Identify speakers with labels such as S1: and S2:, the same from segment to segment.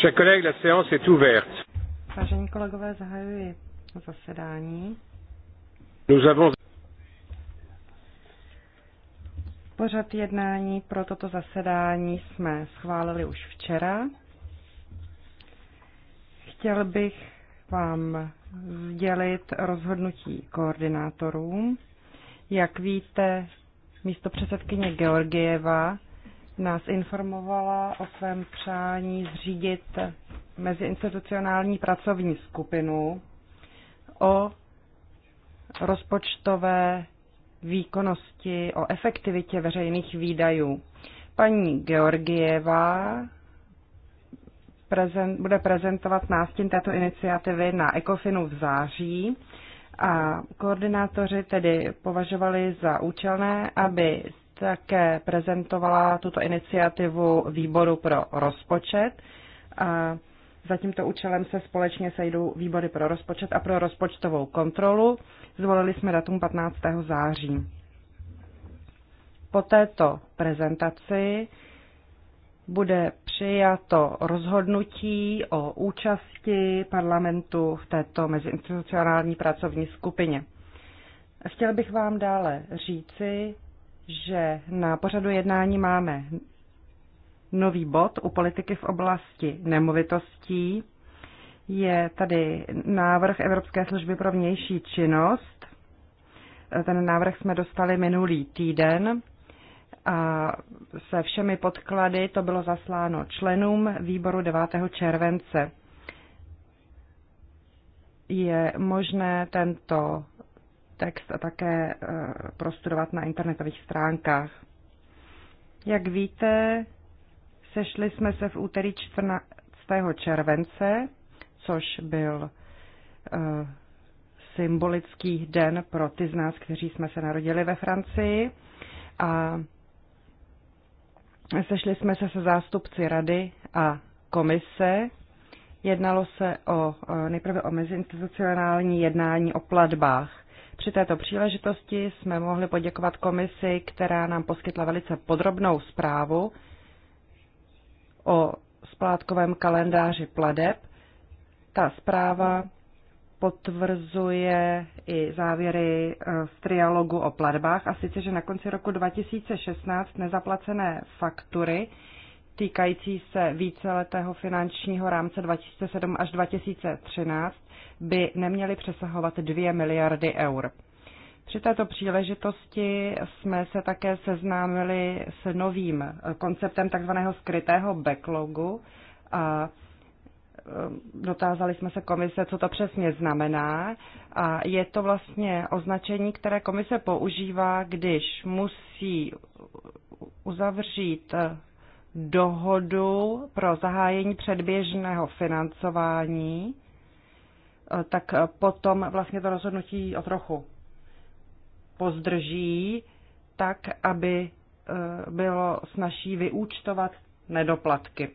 S1: Chers collègues, la séance est ouverte.
S2: Vážení kolegové, zahajuji zasedání. Nous avons Pořad jednání pro toto zasedání jsme schválili už včera. Chtěl bych vám sdělit rozhodnutí koordinátorům. Jak víte, místo předsedkyně Georgieva nás informovala o svém přání zřídit meziinstitucionální pracovní skupinu o rozpočtové výkonnosti, o efektivitě veřejných výdajů. Paní Georgieva prezent, bude prezentovat nástin této iniciativy na Ecofinu v září a koordinátoři tedy považovali za účelné, aby také prezentovala tuto iniciativu výboru pro rozpočet. A za tímto účelem se společně sejdou výbory pro rozpočet a pro rozpočtovou kontrolu. Zvolili jsme datum 15. září. Po této prezentaci bude přijato rozhodnutí o účasti parlamentu v této meziinstitucionální pracovní skupině. Chtěl bych vám dále říci, že na pořadu jednání máme nový bod u politiky v oblasti nemovitostí. Je tady návrh Evropské služby pro vnější činnost. Ten návrh jsme dostali minulý týden a se všemi podklady to bylo zasláno členům výboru 9. července. Je možné tento text také e, prostudovat na internetových stránkách. Jak víte, sešli jsme se v úterý 14. července, což byl e, symbolický den pro ty z nás, kteří jsme se narodili ve Francii. A Sešli jsme se se zástupci rady a komise. Jednalo se o, e, nejprve o meziinstitucionální jednání o platbách. Při této příležitosti jsme mohli poděkovat komisi, která nám poskytla velice podrobnou zprávu o splátkovém kalendáři pladeb. Ta zpráva potvrzuje i závěry z e, trialogu o platbách, a sice, že na konci roku 2016 nezaplacené faktury týkající se víceletého finančního rámce 2007 až 2013 by neměly přesahovat 2 miliardy eur. Při této příležitosti jsme se také seznámili s novým e, konceptem tzv. skrytého backlogu a Ehm, dotázali jsme se komise, co to přesně znamená. A je to vlastně označení, které komise používá, když musí uzavřít eh, dohodu pro zahájení předběžného financování, eh, tak eh, potom vlastně to rozhodnutí o trochu pozdrží, tak aby bylo snaží vyúčtovat nedoplatky.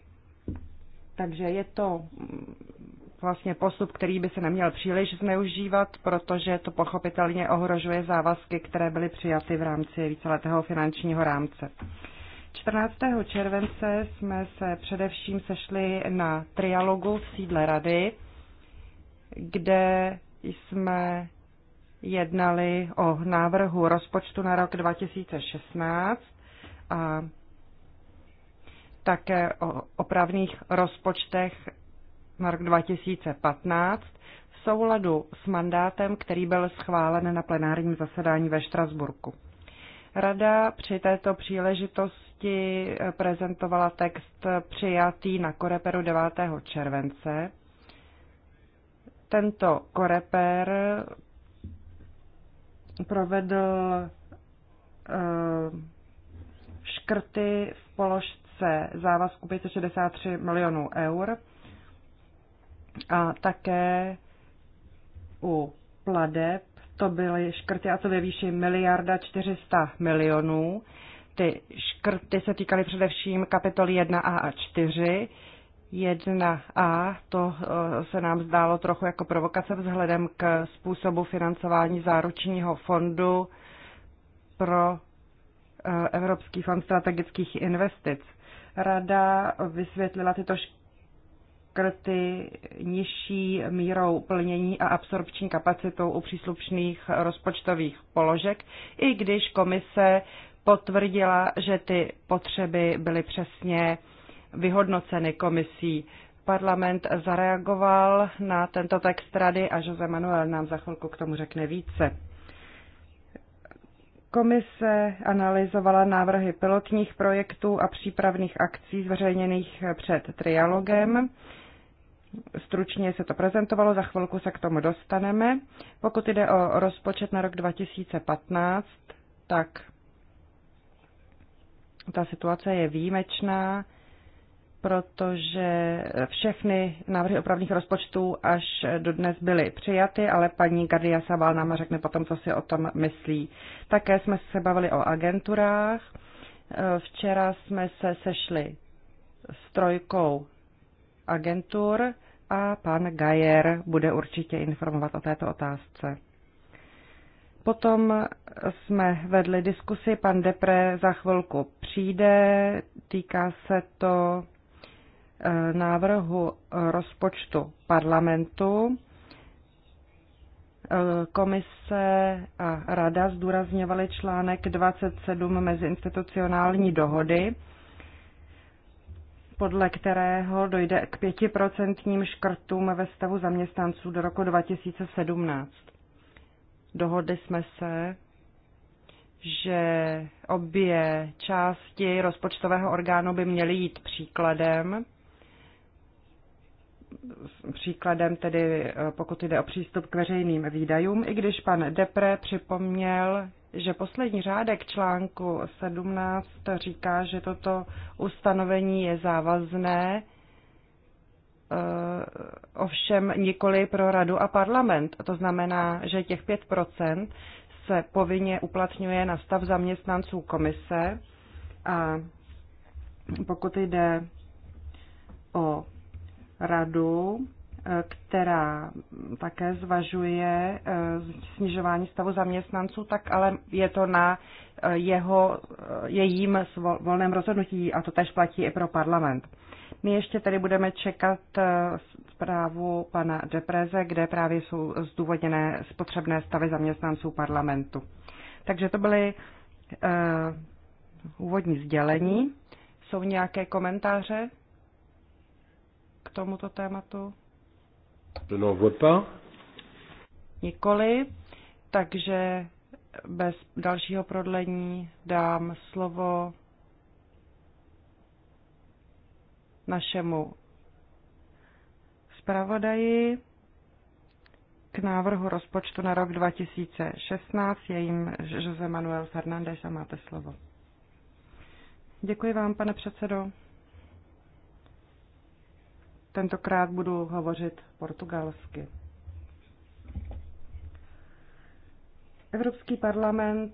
S2: Takže je to mm, vlastně postup, který by se neměl příliš zneužívat, protože to pochopitelně ohrožuje závazky, které byly přijaty v rámci víceletého finančního rámce. 14. července jsme se především sešli na trialogu v sídle rady, kde jsme jednali o návrhu rozpočtu na rok 2016 a také o opravných rozpočtech na rok 2015 v souladu s mandátem, který byl schválen na plenárním zasedání ve Štrasburku. Rada při této příležitosti prezentovala text přijatý na Koreperu 9. července. Tento Koreper provedl eh, škrty v položce se závazku 563 milionů eur a také u pladeb to byly škrty a to ve výši miliarda 400 milionů. Ty škrty se týkaly především kapitoly 1a a 4. 1a, to eh, se nám zdálo trochu jako provokace vzhledem k způsobu financování záručního fondu pro eh, Evropský fond strategických investic. Rada vysvětlila tyto škrty nižší mírou plnění a absorpční kapacitou u příslušných rozpočtových položek, i když komise potvrdila, že ty potřeby byly přesně vyhodnoceny komisí. Parlament zareagoval na tento text rady a Jose Manuel nám za chvilku k tomu řekne více. Komise analyzovala návrhy pilotních projektů a přípravných akcí zveřejněných před trialogem. Stručně se to prezentovalo, za chvilku se k tomu dostaneme. Pokud jde o rozpočet na rok 2015, tak ta situace je výjimečná protože všechny návrhy opravných rozpočtů až do dnes byly přijaty, ale paní Gardia Sabal nám řekne potom, co si o tom myslí. Také jsme se bavili o agenturách. Včera jsme se sešli s trojkou agentur a pan Gajer bude určitě informovat o této otázce. Potom jsme vedli diskusi, pan Depre za chvilku přijde, týká se to Eh, návrhu rozpočtu parlamentu eh, komise a rada zdůrazňovaly článek 27 meziinstitucionální dohody, podle kterého dojde k pětiprocentním škrtům ve stavu zaměstnanců do roku 2017. Dohodli jsme se, že obě části rozpočtového orgánu by měly jít příkladem příkladem tedy, eh, pokud jde o přístup k veřejným výdajům, i když pan Depre připomněl, že poslední řádek článku 17 říká, že toto ustanovení je závazné, eh, ovšem nikoli pro radu a parlament. To znamená, že těch 5 se povinně uplatňuje na stav zaměstnanců komise a pokud jde o radu, eh, která také zvažuje eh, snižování stavu zaměstnanců, tak ale je to na eh, jeho, jejím volném rozhodnutí a to tež platí i pro parlament. My ještě tedy budeme čekat zprávu pana Depreze, kde právě jsou zdůvodněné spotřebné stavy zaměstnanců parlamentu. Takže to byly uh, úvodní sdělení. Jsou nějaké komentáře? k tomuto tématu?
S1: Je n'en vois pas.
S2: Nikoli, takže bez dalšího prodlení dám slovo našemu zpravodaji k návrhu rozpočtu na rok 2016. Je jim Jose Manuel Fernández a máte slovo. Děkuji vám, pane předsedo. Tentokrát budu hovořit portugalsky. Evropský parlament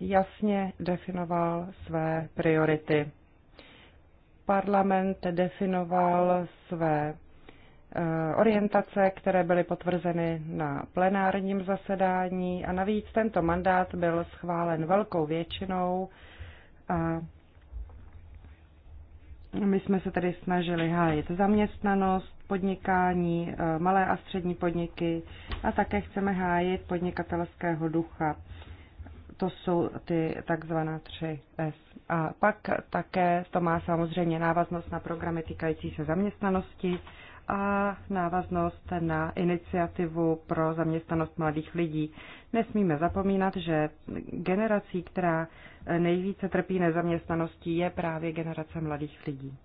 S2: jasně definoval své priority. Parlament definoval své eh, orientace, které byly potvrzeny na plenárním zasedání a navíc tento mandát byl schválen velkou většinou a my jsme se tady snažili hájit zaměstnanost, podnikání, eh, malé a střední podniky a také chceme hájit podnikatelského ducha. To jsou ty takzvaná 3S. A pak také to má samozřejmě návaznost na programy týkající se zaměstnanosti, a návaznost na iniciativu pro zaměstnanost mladých lidí. Nesmíme zapomínat, že generací, která nejvíce trpí nezaměstnaností, je právě generace mladých lidí.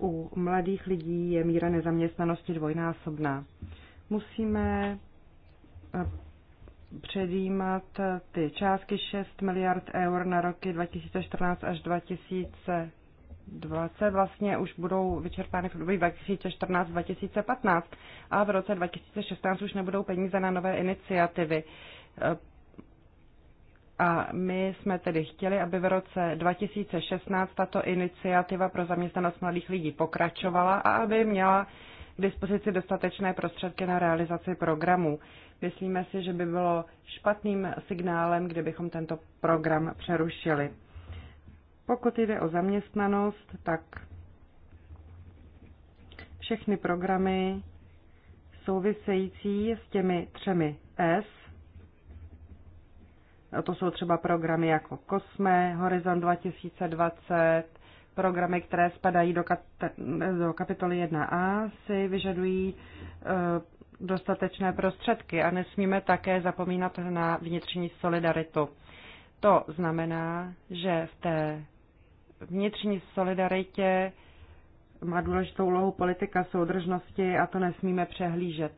S2: U mladých lidí je míra nezaměstnanosti dvojnásobná. Musíme předjímat ty částky 6 miliard eur na roky 2014 až 2020 vlastně už budou vyčerpány v období 2014-2015 a v roce 2016 už nebudou peníze na nové iniciativy. A my jsme tedy chtěli, aby v roce 2016 tato iniciativa pro zaměstnanost mladých lidí pokračovala a aby měla k dispozici dostatečné prostředky na realizaci programů. Myslíme si, že by bylo špatným signálem, kdybychom tento program přerušili. Pokud jde o zaměstnanost, tak všechny programy související s těmi třemi S, to jsou třeba programy jako COSME, Horizon 2020, programy, které spadají do, kat- do kapitoly 1a, si vyžadují eh, dostatečné prostředky a nesmíme také zapomínat na vnitřní solidaritu. To znamená, že v té vnitřní solidaritě má důležitou úlohu politika soudržnosti a to nesmíme přehlížet.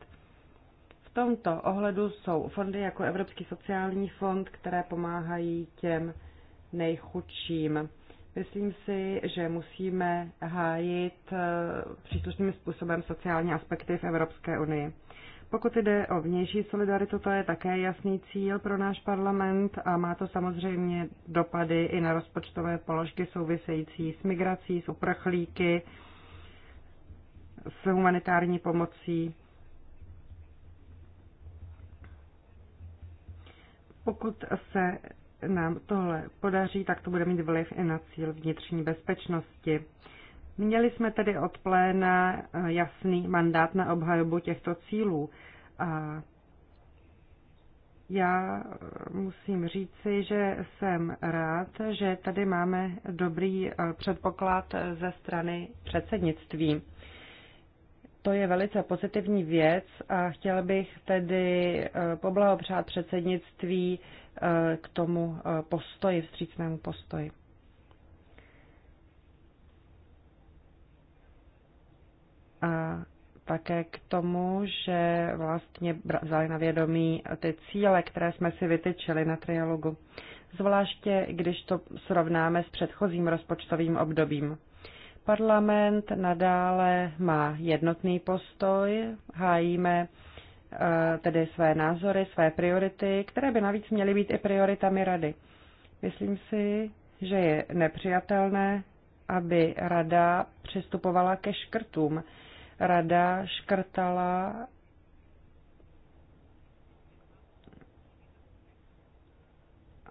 S2: V tomto ohledu jsou fondy jako Evropský sociální fond, které pomáhají těm nejchudším. Myslím si, že musíme hájit eh, příslušným způsobem sociální aspekty v Evropské unii. Pokud jde o vnější solidaritu, to je také jasný cíl pro náš parlament a má to samozřejmě dopady i na rozpočtové položky související s migrací, s uprchlíky, s humanitární pomocí. Pokud se nám tohle podaří, tak to bude mít vliv i na cíl vnitřní bezpečnosti. Měli jsme tedy od pléna eh, jasný mandát na obhajobu těchto cílů. A já eh, musím říci, že jsem rád, že tady máme dobrý eh, předpoklad ze strany předsednictví. To je velice pozitivní věc a chtěl bych tedy eh, poblahopřát předsednictví eh, k tomu eh, postoji, vstřícnému postoji. A také k tomu, že vlastně vzali na vědomí ty cíle, které jsme si vytyčili na trialogu. Zvláště, když to srovnáme s předchozím rozpočtovým obdobím. Parlament nadále má jednotný postoj, hájíme eh, tedy své názory, své priority, které by navíc měly být i prioritami rady. Myslím si, že je nepřijatelné, aby rada přistupovala ke škrtům. Rada škrtala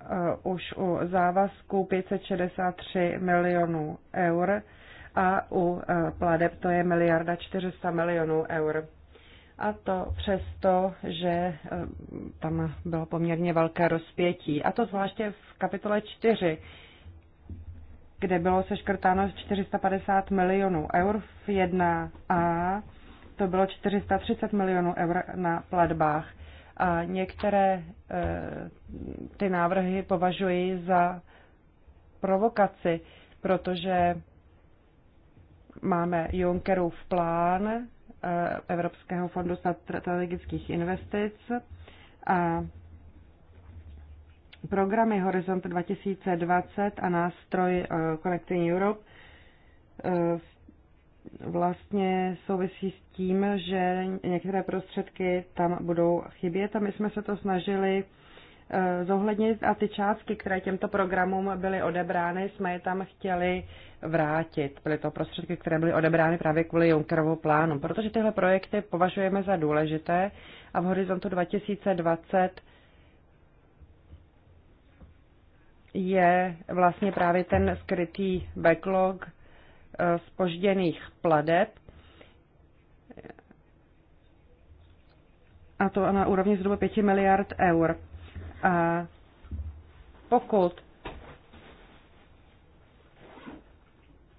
S2: eh, už u závazku 563 milionů eur a u e, pladeb to je miliarda 400 milionů eur. A to přesto, že e, tam bylo poměrně velké rozpětí. A to zvláště v kapitole 4, kde bylo seškrtáno 450 milionů eur v 1A, to bylo 430 milionů eur na platbách. A některé e, ty návrhy považuji za provokaci, protože Máme Junckerův plán eh, Evropského fondu strategických investic a programy Horizont 2020 a nástroj eh, Connecting Europe eh, vlastně souvisí s tím, že některé prostředky tam budou chybět a my jsme se to snažili Eh, zohlednit a ty částky, které těmto programům byly odebrány, jsme je tam chtěli vrátit. Byly to prostředky, které byly odebrány právě kvůli Junckerovu plánu, protože tyhle projekty považujeme za důležité a v horizontu 2020 je vlastně právě ten skrytý backlog spožděných eh, pladeb, a to na úrovni zhruba 5 miliard eur. A pokud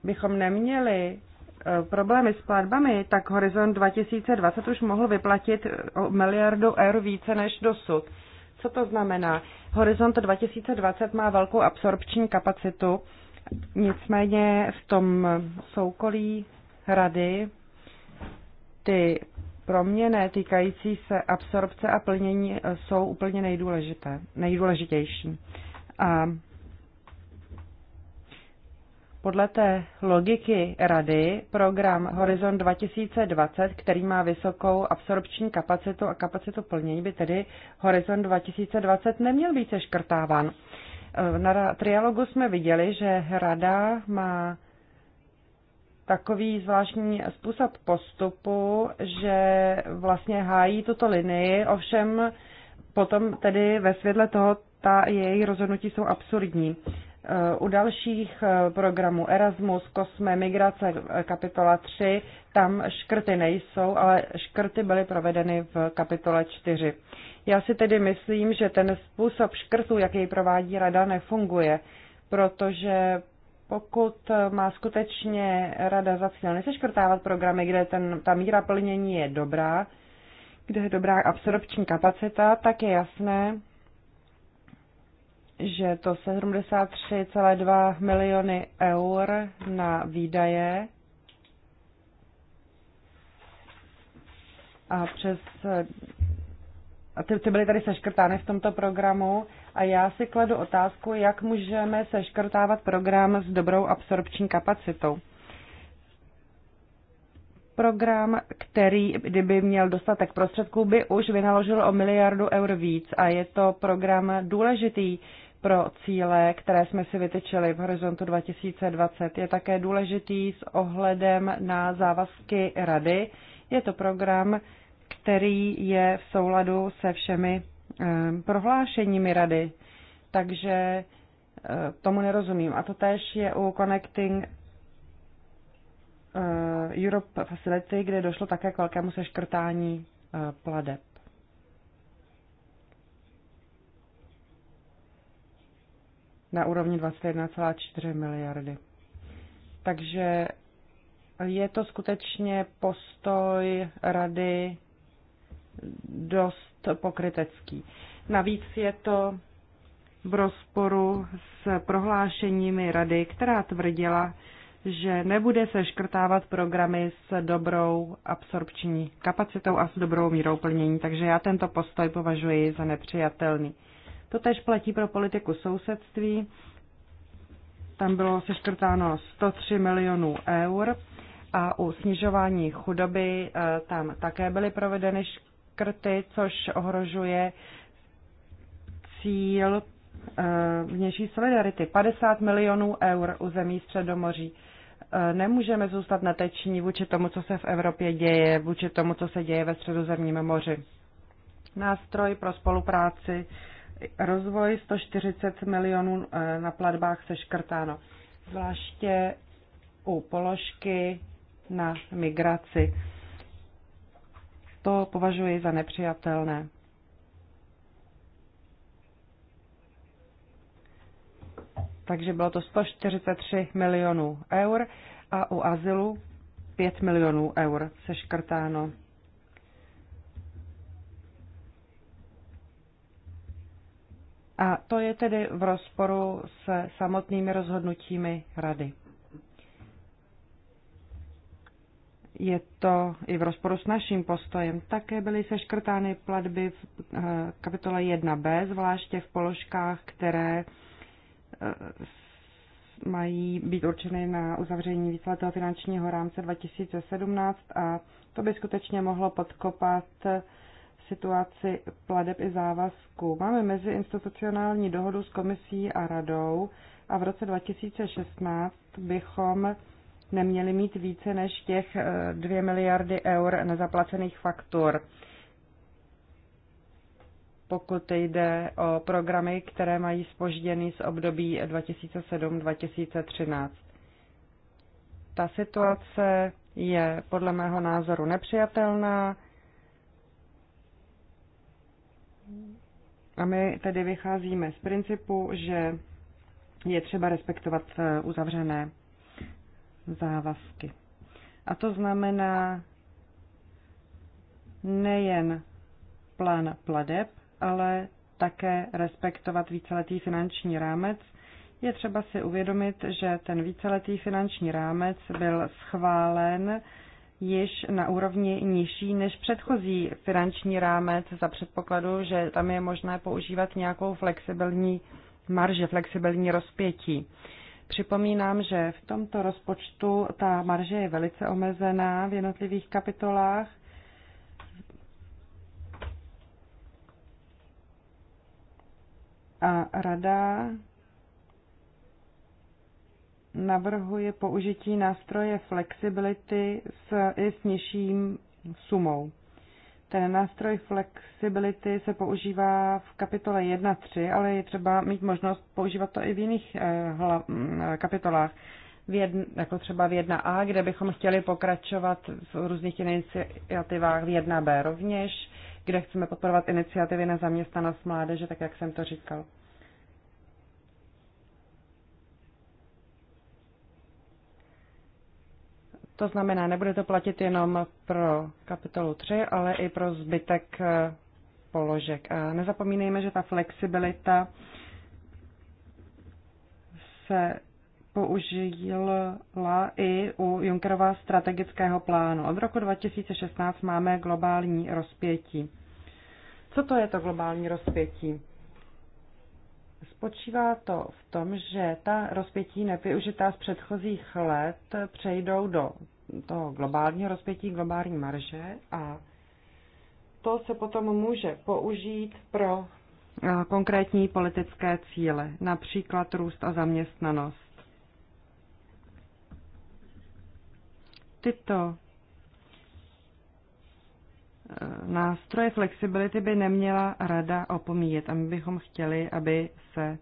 S2: bychom neměli e, problémy s platbami, tak Horizont 2020 už mohl vyplatit e, o miliardu eur více než dosud. Co to znamená? Horizont 2020 má velkou absorpční kapacitu, nicméně v tom soukolí rady ty proměny týkající se absorpce a plnění eh, jsou úplně nejdůležité, nejdůležitější. A podle té logiky rady program Horizon 2020, který má vysokou absorpční kapacitu a kapacitu plnění, by tedy Horizon 2020 neměl být seškrtáván. Eh, Na trialogu jsme viděli, že rada má takový zvláštní způsob postupu, že vlastně hájí tuto linii, ovšem potom tedy ve světle toho ta její rozhodnutí jsou absurdní. U dalších eh, programů Erasmus, Kosme, Migrace, kapitola 3, tam škrty nejsou, ale škrty byly provedeny v kapitole 4. Já si tedy myslím, že ten způsob škrtů, jak jej provádí rada, nefunguje, protože pokud má skutečně rada za cíl neseškrtávat programy, kde ten, ta míra plnění je dobrá, kde je dobrá absorpční kapacita, tak je jasné, že to 73,2 miliony eur na výdaje a přes a ty, ty byly tady seškrtány v tomto programu, a já si kladu otázku, jak můžeme seškrtávat program s dobrou absorpční kapacitou. Program, který, kdyby měl dostatek prostředků, by už vynaložil o miliardu eur víc a je to program důležitý pro cíle, které jsme si vytyčili v horizontu 2020. Je také důležitý s ohledem na závazky rady. Je to program, který je v souladu se všemi Eh, prohlášeními rady, takže eh, tomu nerozumím. A to též je u Connecting eh, Europe Facility, kde došlo také k velkému seškrtání pladeb. na úrovni 21,4 miliardy. Takže je to skutečně postoj rady dost pokrytecký. Navíc je to v rozporu s prohlášeními rady, která tvrdila, že nebude se škrtávat programy s dobrou absorpční kapacitou a s dobrou mírou plnění, takže já tento postoj považuji za nepřijatelný. To tež platí pro politiku sousedství. Tam bylo seškrtáno 103 milionů eur a u snižování chudoby eh, tam také byly provedeny škrty škrty, což ohrožuje cíl eh, vnější solidarity. 50 milionů eur u zemí Středomoří. Eh, nemůžeme zůstat neteční vůči tomu, co se v Evropě děje, vůči tomu, co se děje ve Středozemním moři. Nástroj pro spolupráci, rozvoj 140 milionů eh, na platbách se škrtáno. Zvláště u položky na migraci. To považuji za nepřijatelné. Takže bylo to 143 milionů eur a u azylu 5 milionů eur seškrtáno. A to je tedy v rozporu se samotnými rozhodnutími rady. je to i v rozporu s naším postojem. Také byly seškrtány platby v eh, kapitole 1b, zvláště v položkách, které eh, mají být určeny na uzavření výsledného finančního rámce 2017 a to by skutečně mohlo podkopat eh, situaci pladeb i závazků. Máme meziinstitucionální dohodu s komisí a radou a v roce 2016 bychom neměli mít více než těch 2 eh, miliardy eur nezaplacených faktur. Pokud jde o programy, které mají spožděný z období 2007-2013. Ta situace je podle mého názoru nepřijatelná. A my tedy vycházíme z principu, že je třeba respektovat eh, uzavřené závazky. A to znamená nejen plán pladeb, ale také respektovat víceletý finanční rámec. Je třeba si uvědomit, že ten víceletý finanční rámec byl schválen již na úrovni nižší než předchozí finanční rámec za předpokladu, že tam je možné používat nějakou flexibilní marže, flexibilní rozpětí. Připomínám, že v tomto rozpočtu ta marže je velice omezená v jednotlivých kapitolách. A rada navrhuje použití nástroje flexibility s, i s nižším sumou. Ten nástroj flexibility se používá v kapitole 1.3, ale je třeba mít možnost používat to i v jiných eh, mm, eh, kapitolách. V jedn, jako třeba v 1A, kde bychom chtěli pokračovat v různých iniciativách v 1B rovněž, kde chceme podporovat iniciativy na zaměstnanost mládeže, tak jak jsem to říkal. To znamená, nebude to platit jenom pro kapitolu 3, ale i pro zbytek eh, položek. A nezapomínejme, že ta flexibilita se použila i u Junckerova strategického plánu. Od roku 2016 máme globální rozpětí. Co to je to globální rozpětí? Spočívá to v tom, že ta rozpětí nevyužitá z předchozích let přejdou do toho globálního rozpětí, globální marže a to se potom může použít pro konkrétní politické cíle, například růst a zaměstnanost. Tyto nástroje flexibility by neměla rada opomíjet a my bychom chtěli, aby se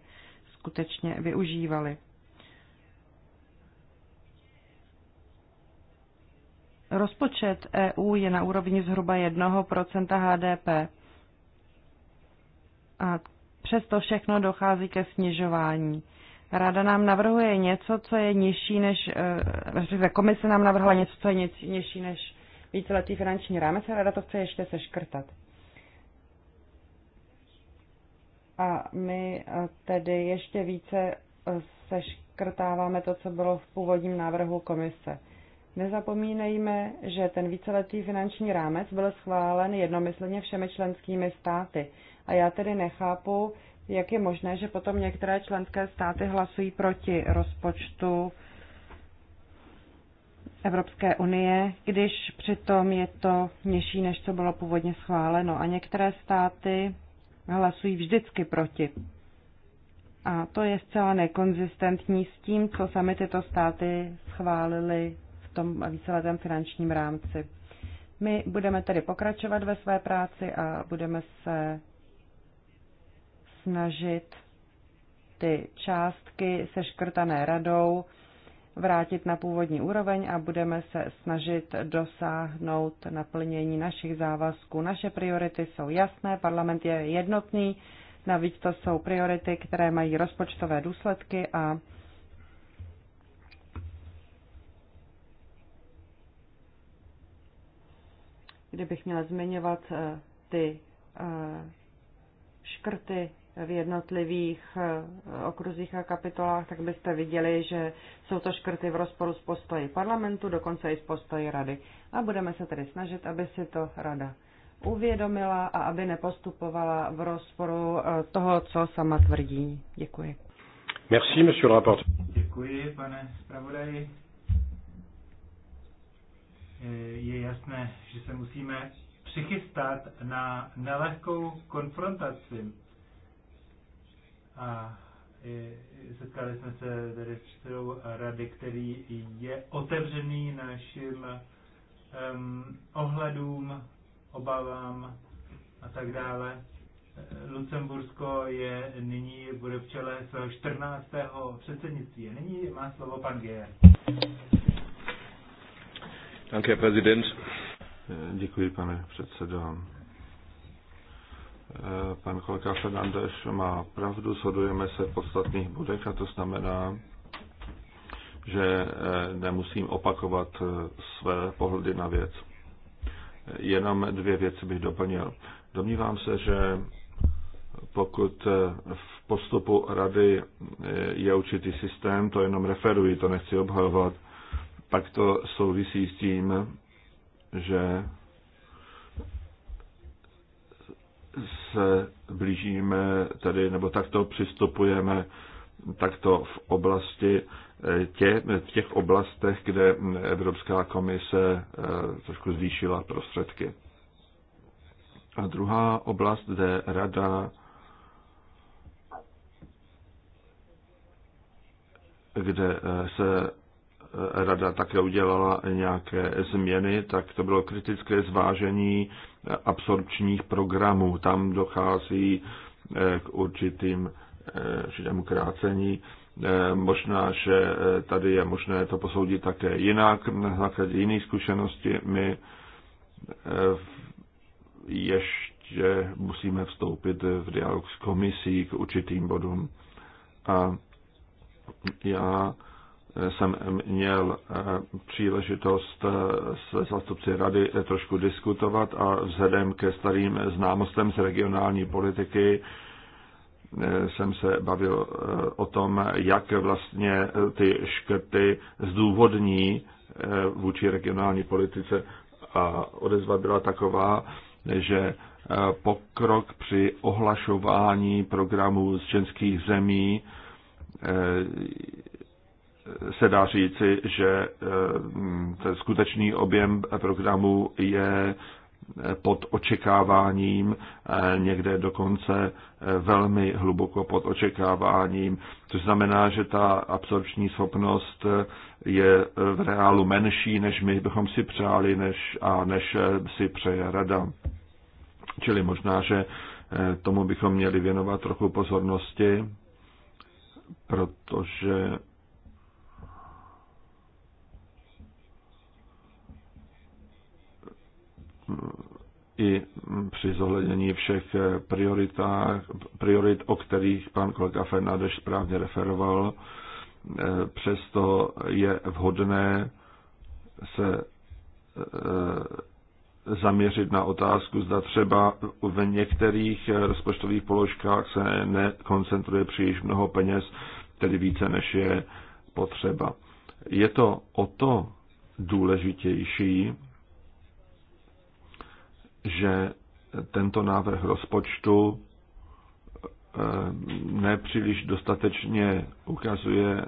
S2: skutečně využívaly. Rozpočet EU je na úrovni zhruba 1% HDP. A přesto všechno dochází ke snižování. Rada nám navrhuje něco, co je nižší než, eh, komise nám navrhla něco, co je nižší než víceletý finanční rámec a rada to chce ještě seškrtat. A my eh, tedy ještě více eh, seškrtáváme to, co bylo v původním návrhu komise. Nezapomínejme, že ten víceletý finanční rámec byl schválen jednomyslně všemi členskými státy. A já tedy nechápu, jak je možné, že potom některé členské státy hlasují proti rozpočtu Evropské unie, když přitom je to nižší, než co bylo původně schváleno. A některé státy hlasují vždycky proti. A to je zcela nekonzistentní s tím, co sami tyto státy schválili v tom víceletém finančním rámci. My budeme tedy pokračovat ve své práci a budeme se snažit ty částky seškrtané radou vrátit na původní úroveň a budeme se snažit dosáhnout naplnění našich závazků. Naše priority jsou jasné, parlament je jednotný, navíc to jsou priority, které mají rozpočtové důsledky a kdybych měla zmiňovat eh, ty eh, škrty v jednotlivých eh, okruzích a kapitolách, tak byste viděli, že jsou to škrty v rozporu s postoji parlamentu, dokonce i s postoji rady. A budeme se tedy snažit, aby si to rada uvědomila a aby nepostupovala v rozporu eh, toho, co sama tvrdí. Děkuji.
S1: Merci, monsieur rapport.
S3: Děkuji, pane zpravodaji. Eh, je jasné, že se musíme přichystat na nelehkou konfrontaci a setkali jsme se tady s předsedou rady, který je otevřený našim um, ohledům, obavám a tak dále. Lucembursko je nyní, bude v čele svého 14. předsednictví. A nyní má slovo pan Geer.
S4: Děkuji, pane předsedo. Eh, pan kolega Fernandeš má pravdu, shodujeme se v podstatných bodech a to znamená, že eh, nemusím opakovat eh, své pohledy na věc. Jenom dvě věci bych doplnil. Domnívám se, že pokud v postupu rady je určitý systém, to jenom referuji, to nechci obhajovat, pak to souvisí s tím, že se blížíme tedy, nebo takto přistupujeme takto v oblasti eh, tě, v těch oblastech, kde Evropská komise eh, trošku zvýšila prostředky. A druhá oblast, kde rada kde eh, se rada také udělala nějaké změny, tak to bylo kritické zvážení absorpčních programů. Tam dochází eh, k určitým, eh, určitému krácení. Eh, možná, že tady je možné to posoudit také jinak, na základě jiných zkušeností. My ještě musíme vstoupit v dialog s komisí k určitým bodům. A já jsem měl eh, příležitost eh, s zástupci rady eh, trošku diskutovat a vzhledem ke starým známostem z regionální politiky jsem se bavil o tom, jak vlastně ty škrty zdůvodní vůči regionální politice a odezva byla taková, že pokrok při ohlašování programů z českých zemí se dá říci, že eh, ten skutečný objem programu je eh, pod očekáváním, eh, někde dokonce velmi hluboko pod očekáváním, což znamená, že ta absorpční schopnost je v reálu menší, než my bychom si přáli než, a než si přeje rada. Čili možná, že tomu bychom měli věnovat trochu pozornosti, protože i při zohlednění všech prioritách, priorit, o kterých pan kolega Fernández správně referoval, eh, přesto je vhodné se eh, zaměřit na otázku, zda třeba v některých rozpočtových položkách se nekoncentruje příliš mnoho peněz, tedy více než je potřeba. Je to o to důležitější, že tento návrh rozpočtu eh, nepříliš dostatečně ukazuje,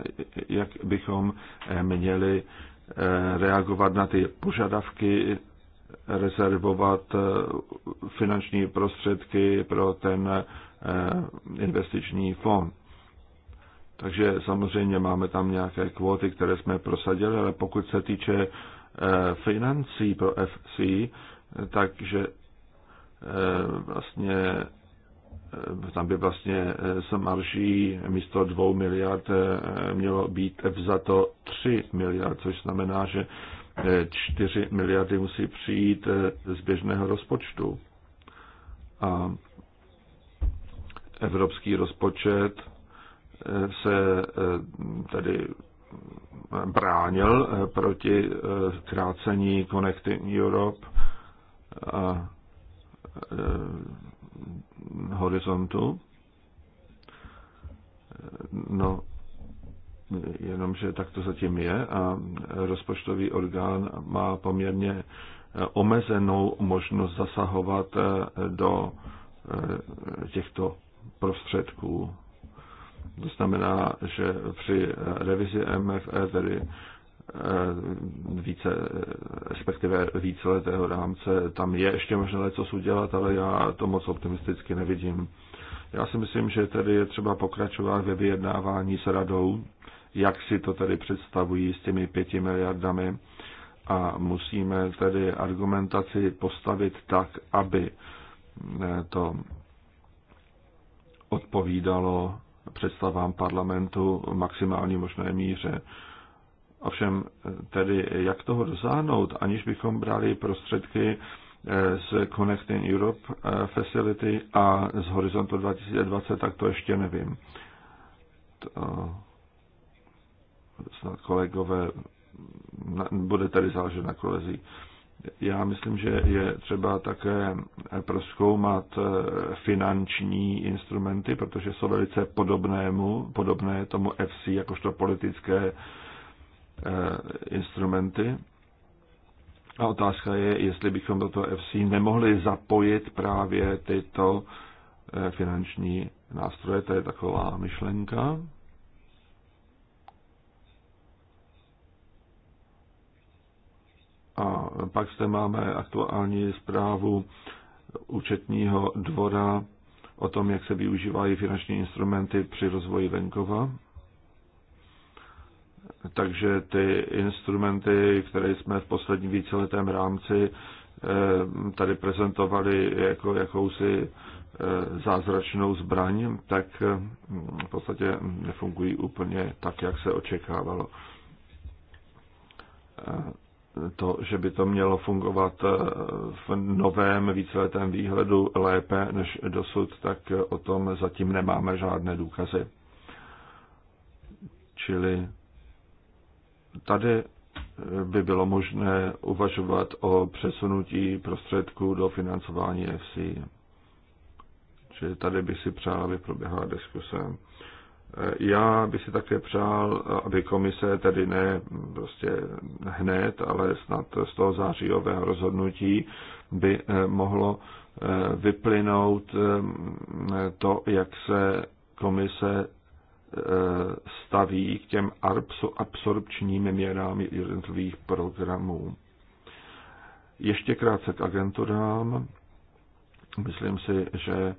S4: jak bychom eh, měli eh, reagovat na ty požadavky, rezervovat finanční prostředky pro ten investiční fond. Takže samozřejmě máme tam nějaké kvóty, které jsme prosadili, ale pokud se týče financí pro FC, takže eh, vlastně eh, tam by vlastně z eh, marží místo 2 miliard mělo být vzato 3 miliard, což znamená, že 4 miliardy musí přijít z běžného rozpočtu. A evropský rozpočet se tedy bránil proti krácení Connecting Europe a e, horizontu. No, jenomže tak to zatím je a rozpočtový orgán má poměrně omezenou možnost zasahovat do e, těchto prostředků. To znamená, že při revizi MFE, tedy Eh, více, respektive víceletého rámce. Tam je ještě možné co udělat, ale já to moc optimisticky nevidím. Já si myslím, že tedy je třeba pokračovat ve vyjednávání s radou, jak si to tedy představují s těmi pěti miliardami a musíme tedy argumentaci postavit tak, aby eh, to odpovídalo představám parlamentu v maximální možné míře. Ovšem tedy, jak toho dosáhnout, aniž bychom brali prostředky eh, z Connecting Europe eh, Facility a z Horizontu 2020, tak to ještě nevím. To snad kolegové, bude tady záležet na kolezí. Já myslím, že je třeba také proskoumat eh, finanční instrumenty, protože jsou velice podobnému, podobné tomu FC, jakožto politické Eh, instrumenty. A otázka je, jestli bychom do toho FC nemohli zapojit právě tyto eh, finanční nástroje. To je taková myšlenka. A pak zde máme aktuální zprávu účetního dvora o tom, jak se využívají finanční instrumenty při rozvoji venkova takže ty instrumenty, které jsme v posledním víceletém rámci eh, tady prezentovali jako jakousi eh, zázračnou zbraň, tak hm, v podstatě nefungují úplně tak, jak se očekávalo. Eh, to, že by to mělo fungovat v novém víceletém výhledu lépe než dosud, tak o tom zatím nemáme žádné důkazy. Čili Tady eh, by bylo možné uvažovat o přesunutí prostředků do financování FC. Čili tady bych si přál, aby proběhla diskuse. Eh, já bych si také přál, aby komise, tedy ne prostě hned, ale snad z toho zářijového rozhodnutí by eh, mohlo vyplynout to, jak se komise staví k těm absorpčním měrám jednotlivých programů. Ještě krátce k agenturám. Myslím si, že eh,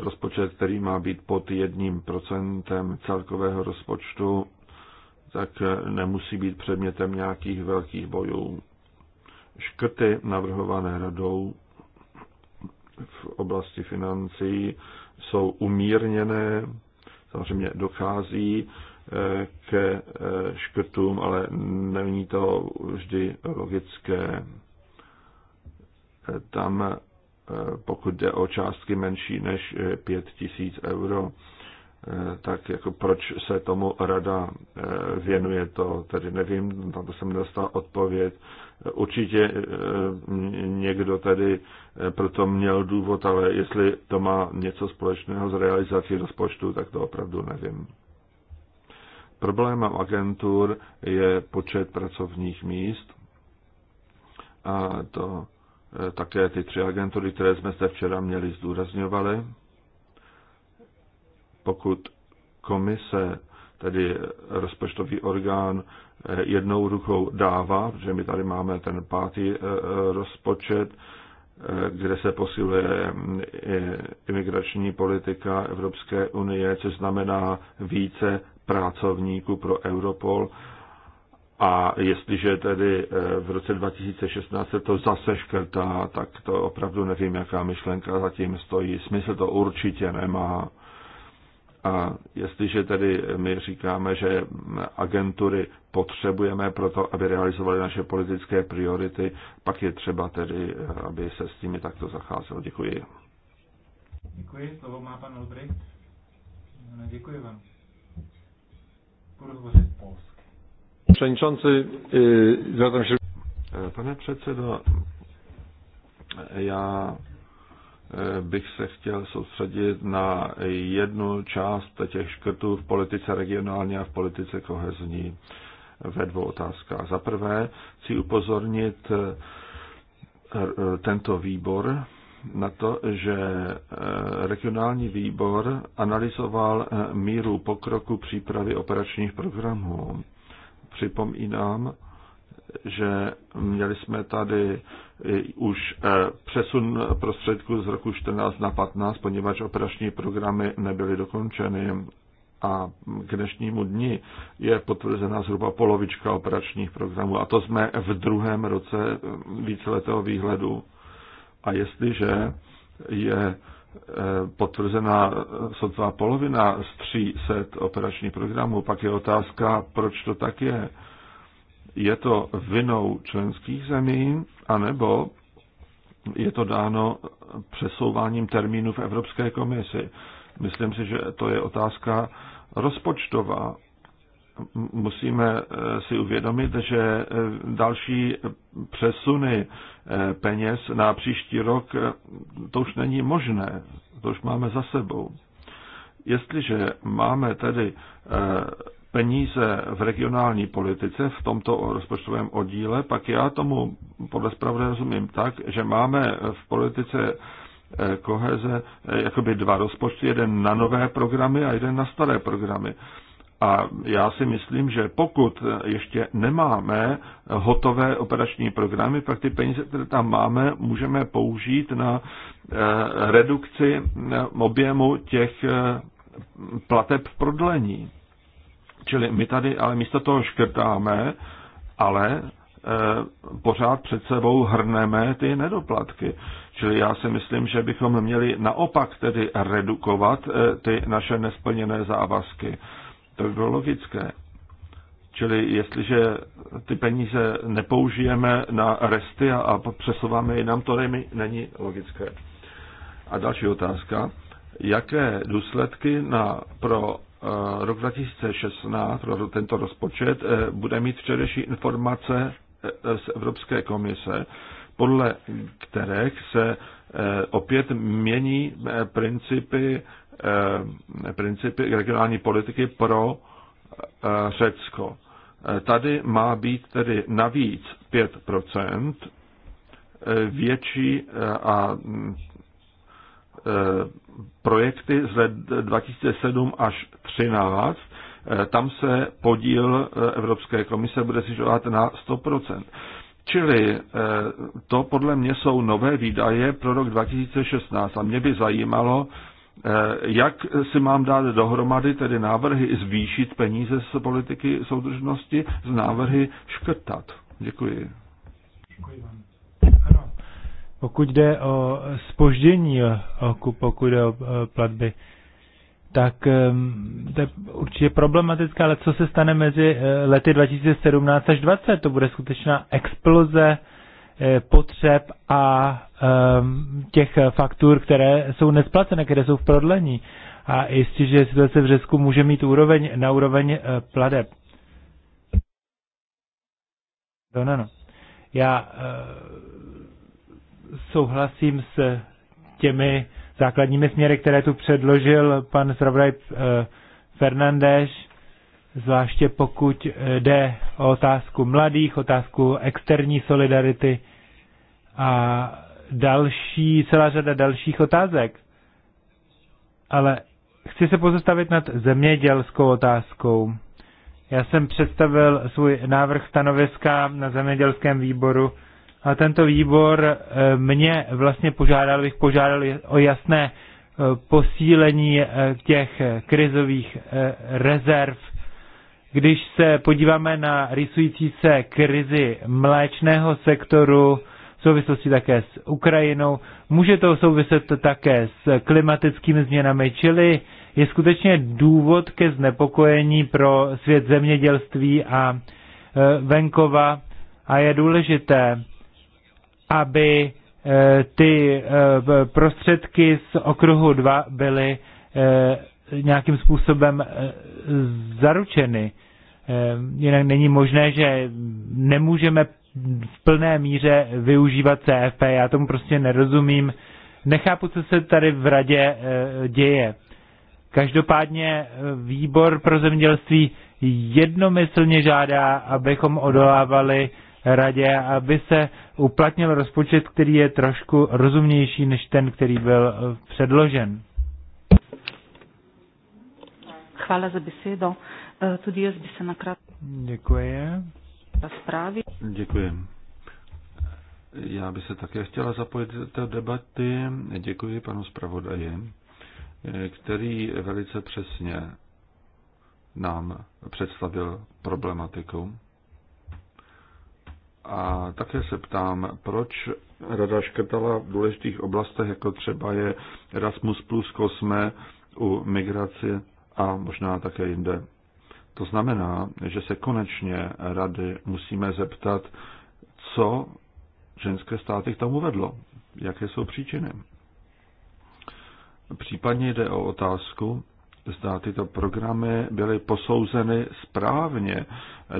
S4: rozpočet, který má být pod jedním procentem celkového rozpočtu, tak eh, nemusí být předmětem nějakých velkých bojů. Škrty navrhované radou v oblasti financí jsou umírněné, samozřejmě dochází eh, ke eh, škrtům, ale není to vždy logické. Tam, eh, pokud jde o částky menší než 5 euro, Eh, tak jako proč se tomu rada eh, věnuje, to tedy nevím, na to jsem nedostal odpověď. Eh, určitě někdo tedy proto měl důvod, ale jestli to má něco společného s realizací rozpočtu, tak to opravdu nevím. Problémem agentur je počet pracovních míst a to také ty tři agentury, které jsme zde včera měli, zdůrazňovaly pokud komise, tedy rozpočtový orgán, jednou rukou dává, protože my tady máme ten pátý eh, rozpočet, eh, kde se posiluje eh, imigrační politika Evropské unie, což znamená více pracovníků pro Europol. A jestliže tedy v roce 2016 se to zase škrtá, tak to opravdu nevím, jaká myšlenka zatím stojí. Smysl to určitě nemá. A jestliže tedy my říkáme, že agentury potřebujeme proto, aby realizovali naše politické priority, pak je třeba tedy, aby se s nimi takto zacházelo. Děkuji.
S3: Děkuji, slovo má pan Olbricht. No, děkuji vám. Budu hovořit polsky.
S4: Przewodniczący, zwracam się. Pane předsedo, já Eh, bych se chtěl soustředit na jednu část těch škrtů v politice regionální a v politice kohezní ve dvou otázkách. Za prvé chci upozornit eh, eh, tento výbor na to, že regionální výbor analyzoval míru pokroku přípravy operačních programů. Připomínám, že měli jsme tady už eh, přesun prostředků z roku 14 na 15, poněvadž operační programy nebyly dokončeny a k dnešnímu dni je potvrzena zhruba polovička operačních programů. A to jsme v druhém roce eh, víceletého výhledu. A jestliže je eh, potvrzená sotva polovina z 300 operačních programů, pak je otázka, proč to tak je je to vinou členských zemí, anebo je to dáno přesouváním termínu v Evropské komisi. Myslím si, že to je otázka rozpočtová. Musíme eh, si uvědomit, že eh, další přesuny eh, peněz na příští rok, to už není možné, to už máme za sebou. Jestliže máme tedy peníze v regionální politice v tomto rozpočtovém oddíle, pak já tomu podle zpravodaje rozumím tak, že máme v politice eh, koheze eh, jakoby dva rozpočty, jeden na nové programy a jeden na staré programy. A já si myslím, že pokud ještě nemáme hotové operační programy, pak ty peníze, které tam máme, můžeme použít na eh, redukci objemu těch plateb v prodlení. Čili my tady ale místo toho škrtáme, ale e, pořád před sebou hrneme ty nedoplatky. Čili já si myslím, že bychom měli naopak tedy redukovat e, ty naše nesplněné závazky. To by bylo logické. Čili jestliže ty peníze nepoužijeme na resty a přesouváme je nám, to není logické. A další otázka. Jaké důsledky na, pro Eh, rok 2016, pro tento rozpočet, eh, bude mít včerejší informace eh, z Evropské komise, podle kterých se opět mění principy, principy regionální politiky pro Řecko. Tady má být tedy navíc 5 větší a mm, projekty z let 2007 až 2013, tam se podíl eh, Evropské komise bude snižovat na 100%. Čili eh, to podle mě jsou nové výdaje pro rok 2016 a mě by zajímalo, eh, jak si mám dát dohromady tedy návrhy zvýšit peníze z politiky soudržnosti z návrhy škrtat. Děkuji. Děkuji vám.
S3: Pokud jde o spoždění, pokud jde o e, platby, tak to je určitě problematické, ale co se stane mezi e, lety 2017 až 2020? To bude skutečná exploze e, potřeb a těch faktur, které jsou nesplacené, které jsou v prodlení. A jistě, že situace v Řecku může mít úroveň, na úroveň pladeb. No, no, no. Já souhlasím s těmi základními směry, které tu předložil pan zpravodaj eh, Fernandez, zvláště pokud eh, jde o otázku mladých, otázku externí solidarity a další, celá řada dalších otázek. Ale chci se pozastavit nad zemědělskou otázkou. Já jsem představil svůj návrh stanoviska na zemědělském výboru a tento výbor eh, mě vlastně požádal, bych požádal o jasné eh, posílení eh, těch krizových rezerv. Když se podíváme na rysující se krizi mléčného sektoru, v souvislosti také s Ukrajinou, může to souviset také s klimatickými změnami, čili je skutečně důvod ke znepokojení pro svět zemědělství a venkova a je důležité, aby eh, ty eh, prostředky z okruhu 2 byly eh, nějakým způsobem zaručeny. Jinak není možné, že nemůžeme v plné míře využívat CFP. Já tomu prostě nerozumím. Nechápu, co se tady v radě děje. Každopádně výbor pro zemědělství jednomyslně žádá, abychom odolávali radě, aby se uplatnil rozpočet, který je trošku rozumnější než ten, který byl eh, předložen.
S5: Chvála za besedo. Eh, Tudy jaz by se nakrát... Děkuji.
S4: Děkuji. Já bych se také chtěla zapojit do té debaty. Děkuji panu zpravodaji, eh, který velice přesně nám představil problematiku. A také se ptám, proč rada škrtala v důležitých oblastech, jako třeba je Erasmus plus Kosme u migrace a možná také jinde. To znamená, že se konečně rady musíme zeptat, co ženské státy k tomu vedlo, jaké jsou příčiny. Případně jde o otázku, zda tyto programy byly posouzeny správně,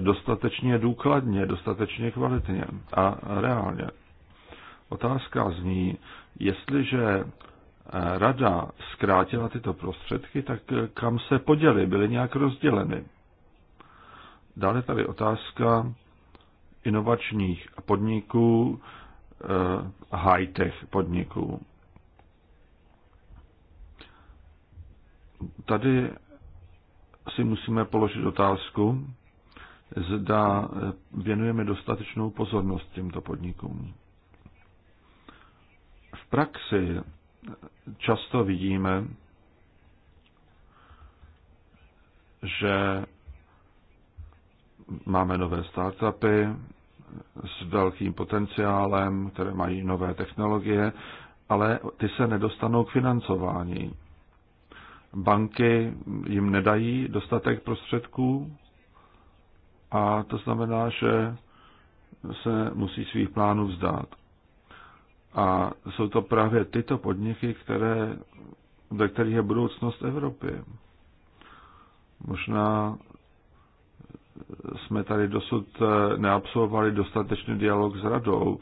S4: dostatečně důkladně, dostatečně kvalitně a reálně. Otázka zní, jestliže rada zkrátila tyto prostředky, tak kam se poděly, byly nějak rozděleny. Dále tady otázka inovačních podniků, eh, high-tech podniků. Tady si musíme položit otázku, zda věnujeme dostatečnou pozornost těmto podnikům. V praxi často vidíme, že máme nové startupy s velkým potenciálem, které mají nové technologie, ale ty se nedostanou k financování banky jim nedají dostatek prostředků a to znamená, že se musí svých plánů vzdát. A jsou to právě tyto podniky, které, ve kterých je budoucnost Evropy. Možná jsme tady dosud neabsolvovali dostatečný dialog s radou.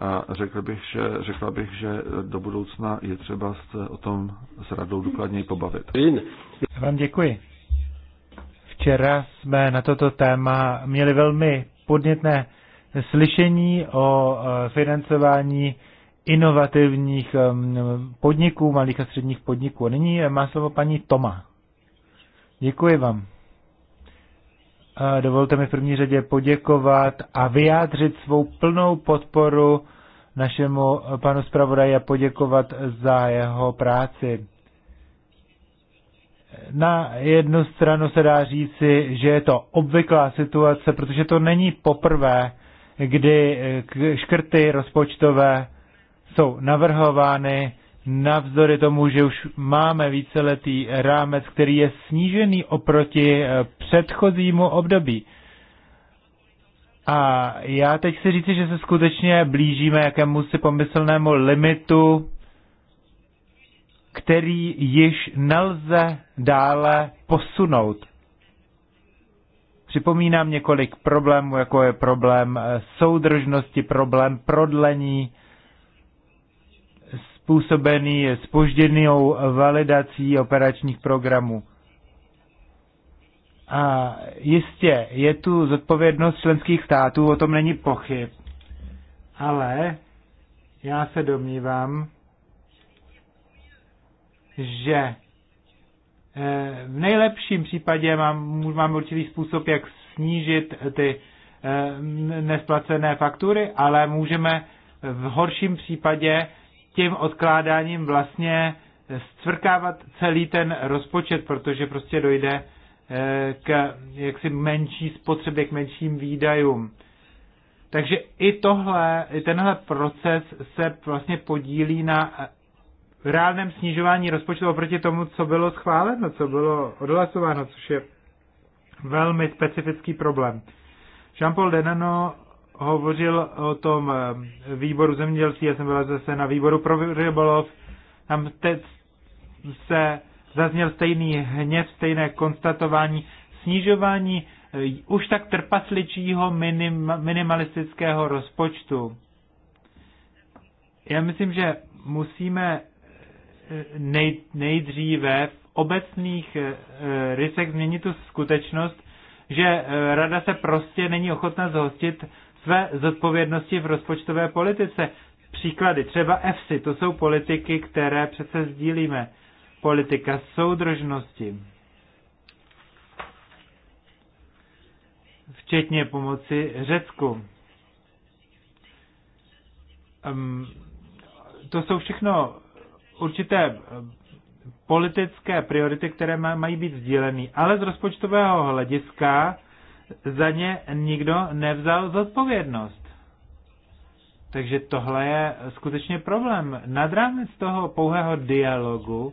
S4: A řekl bych, že, řekla bych, že do budoucna je třeba se o tom s radou důkladněji pobavit. Já vám děkuji. Včera
S3: jsme na toto téma měli velmi podnětné slyšení o e, financování inovativních e, podniků, malých a středních podniků. Nyní má slovo paní Toma. Děkuji vám. Dovolte mi v první řadě poděkovat a vyjádřit svou plnou podporu našemu panu zpravodaji a poděkovat za jeho práci. Na jednu stranu se dá říci, že je to obvyklá situace, protože to není poprvé, kdy škrty rozpočtové jsou navrhovány navzdory tomu, že už máme víceletý rámec, který je snížený oproti eh, předchozímu období. A já teď si říci, že se skutečně blížíme jakému si pomyslnému limitu, který již nelze dále posunout. Připomínám několik problémů, jako je problém eh, soudržnosti, problém prodlení, způsobený spožděnou validací operačních programů. A jistě, je tu zodpovědnost členských států, o tom není pochyb. Ale já se domnívám, že eh, v nejlepším případě mám, mám určitý způsob, jak snížit ty eh, nesplacené faktury, ale můžeme v horším případě tím odkládáním vlastně zcvrkávat celý ten rozpočet, protože prostě dojde eh, k jaksi menší spotřebě, k menším výdajům. Takže i tohle, i tenhle proces se vlastně podílí na eh, reálném snižování rozpočtu oproti tomu, co bylo schváleno, co bylo odhlasováno, což je velmi specifický problém. Jean-Paul Denano hovořil o tom eh, výboru zemědělství, já jsem byl zase na výboru pro rybolov, tam teď se zazněl stejný hněv, stejné konstatování, snižování eh, už tak trpasličího minim, minimalistického rozpočtu. Já myslím, že musíme eh, nej, nejdříve v obecných rysech změnit tu skutečnost, že rada se prostě není ochotna zhostit své zodpovědnosti v rozpočtové politice. Příklady, třeba EFSI, to jsou politiky, které přece sdílíme. Politika soudržnosti, včetně pomoci Řecku. Um, to jsou všechno určité politické priority, které mají být sdíleny, ale z rozpočtového hlediska za ně nikdo nevzal zodpovědnost. Takže tohle je skutečně problém. Nad rámec toho pouhého dialogu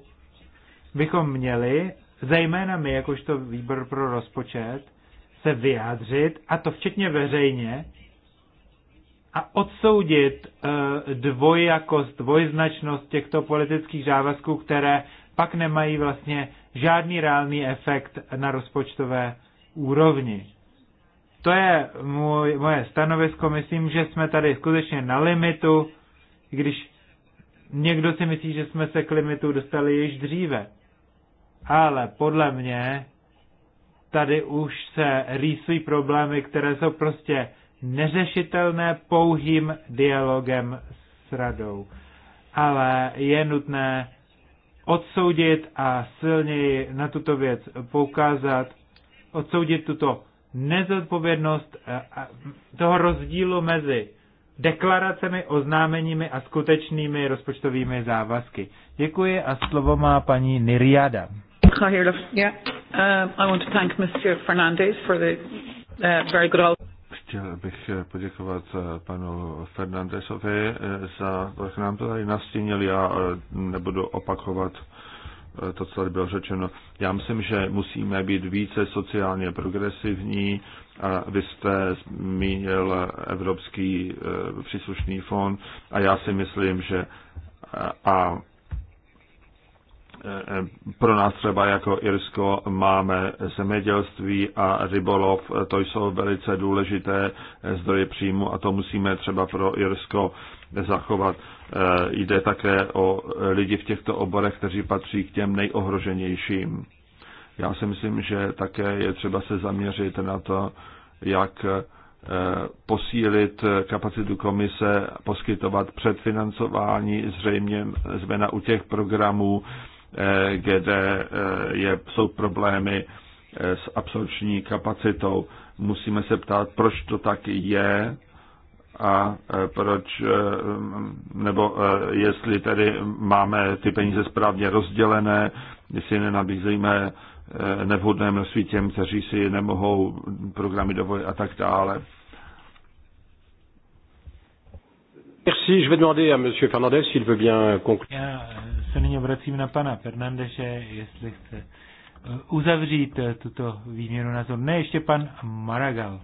S3: bychom měli, zejména my, jakožto výbor pro rozpočet, se vyjádřit, a to včetně veřejně, a odsoudit eh, dvojakost, dvojznačnost těchto politických závazků, které pak nemají vlastně žádný reálný efekt na rozpočtové úrovni. To je můj, moje stanovisko. Myslím, že jsme tady skutečně na limitu, když někdo si myslí, že jsme se k limitu dostali již dříve. Ale podle mě tady už se rýsují problémy, které jsou prostě neřešitelné pouhým dialogem s radou. Ale je nutné odsoudit a silněji na tuto věc poukázat, odsoudit tuto nezodpovědnost eh, toho rozdílu mezi deklaracemi, oznámeními a skutečnými rozpočtovými závazky. Děkuji a slovo má
S5: paní Niriada. Uh, uh,
S4: Chtěl bych eh, poděkovat eh, panu Fernandesovi za to, jak nám to tady nastínil. Já nebudu opakovat Eh, to, co tady bylo řečeno. Já myslím, že musíme být více sociálně progresivní. A vy jste zmínil Evropský eh, příslušný fond a já si myslím, že eh, a pro nás třeba jako Irsko máme zemědělství a rybolov, to jsou velice důležité zdroje příjmu a to musíme třeba pro Irsko zachovat. Eh, jde také o lidi v těchto oborech, kteří patří k těm nejohroženějším. Já si myslím, že také je třeba se zaměřit na to, jak eh, posílit kapacitu komise, poskytovat předfinancování zřejmě zvena u těch programů, eh, kde je, jsou problémy s absorpční kapacitou. Musíme se ptát, proč to tak je a e, proč, e, nebo e, jestli tedy máme ty peníze správně rozdělené, jestli nenabízíme nevhodné množství těm, kteří si nemohou programy dovolit a tak dále.
S1: Merci, je vais demander à monsieur Fernandez s'il veut bien conclure.
S3: Já se nyní obracím na pana Fernandeze, jestli chce uzavřít tuto výměnu názoru. Ne,
S2: ještě pan Maragal.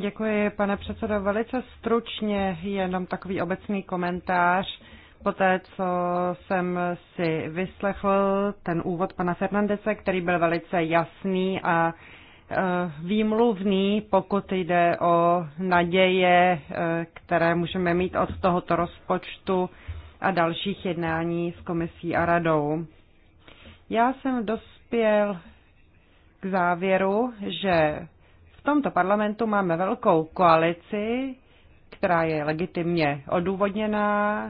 S2: Děkuji, pane předsedo. Velice stručně jenom takový obecný komentář. Poté, co jsem si vyslechl ten úvod pana Fernandese, který byl velice jasný a e, výmluvný, pokud jde o naděje, e, které můžeme mít od tohoto rozpočtu a dalších jednání s komisí a radou. Já jsem dospěl závěru, že v tomto parlamentu máme velkou koalici, která je legitimně odůvodněná.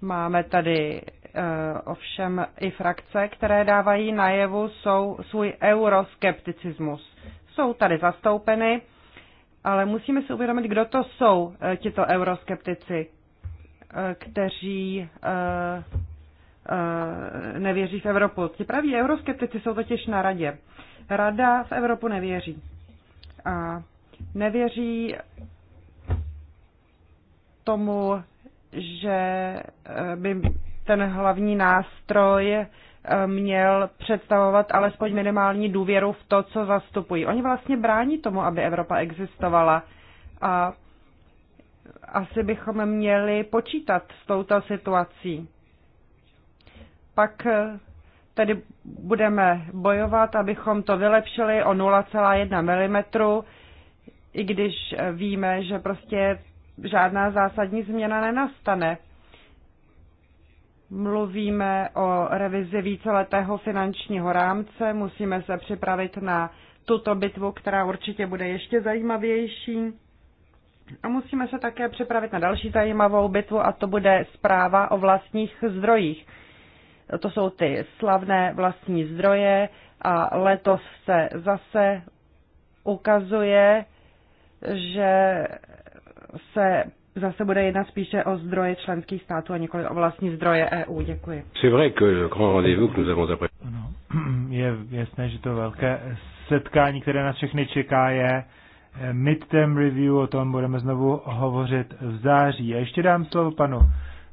S2: Máme tady eh, ovšem i frakce, které dávají najevu jsou svůj euroskepticismus. Jsou tady zastoupeny, ale musíme si uvědomit, kdo to jsou eh, tito euroskeptici, eh, kteří nevěří v Evropu. Ti praví euroskeptici jsou totiž na radě. Rada v Evropu nevěří. A nevěří tomu, že eh, by ten hlavní nástroj eh, měl představovat alespoň minimální důvěru v to, co zastupují. Oni vlastně brání tomu, aby Evropa existovala. A asi bychom měli počítat s touto situací. Pak eh, tedy budeme bojovat, abychom to vylepšili o 0,1 mm, i když víme, že prostě žádná zásadní změna nenastane. Mluvíme o revizi víceletého finančního rámce, musíme se připravit na tuto bitvu, která určitě bude ještě zajímavější. A musíme se také připravit na další zajímavou bitvu a to bude zpráva o vlastních zdrojích to jsou ty slavné vlastní zdroje a letos se zase ukazuje, že se zase bude jednat spíše o zdroje členských států a nikoli o vlastní zdroje EU. Děkuji.
S1: Ano,
S3: je jasné, že to velké setkání, které nás všechny čeká, je eh, midterm review, o tom budeme znovu hovořit v září. A ještě dám slovo panu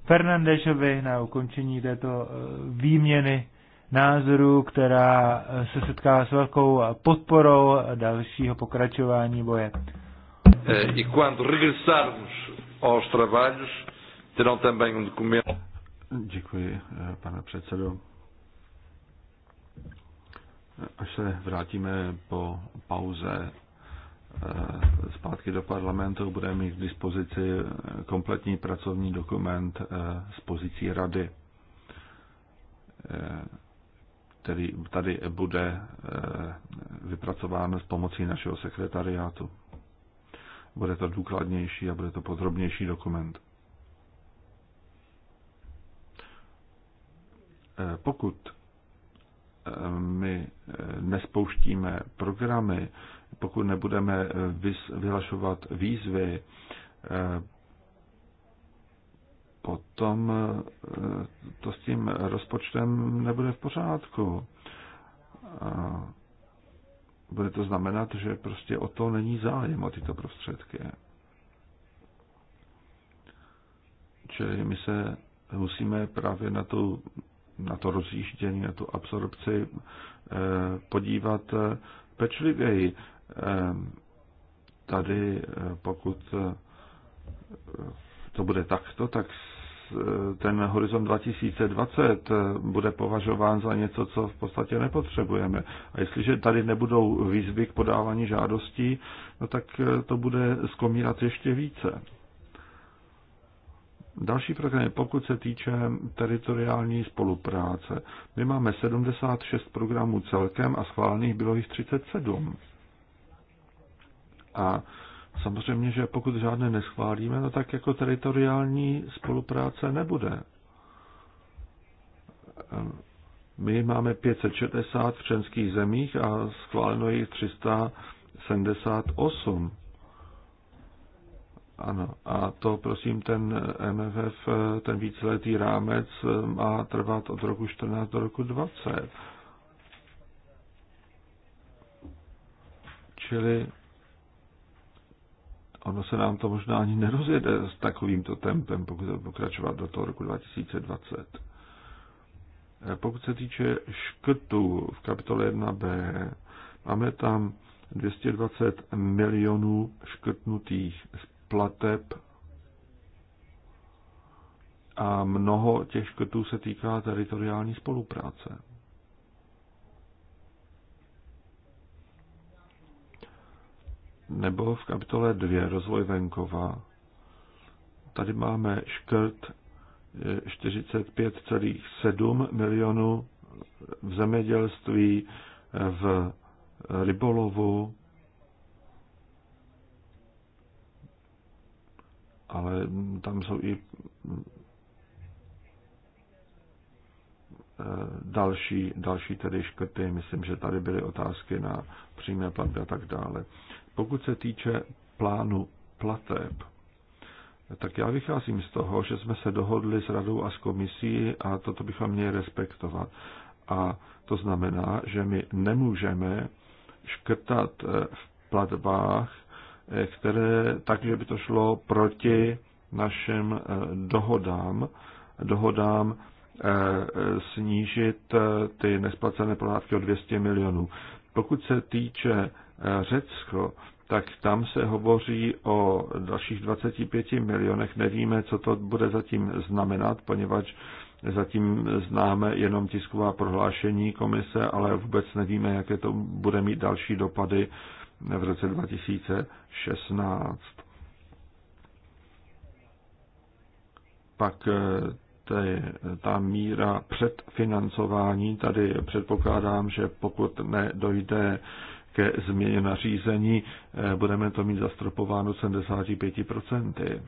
S3: Fernandešovi na ukončení této eh, výměny názorů, která eh, se setkává s velkou podporou dalšího pokračování boje.
S4: I eh, e quando regressarmos aos trabalhos, terão também um documento. Děkuji, pane předsedo. Až se vrátíme po pauze Eh, zpátky do parlamentu bude mít k dispozici eh, kompletní pracovní dokument eh, z pozicí rady, který tady bude vypracován s pomocí našeho sekretariátu. Bude to důkladnější a bude to podrobnější dokument. Pokud my nespouštíme programy, pokud nebudeme eh, vyhlašovat výzvy, eh, potom eh, to s tím rozpočtem nebude v pořádku. Bude to znamenat, že prostě o to není zájem, o tyto prostředky. Čili my se musíme právě na, tu, na to rozjíždění, na tu absorpci podívat pečlivěji. Ehm, tady eh, pokud eh, to bude takto, tak eh, ten horizont 2020 bude považován za něco, co v podstatě nepotřebujeme. A jestliže tady nebudou výzvy k podávání žádostí, no tak to bude skomírat ještě více. Další program je, pokud se týče teritoriální spolupráce. My máme 76 programů celkem a schválených bylo jich 37. A samozřejmě, že pokud žádné neschválíme, no tak jako teritoriální spolupráce nebude. Ehm, my máme 560 v členských zemích a schváleno jich 378. Ano, a to prosím ten MFF, ten víceletý rámec ehm, má trvat od roku 14 do roku 20. Čili ono se nám to možná ani nerozjede s takovýmto tempem, pokud to pokračovat do toho roku 2020. Eh, pokud se týče škrtů v kapitole 1b, máme tam 220 milionů škrtnutých z plateb a mnoho těch škrtů se týká teritoriální spolupráce. nebo v kapitole 2 rozvoj venkova. Tady máme škrt 45,7 eh, milionů v zemědělství, eh, v rybolovu, ale tam jsou i eh, další, další tedy škrty. Myslím, že tady byly otázky na přímé platby a tak dále. Pokud se týče plánu plateb, tak já vycházím z toho, že jsme se dohodli s radou a s komisí a toto bychom měli respektovat. A to znamená, že my nemůžeme škrtat eh, v platbách, eh, které takže by to šlo proti našim eh, dohodám, dohodám snížit ty nesplacené pohádky o 200 milionů. Pokud se týče Řecko, tak tam se hovoří o dalších 25 milionech. Nevíme, co to bude zatím znamenat, poněvadž zatím známe jenom tisková prohlášení komise, ale vůbec nevíme, jaké to bude mít další dopady v roce 2016. Pak eh, je ta míra předfinancování, tady předpokládám, že pokud nedojde ke změně nařízení eh, budeme to mít zastropováno 75%.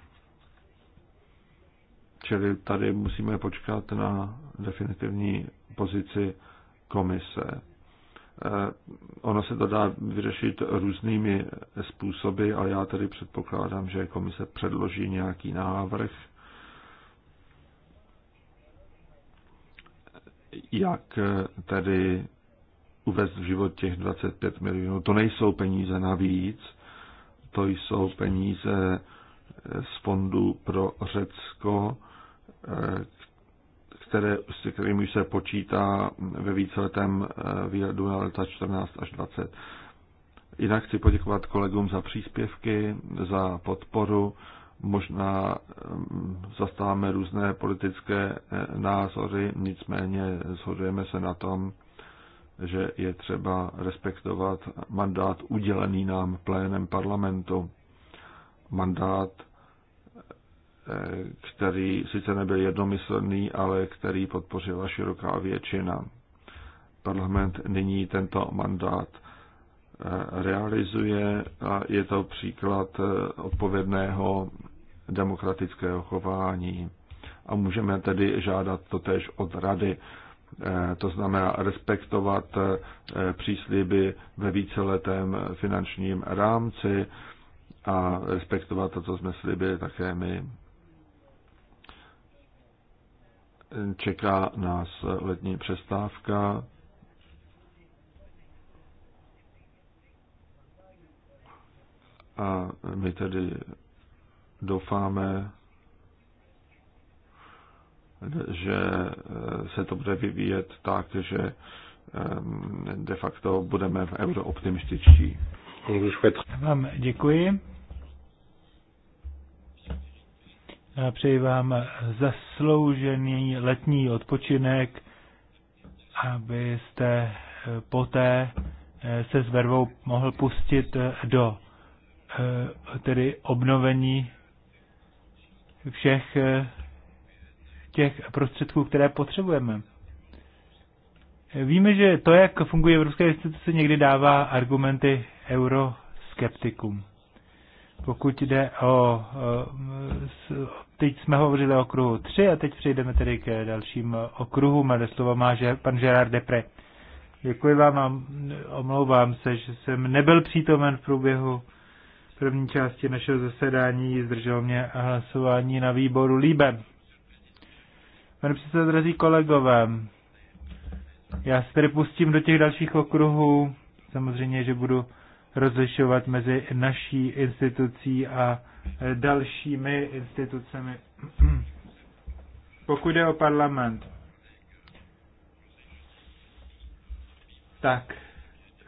S4: Čili tady musíme počkat na definitivní pozici komise. Eh, ono se to dá vyřešit různými způsoby, ale já tedy předpokládám, že komise předloží nějaký návrh, jak tedy uvést v život těch 25 milionů. To nejsou peníze navíc, to jsou peníze eh, z fondu pro Řecko, eh, které, s už se počítá ve víceletém eh, výhledu na leta 14 až 20. Jinak chci poděkovat kolegům za příspěvky, za podporu. Možná mm, zastáváme různé politické názory, nicméně shodujeme se na tom, že je třeba respektovat mandát udělený nám plénem parlamentu. Mandát, eh, který sice nebyl jednomyslný, ale který podpořila široká většina. Parlament nyní tento mandát eh, realizuje a je to příklad eh, odpovědného demokratického chování. A můžeme tedy žádat totéž od rady Eh, to znamená respektovat eh, přísliby ve víceletém eh, finančním rámci a respektovat to, co jsme slibili také my. Čeká nás letní přestávka. A my tedy doufáme, že eh, se to bude vyvíjet tak, že eh, de facto budeme v euro optimističtí. Vám děkuji.
S3: A přeji vám zasloužený letní odpočinek, abyste eh, poté se s vervou mohl pustit do tedy obnovení všech těch prostředků, které potřebujeme. Víme, že to, jak funguje Evropská instituce, někdy dává argumenty euroskeptikům. Pokud jde o... E, teď jsme hovořili o okruhu 3 a teď přejdeme tedy k dalším okruhům. A slovo má že pan Gerard Depre. Děkuji vám a omlouvám se, že jsem nebyl přítomen v průběhu první části našeho zasedání. Zdrželo mě hlasování na výboru Líbem. Pane předsedo, drazí kolegové, já se tedy pustím do těch dalších okruhů. Samozřejmě, že budu rozlišovat mezi naší institucí a e, dalšími institucemi. Pokud jde o parlament, tak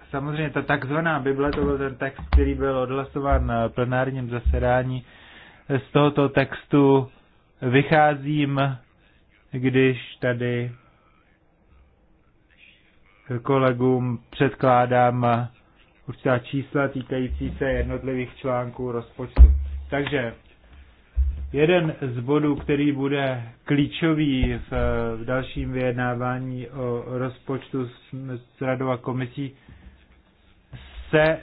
S3: samozřejmě ta takzvaná Bible, to byl ten text, který byl odhlasován na plenárním zasedání. Z tohoto textu vycházím když tady kolegům předkládám určitá čísla týkající se jednotlivých článků rozpočtu. Takže jeden z bodů, který bude klíčový v, v dalším vyjednávání o rozpočtu s, s radou a komisí, se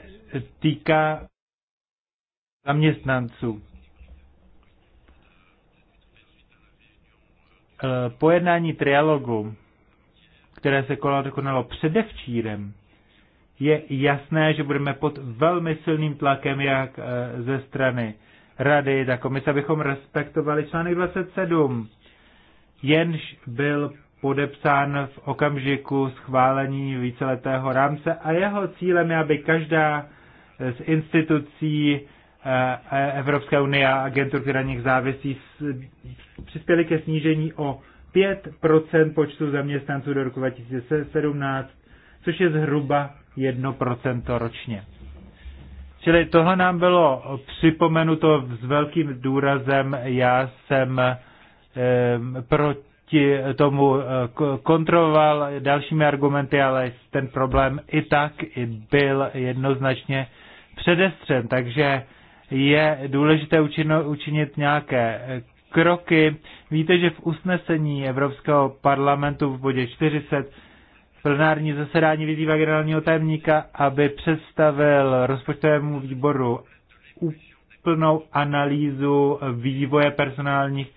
S3: týká zaměstnanců. Eh, pojednání trialogu, které se konalo předevčírem, je jasné, že budeme pod velmi silným tlakem jak eh, ze strany rady, tak komise, abychom respektovali článek 27, jenž byl podepsán v okamžiku schválení víceletého rámce a jeho cílem je, aby každá z institucí Eh, eh, Evropské unie a agentur, které na nich závisí, přispěly ke snížení o 5 počtu zaměstnanců do roku 2017, což je zhruba 1 ročně. Čili tohle nám bylo připomenuto s velkým důrazem. Já jsem eh, proti tomu kontroloval dalšími argumenty, ale ten problém i tak i byl jednoznačně předestřen. Takže je důležité učinit nějaké eh, kroky. Víte, že v usnesení Evropského parlamentu v bodě 40 plenární zasedání vyzývá generálního tajemníka, aby představil rozpočtovému výboru úplnou analýzu vývoje personálních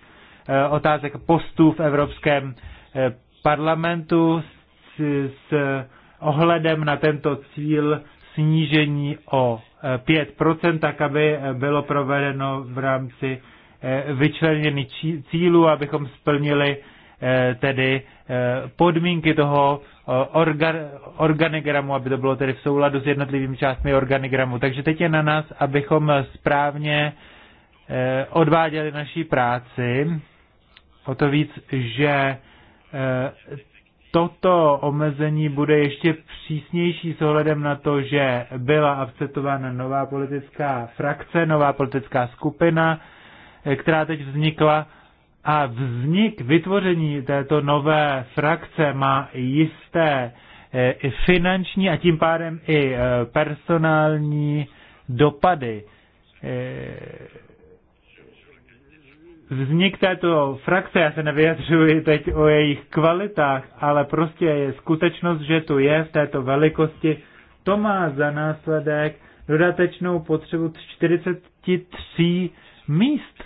S3: eh, otázek postů v Evropském eh, parlamentu s, s ohledem na tento cíl snížení o 5%, tak aby eh, bylo provedeno v rámci eh, vyčleněných cílů, abychom splnili eh, tedy podmínky toho organigramu, aby to bylo tedy v souladu s jednotlivými částmi organigramu. Takže teď je na nás, abychom správně odváděli naší práci. O to víc, že toto omezení bude ještě přísnější s ohledem na to, že byla akceptována nová politická frakce, nová politická skupina, eh, která teď vznikla. A vznik, vytvoření této nové frakce má jisté eh, i finanční a tím pádem i eh, personální dopady vznik této frakce, já se nevyjadřuji teď o jejich kvalitách, ale prostě je skutečnost, že tu je v této velikosti, to má za následek dodatečnou potřebu 43 míst.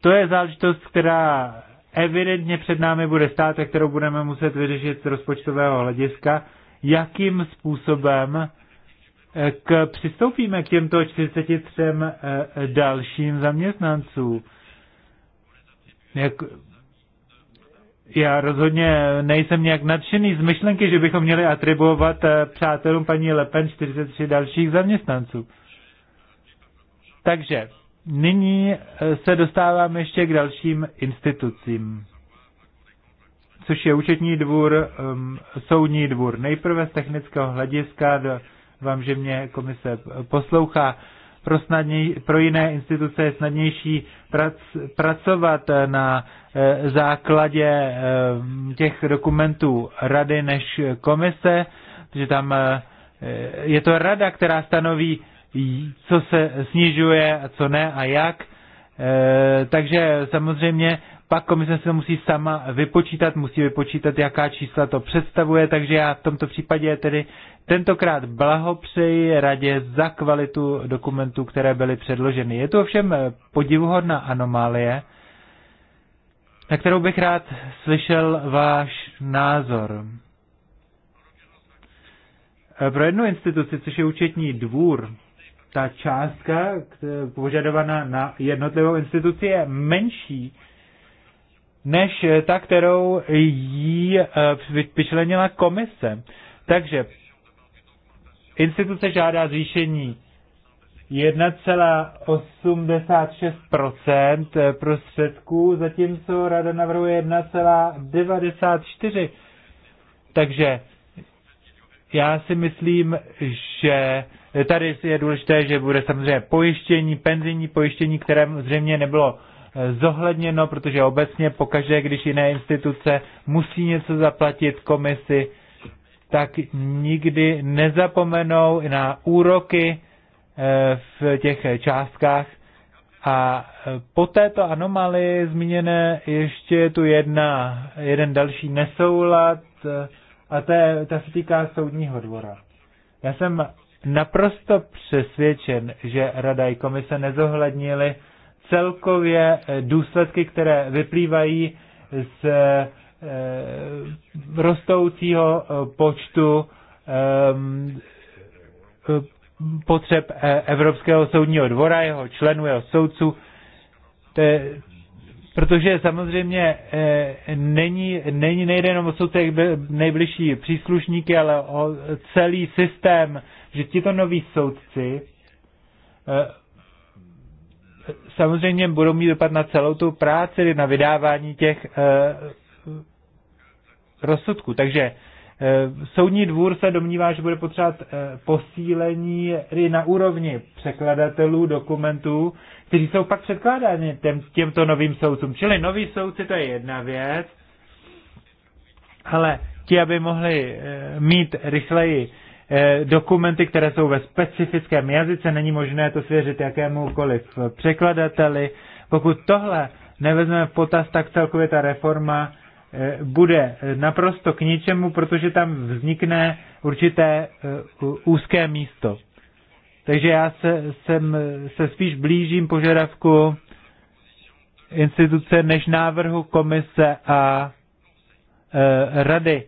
S3: To je záležitost, která evidentně před námi bude stát a kterou budeme muset vyřešit z rozpočtového hlediska, jakým způsobem k, přistoupíme k těmto 43 eh, dalším zaměstnancům. Jak, já rozhodně nejsem nějak nadšený z myšlenky, že bychom měli atribuovat eh, přátelům paní Lepen 43 dalších zaměstnanců. Takže nyní eh, se dostávám ještě k dalším institucím, což je účetní dvůr, um, soudní dvůr. Nejprve z technického hlediska do, vám, že mě komise poslouchá. Pro, snadněj, pro jiné instituce je snadnější prac, pracovat na eh, základě eh, těch dokumentů rady než komise, protože tam eh, je to rada, která stanoví, co se snižuje a co ne a jak. Takže samozřejmě pak komise se musí sama vypočítat, musí vypočítat, jaká čísla to představuje, takže já v tomto případě tedy tentokrát blahopřeji radě za kvalitu dokumentů, které byly předloženy. Je to ovšem podivuhodná anomálie, na kterou bych rád slyšel váš názor. Pro jednu instituci, což je účetní dvůr, ta částka požadovaná na jednotlivou instituci je menší než eh, ta, kterou jí eh, vyčlenila komise. Takže instituce žádá zvýšení 1,86% eh, prostředků, zatímco rada navrhuje 1,94%. Takže já si myslím, že tady je důležité, že bude samozřejmě pojištění, penzijní pojištění, které zřejmě nebylo zohledněno, protože obecně pokaždé, když jiné instituce musí něco zaplatit komisi, tak nikdy nezapomenou na úroky eh, v těch částkách. A eh, po této anomálii zmíněné ještě je tu jedna, jeden další nesoulad eh, a to je, ta se týká soudního dvora. Já jsem naprosto přesvědčen, že Rada i komise nezohlednili celkově eh, důsledky, které vyplývají z eh, rostoucího eh, počtu ehm, potřeb Evropského soudního dvora, jeho členů, jeho soudců, protože samozřejmě není, není nejde jenom o soudcech nejbližší příslušníky, ale o celý systém, že tito noví soudci samozřejmě budou mít dopad na celou tu práci, na vydávání těch eh, rozsudků. Takže eh, Soudní dvůr se domnívá, že bude potřebovat eh, posílení na úrovni překladatelů dokumentů, kteří jsou pak překládáni těm, těmto novým soudcům. Čili noví soudci to je jedna věc, ale ti, aby mohli mít rychleji Eh, dokumenty, které jsou ve specifickém jazyce, není možné to svěřit jakémukoliv překladateli. Pokud tohle nevezmeme v potaz, tak celkově ta reforma eh, bude naprosto k ničemu, protože tam vznikne určité eh, úzké místo. Takže já se, jsem, se spíš blížím požadavku instituce než návrhu komise a e, rady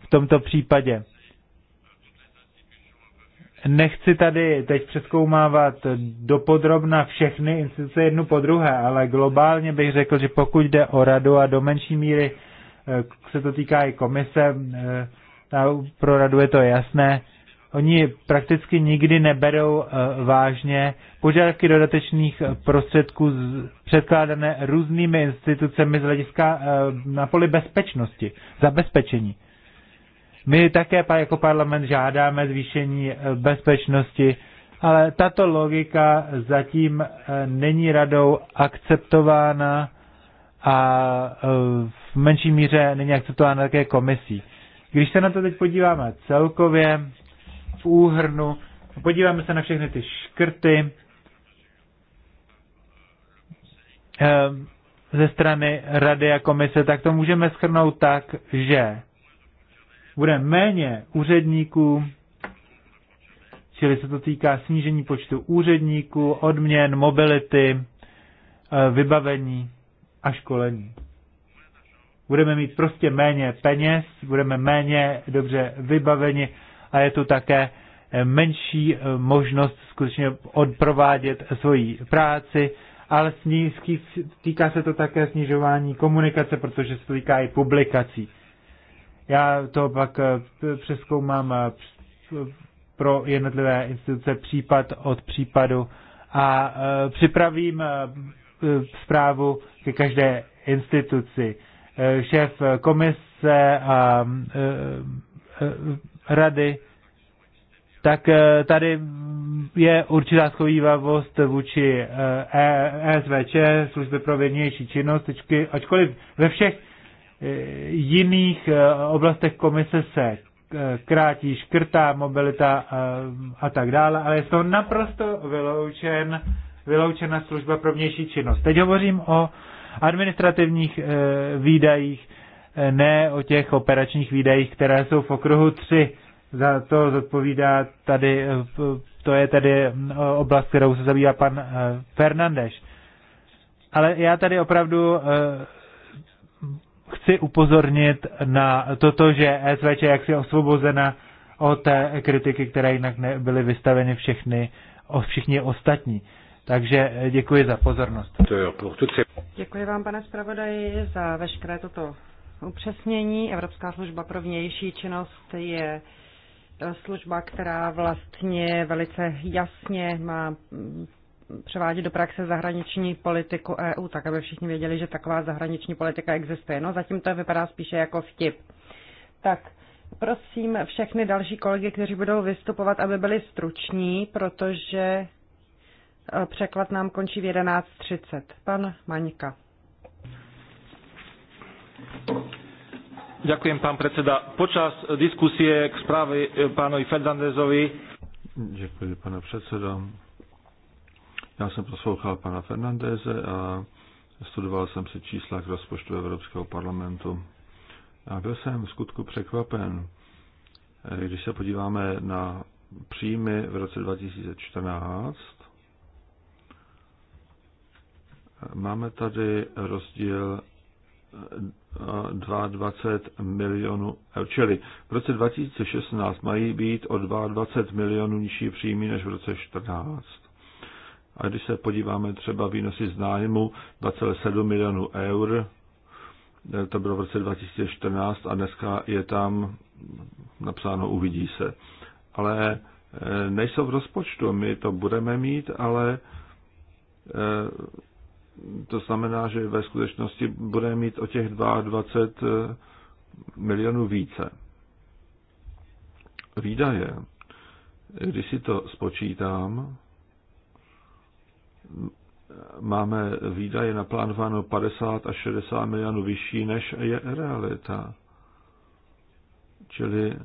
S3: v tomto případě. Nechci tady teď přeskoumávat dopodrobna všechny instituce jednu po druhé, ale globálně bych řekl, že pokud jde o radu a do menší míry eh, se to týká i komise, eh, pro radu je to jasné, oni prakticky nikdy neberou eh, vážně požadavky dodatečných prostředků předkládané různými institucemi z hlediska na poli bezpečnosti, zabezpečení. My také jako parlament žádáme zvýšení eh, bezpečnosti, ale tato logika zatím eh, není radou akceptována a eh, v menší míře není akceptována také komisí. Když se na to teď podíváme celkově, v úhrnu, podíváme se na všechny ty škrty ze strany Rady a komise, tak to můžeme schrnout tak, že bude méně úředníků, čili se to týká snížení počtu úředníků, odměn, mobility, eh, vybavení a školení. Budeme mít prostě méně peněz, budeme méně dobře vybaveni a je tu také eh, menší eh, možnost skutečně odprovádět svoji práci, ale týká se to také snižování komunikace, protože se to týká i publikací. Já to pak eh, přeskoumám eh, pro jednotlivé instituce případ od případu a eh, připravím zprávu ke každé instituci. Šéf komise a rady, tak tady je určitá schovývavost vůči ESVČ, e- e služby pro vědnější činnost, ačkoliv ve všech Eh, jiných eh, oblastech komise se eh, krátí, škrtá mobilita a tak dále, ale je to naprosto vyloučen, vyloučena služba pro vnější činnost. Teď hovořím o administrativních výdajích, ne o těch operačních výdajích, které jsou v okruhu 3. Za to zodpovídá tady, to je tady mm, oblast, kterou se zabývá pan Fernandeš. Ale já tady opravdu chci upozornit na toto, že SVČ jaksi osvobozena od té kritiky, které jinak byly vystaveny všechny, všichni ostatní. Takže děkuji za pozornost.
S2: Děkuji vám, pane zpravodaji, za veškeré toto upřesnění. Evropská služba pro vnější činnost je služba, která vlastně velice jasně má převádět do praxe zahraniční politiku EU, tak aby všichni věděli, že taková zahraniční politika existuje. No zatím to vypadá spíše jako vtip. Tak prosím všechny další kolegy, kteří budou vystupovat, aby byli struční, protože eh, překlad nám končí v 11.30. Pan Maňka.
S3: Děkuji pan předseda. Počas diskusie k zprávy eh, panu Fernandezovi.
S4: Děkuji, pane předsedo. Já jsem poslouchal pana Fernandéze a studoval jsem si čísla k rozpočtu Evropského parlamentu. A byl jsem v skutku překvapen, když se podíváme na příjmy v roce 2014, máme tady rozdíl 22 eh, milionů, eh, čili v roce 2016 mají být o 22 milionů nižší příjmy než v roce 14. A když se podíváme třeba výnosy z nájmu 2,7 milionů eur, eh, to bylo v roce 2014 a dneska je tam napsáno uvidí se. Ale eh, nejsou v rozpočtu, my to budeme mít, ale eh, to znamená, že ve skutečnosti budeme mít o těch 22 milionů více. Výdaje, když si to spočítám, máme výdaje naplánováno 50 až 60 milionů vyšší, než je realita. Čili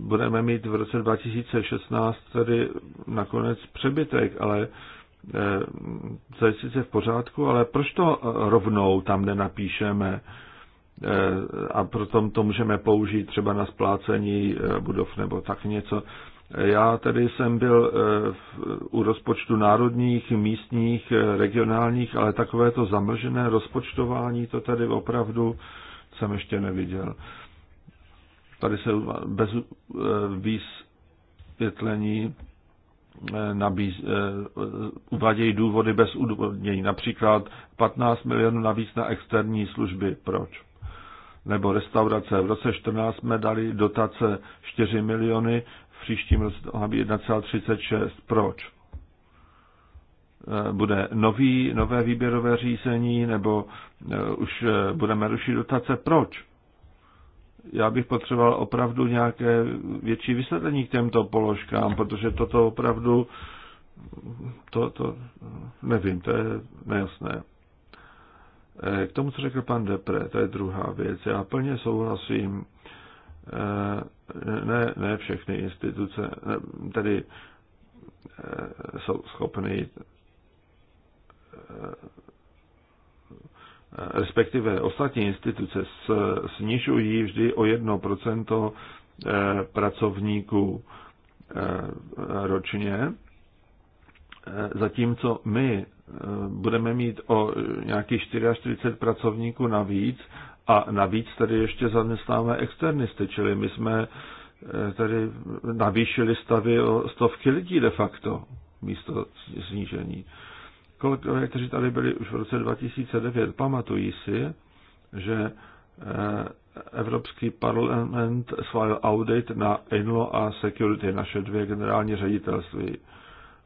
S4: budeme mít v roce 2016 tedy nakonec přebytek, ale eh, to je sice v pořádku, ale proč to rovnou tam nenapíšeme eh, a proto to můžeme použít třeba na splácení eh, budov nebo tak něco. Já tedy jsem byl eh, u rozpočtu národních, místních, eh, regionálních, ale takové to zamlžené rozpočtování, to tady opravdu jsem ještě neviděl. Tady se bez eh, vysvětlení nabíz, uvádějí důvody bez udůvodnění. Například 15 milionů navíc na externí služby. Proč? nebo restaurace. V roce 14 jsme dali dotace 4 miliony, příštím roce to má být 1,36. Proč? Eh, bude nový, nové výběrové řízení nebo eh, už eh, budeme rušit dotace? Proč? Já bych potřeboval opravdu nějaké větší vysvětlení k těmto položkám, protože toto opravdu, to, to nevím, to je nejasné. K tomu, co řekl pan Depre, to je druhá věc. Já plně souhlasím Eh, ne, ne všechny instituce eh, tedy eh, jsou schopny respektive ostatní instituce snižují vždy o 1% pracovníků ročně, zatímco my budeme mít o nějakých 44 pracovníků navíc a navíc tady ještě zaměstnáme externisty, čili my jsme eh, tady navýšili stavy o stovky lidí de facto místo snížení. Kolegové, kteří tady byli už v roce 2009, pamatují si, že eh, Evropský parlament schválil audit na INLO a Security, naše dvě generální ředitelství.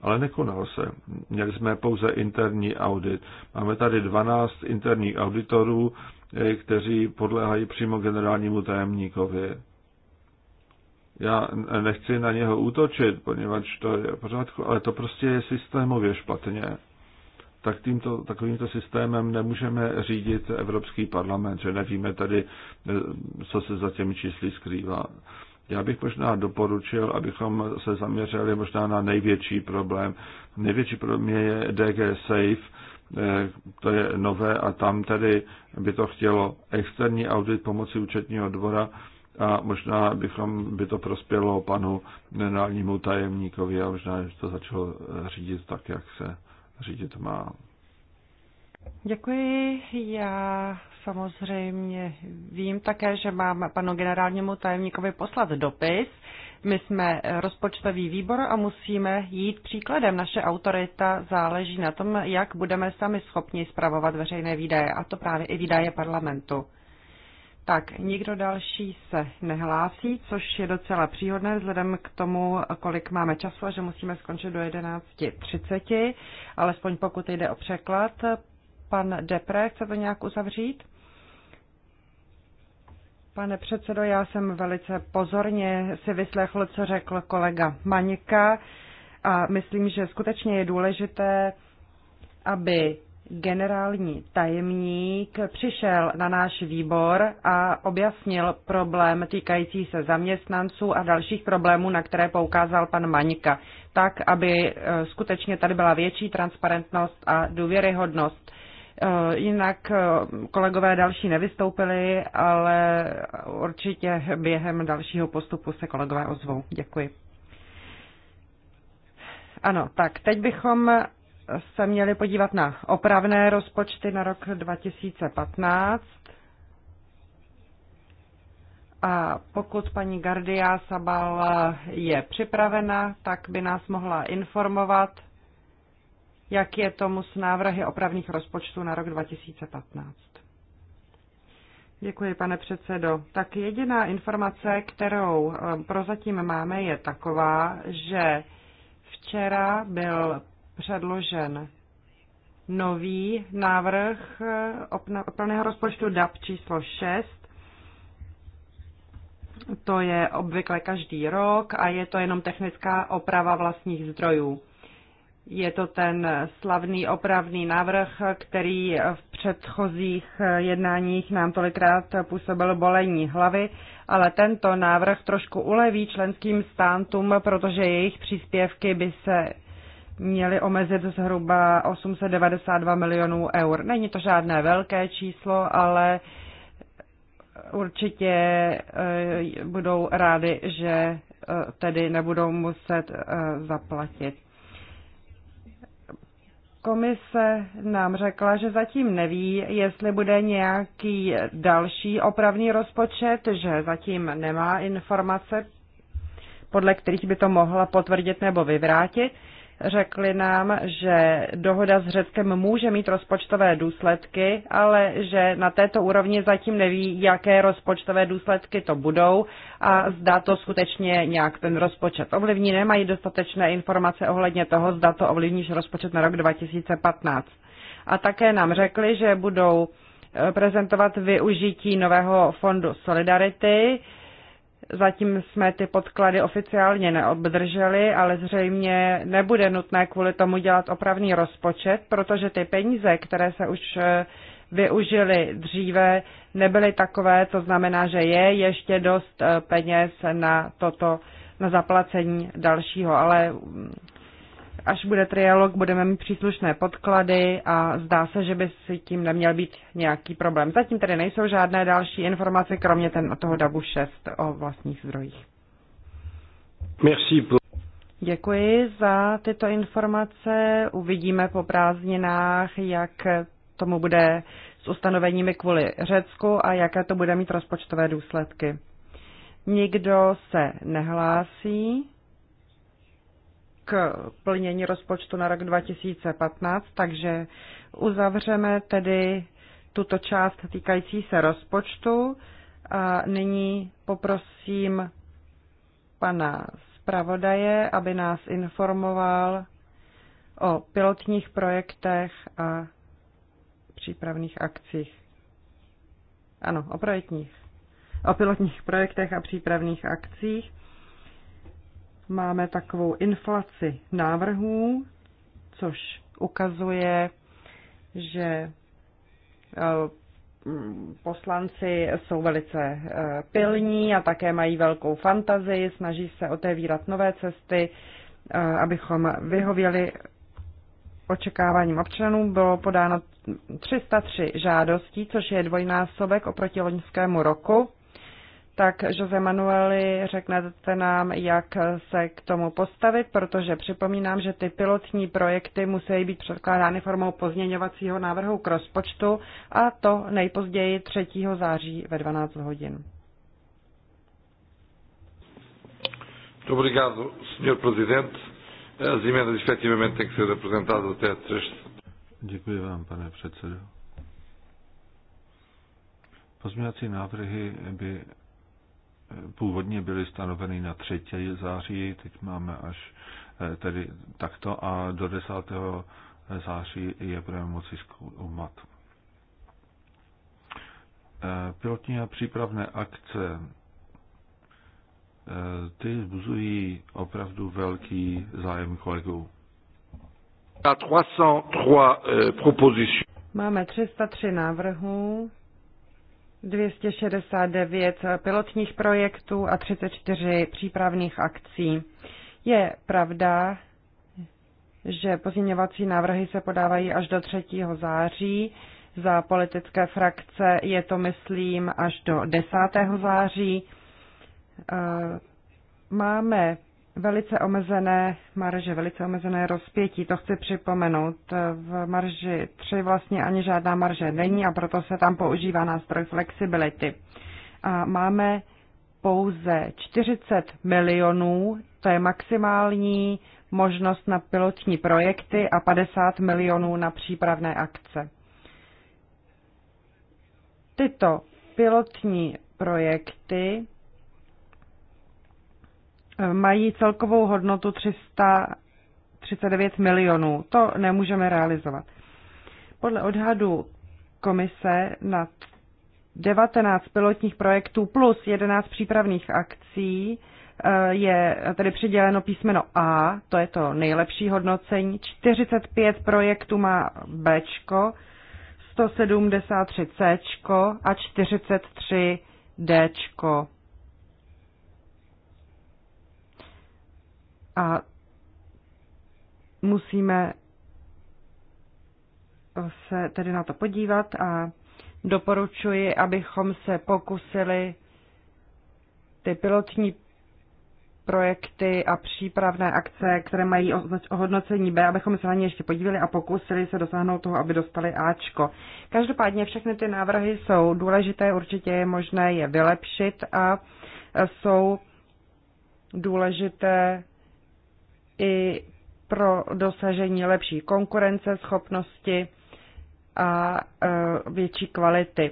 S4: Ale nekonal se. Měli jsme pouze interní audit. Máme tady 12 interních auditorů Eh, kteří podléhají přímo generálnímu tajemníkovi. Já nechci na něho útočit, poněvadž to je v pořádku, ale to prostě je systémově špatně. Tak tímto, takovýmto systémem nemůžeme řídit Evropský parlament, že nevíme tady, eh, co se za těmi čísly skrývá. Já bych možná doporučil, abychom se zaměřili možná na největší problém. Největší problém je DG Safe, Eh, to je nové a tam tedy by to chtělo externí audit pomocí účetního dvora a možná bychom, by to prospělo panu generálnímu tajemníkovi a možná, že to začalo řídit tak, jak se řídit má.
S2: Děkuji. Já samozřejmě vím také, že mám panu generálnímu tajemníkovi poslat dopis, my jsme rozpočtový výbor a musíme jít příkladem. Naše autorita záleží na tom, jak budeme sami schopni zpravovat veřejné výdaje, a to právě i výdaje parlamentu. Tak, nikdo další se nehlásí, což je docela příhodné vzhledem k tomu, kolik máme času a že musíme skončit do 11.30, alespoň pokud jde o překlad. Pan Depre, chce to nějak uzavřít? Pane předsedo, já jsem velice pozorně si vyslechl, co řekl kolega Maňka a myslím, že skutečně je důležité, aby generální tajemník přišel na náš výbor a objasnil problém týkající se zaměstnanců a dalších problémů, na které poukázal pan Maňka, tak, aby eh, skutečně tady byla větší transparentnost a důvěryhodnost. Eh, jinak eh, kolegové další nevystoupili, ale určitě během dalšího postupu se kolegové ozvou. Děkuji. Ano, tak teď bychom se měli podívat na opravné rozpočty na rok 2015. A pokud paní Gardia Sabal je připravena, tak by nás mohla informovat jak je tomu s návrhy opravných rozpočtů na rok 2015. Děkuji, pane předsedo. Tak jediná informace, kterou eh, prozatím máme, je taková, že včera byl předložen nový návrh eh, opravného rozpočtu DAP číslo 6. To je obvykle každý rok a je to jenom technická oprava vlastních zdrojů. Je to ten slavný opravný návrh, který v předchozích jednáních nám tolikrát působil bolení hlavy, ale tento návrh trošku uleví členským státům, protože jejich příspěvky by se měly omezit zhruba 892 milionů eur. Není to žádné velké číslo, ale určitě eh, budou rádi, že eh, tedy nebudou muset eh, zaplatit Komise nám řekla, že zatím neví, jestli bude nějaký další opravný rozpočet, že zatím nemá informace, podle kterých by to mohla potvrdit nebo vyvrátit. Řekli nám, že dohoda s Řeckem může mít rozpočtové důsledky, ale že na této úrovni zatím neví, jaké rozpočtové důsledky to budou a zda to skutečně nějak ten rozpočet ovlivní. Nemají dostatečné informace ohledně toho, zda to ovlivní rozpočet na rok 2015. A také nám řekli, že budou eh, prezentovat využití nového fondu Solidarity, Zatím jsme ty podklady oficiálně neobdrželi, ale zřejmě nebude nutné kvůli tomu dělat opravný rozpočet, protože ty peníze, které se už eh, využili dříve, nebyly takové, to znamená, že je ještě dost eh, peněz na toto, na zaplacení dalšího, ale mm, až bude trialog, budeme mít příslušné podklady a zdá se, že by si tím neměl být nějaký problém. Zatím tedy nejsou žádné další informace, kromě ten, o toho davu 6 o vlastních zdrojích. Merci Děkuji za tyto informace. Uvidíme po prázdninách, jak tomu bude s ustanoveními kvůli Řecku a jaké to bude mít rozpočtové důsledky. Nikdo se nehlásí k plnění rozpočtu na rok 2015, takže uzavřeme tedy tuto část týkající se rozpočtu. A nyní poprosím pana zpravodaje, aby nás informoval o pilotních projektech a přípravných akcích. Ano, o projektních. O pilotních projektech a přípravných akcích máme takovou inflaci návrhů, což ukazuje, že eh, poslanci jsou velice eh, pilní a také mají velkou fantazii, snaží se otevírat nové cesty, eh, abychom vyhověli očekáváním občanů. Bylo podáno 303 žádostí, což je dvojnásobek oproti loňskému roku tak Jose Manueli řeknete nám, jak se k tomu postavit, protože připomínám, že ty pilotní projekty musí být předkládány formou pozměňovacího návrhu k rozpočtu a to nejpozději 3. září ve 12 hodin.
S1: Dobrý Sr. Presidente. As emendas que ser até
S4: Děkuji vám, pane předsedo. Pozměňovací návrhy by původně byly stanoveny na 3. září, teď máme až eh, tedy takto a do 10. září je budeme moci zkoumat. Eh, pilotní a přípravné akce eh, ty vzbuzují opravdu velký zájem kolegů.
S2: Máme 303 návrhů, 269 pilotních projektů a 34 přípravných akcí. Je pravda, že pozměňovací návrhy se podávají až do 3. září. Za politické frakce je to, myslím, až do 10. září. Máme velice omezené marže, velice omezené rozpětí. To chci připomenout. V marži 3 vlastně ani žádná marže není a proto se tam používá nástroj flexibility. A máme pouze 40 milionů, to je maximální možnost na pilotní projekty a 50 milionů na přípravné akce. Tyto pilotní projekty Eh, mají celkovou hodnotu 339 milionů. To nemůžeme realizovat. Podle odhadu komise na 19 pilotních projektů plus 11 přípravných akcí eh, je tedy přiděleno písmeno A, to je to nejlepší hodnocení, 45 projektů má B, 173 C a 43 D. -čko. A musíme se tedy na to podívat a doporučuji, abychom se pokusili ty pilotní projekty a přípravné akce, které mají ohodnocení B, abychom se na ně ještě podívali a pokusili se dosáhnout toho, aby dostali Ačko. Každopádně všechny ty návrhy jsou důležité, určitě je možné je vylepšit a jsou důležité i pro dosažení lepší konkurenceschopnosti a e, větší kvality.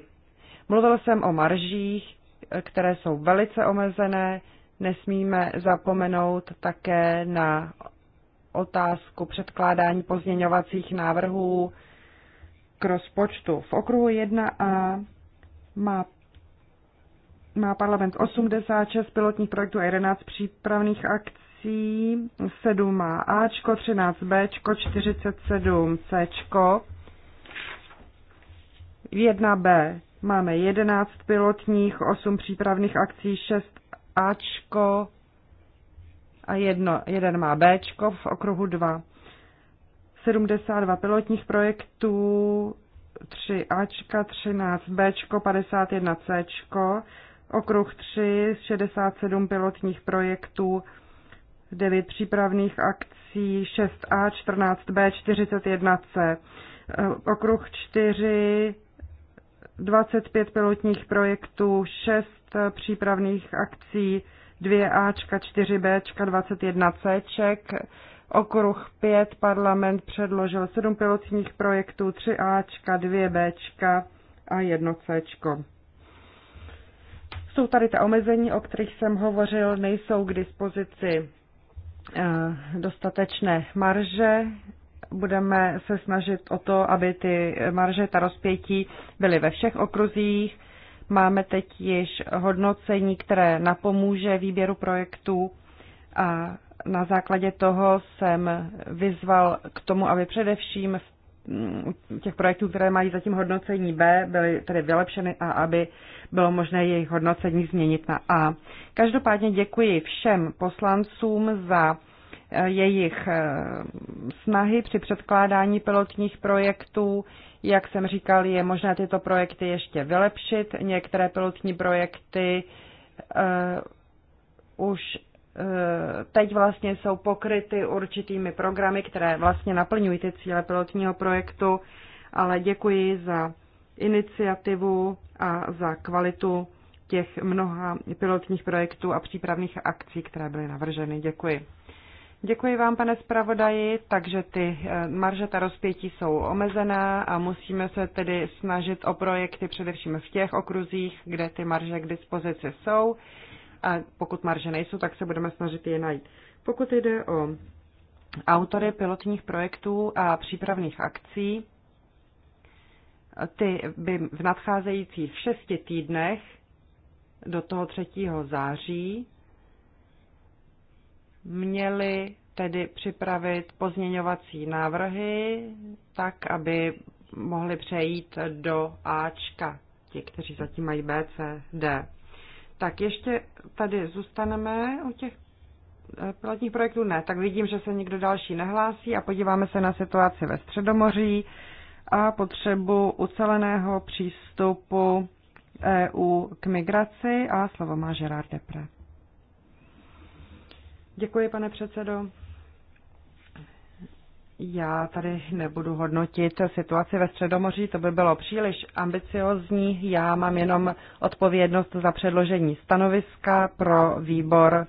S2: Mluvil jsem o maržích, které jsou velice omezené. Nesmíme zapomenout také na otázku předkládání pozměňovacích návrhů k rozpočtu. V okruhu 1a má, má parlament 86 pilotních projektů a 11 přípravných akcí prací 7 má Ačko, 13 Bčko, 47 Cčko, 1B máme 11 pilotních, 8 přípravných akcí, 6 Ačko a 1, 1 má Bčko v okruhu 2. 72 pilotních projektů, 3 Ačka, 13 Bčko, 51 Cčko, okruh 3, 67 pilotních projektů, 9 přípravných akcí 6A, 14B, 41C. Okruh 4, 25 pilotních projektů, 6 přípravných akcí 2A, 4B, 21C. Okruh 5 parlament předložil 7 pilotních projektů 3A, 2B a 1C. Jsou tady ta omezení, o kterých jsem hovořil, nejsou k dispozici Eh, dostatečné marže. Budeme se snažit o to, aby ty marže, ta rozpětí byly ve všech okruzích. Máme teď již hodnocení, které napomůže výběru projektů a na základě toho jsem vyzval k tomu, aby především v Mm, těch projektů, které mají zatím hodnocení B, byly tedy vylepšeny a aby bylo možné jejich hodnocení změnit na A. Každopádně děkuji všem poslancům za eh, jejich eh, snahy při předkládání pilotních projektů. Jak jsem říkal, je možné tyto projekty ještě vylepšit. Některé pilotní projekty eh, už Eh, teď vlastně jsou pokryty určitými programy, které vlastně naplňují ty cíle pilotního projektu, ale děkuji za iniciativu a za kvalitu těch mnoha pilotních projektů a přípravných akcí, které byly navrženy. Děkuji. Děkuji vám, pane zpravodaji, takže ty eh, marže ta rozpětí jsou omezená a musíme se tedy snažit o projekty především v těch okruzích, kde ty marže k dispozici jsou a pokud marže nejsou, tak se budeme snažit je najít. Pokud jde o autory pilotních projektů a přípravných akcí, ty by v nadcházejících šesti týdnech do toho 3. září měli tedy připravit pozměňovací návrhy tak, aby mohli přejít do Ačka, ti, kteří zatím mají B, C, D. Tak ještě tady zůstaneme u těch eh, pilotních projektů? Ne. Tak vidím, že se nikdo další nehlásí a podíváme se na situaci ve Středomoří a potřebu uceleného přístupu EU k migraci a slovo má Gerard Depre. Děkuji, pane předsedo. Já tady nebudu hodnotit situaci ve Středomoří, to by bylo příliš ambiciozní. Já mám jenom odpovědnost za předložení stanoviska pro výbor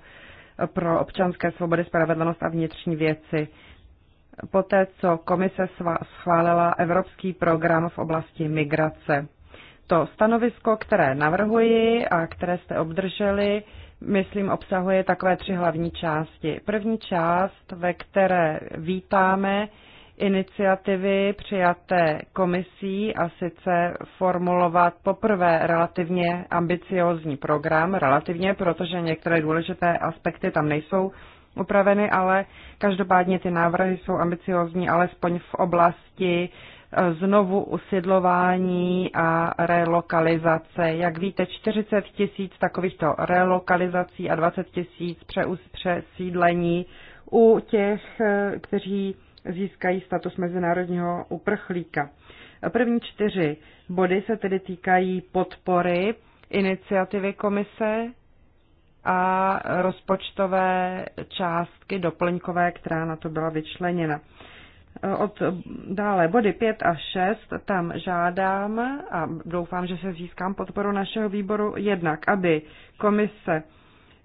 S2: pro občanské svobody, spravedlnost a vnitřní věci. Poté, co komise schválila evropský program v oblasti migrace. To stanovisko, které navrhuji a které jste obdrželi, myslím, obsahuje takové tři hlavní části. První část, ve které vítáme iniciativy přijaté komisí a sice formulovat poprvé relativně ambiciózní program, relativně, protože některé důležité aspekty tam nejsou upraveny, ale každopádně ty návrhy jsou ambiciózní, alespoň v oblasti znovu usidlování a relokalizace. Jak víte, 40 tisíc takovýchto relokalizací a 20 tisíc přesídlení u těch, kteří získají status mezinárodního uprchlíka. První čtyři body se tedy týkají podpory iniciativy komise a rozpočtové částky doplňkové, která na to byla vyčleněna od dále body 5 a 6 tam žádám a doufám, že se získám podporu našeho výboru jednak, aby komise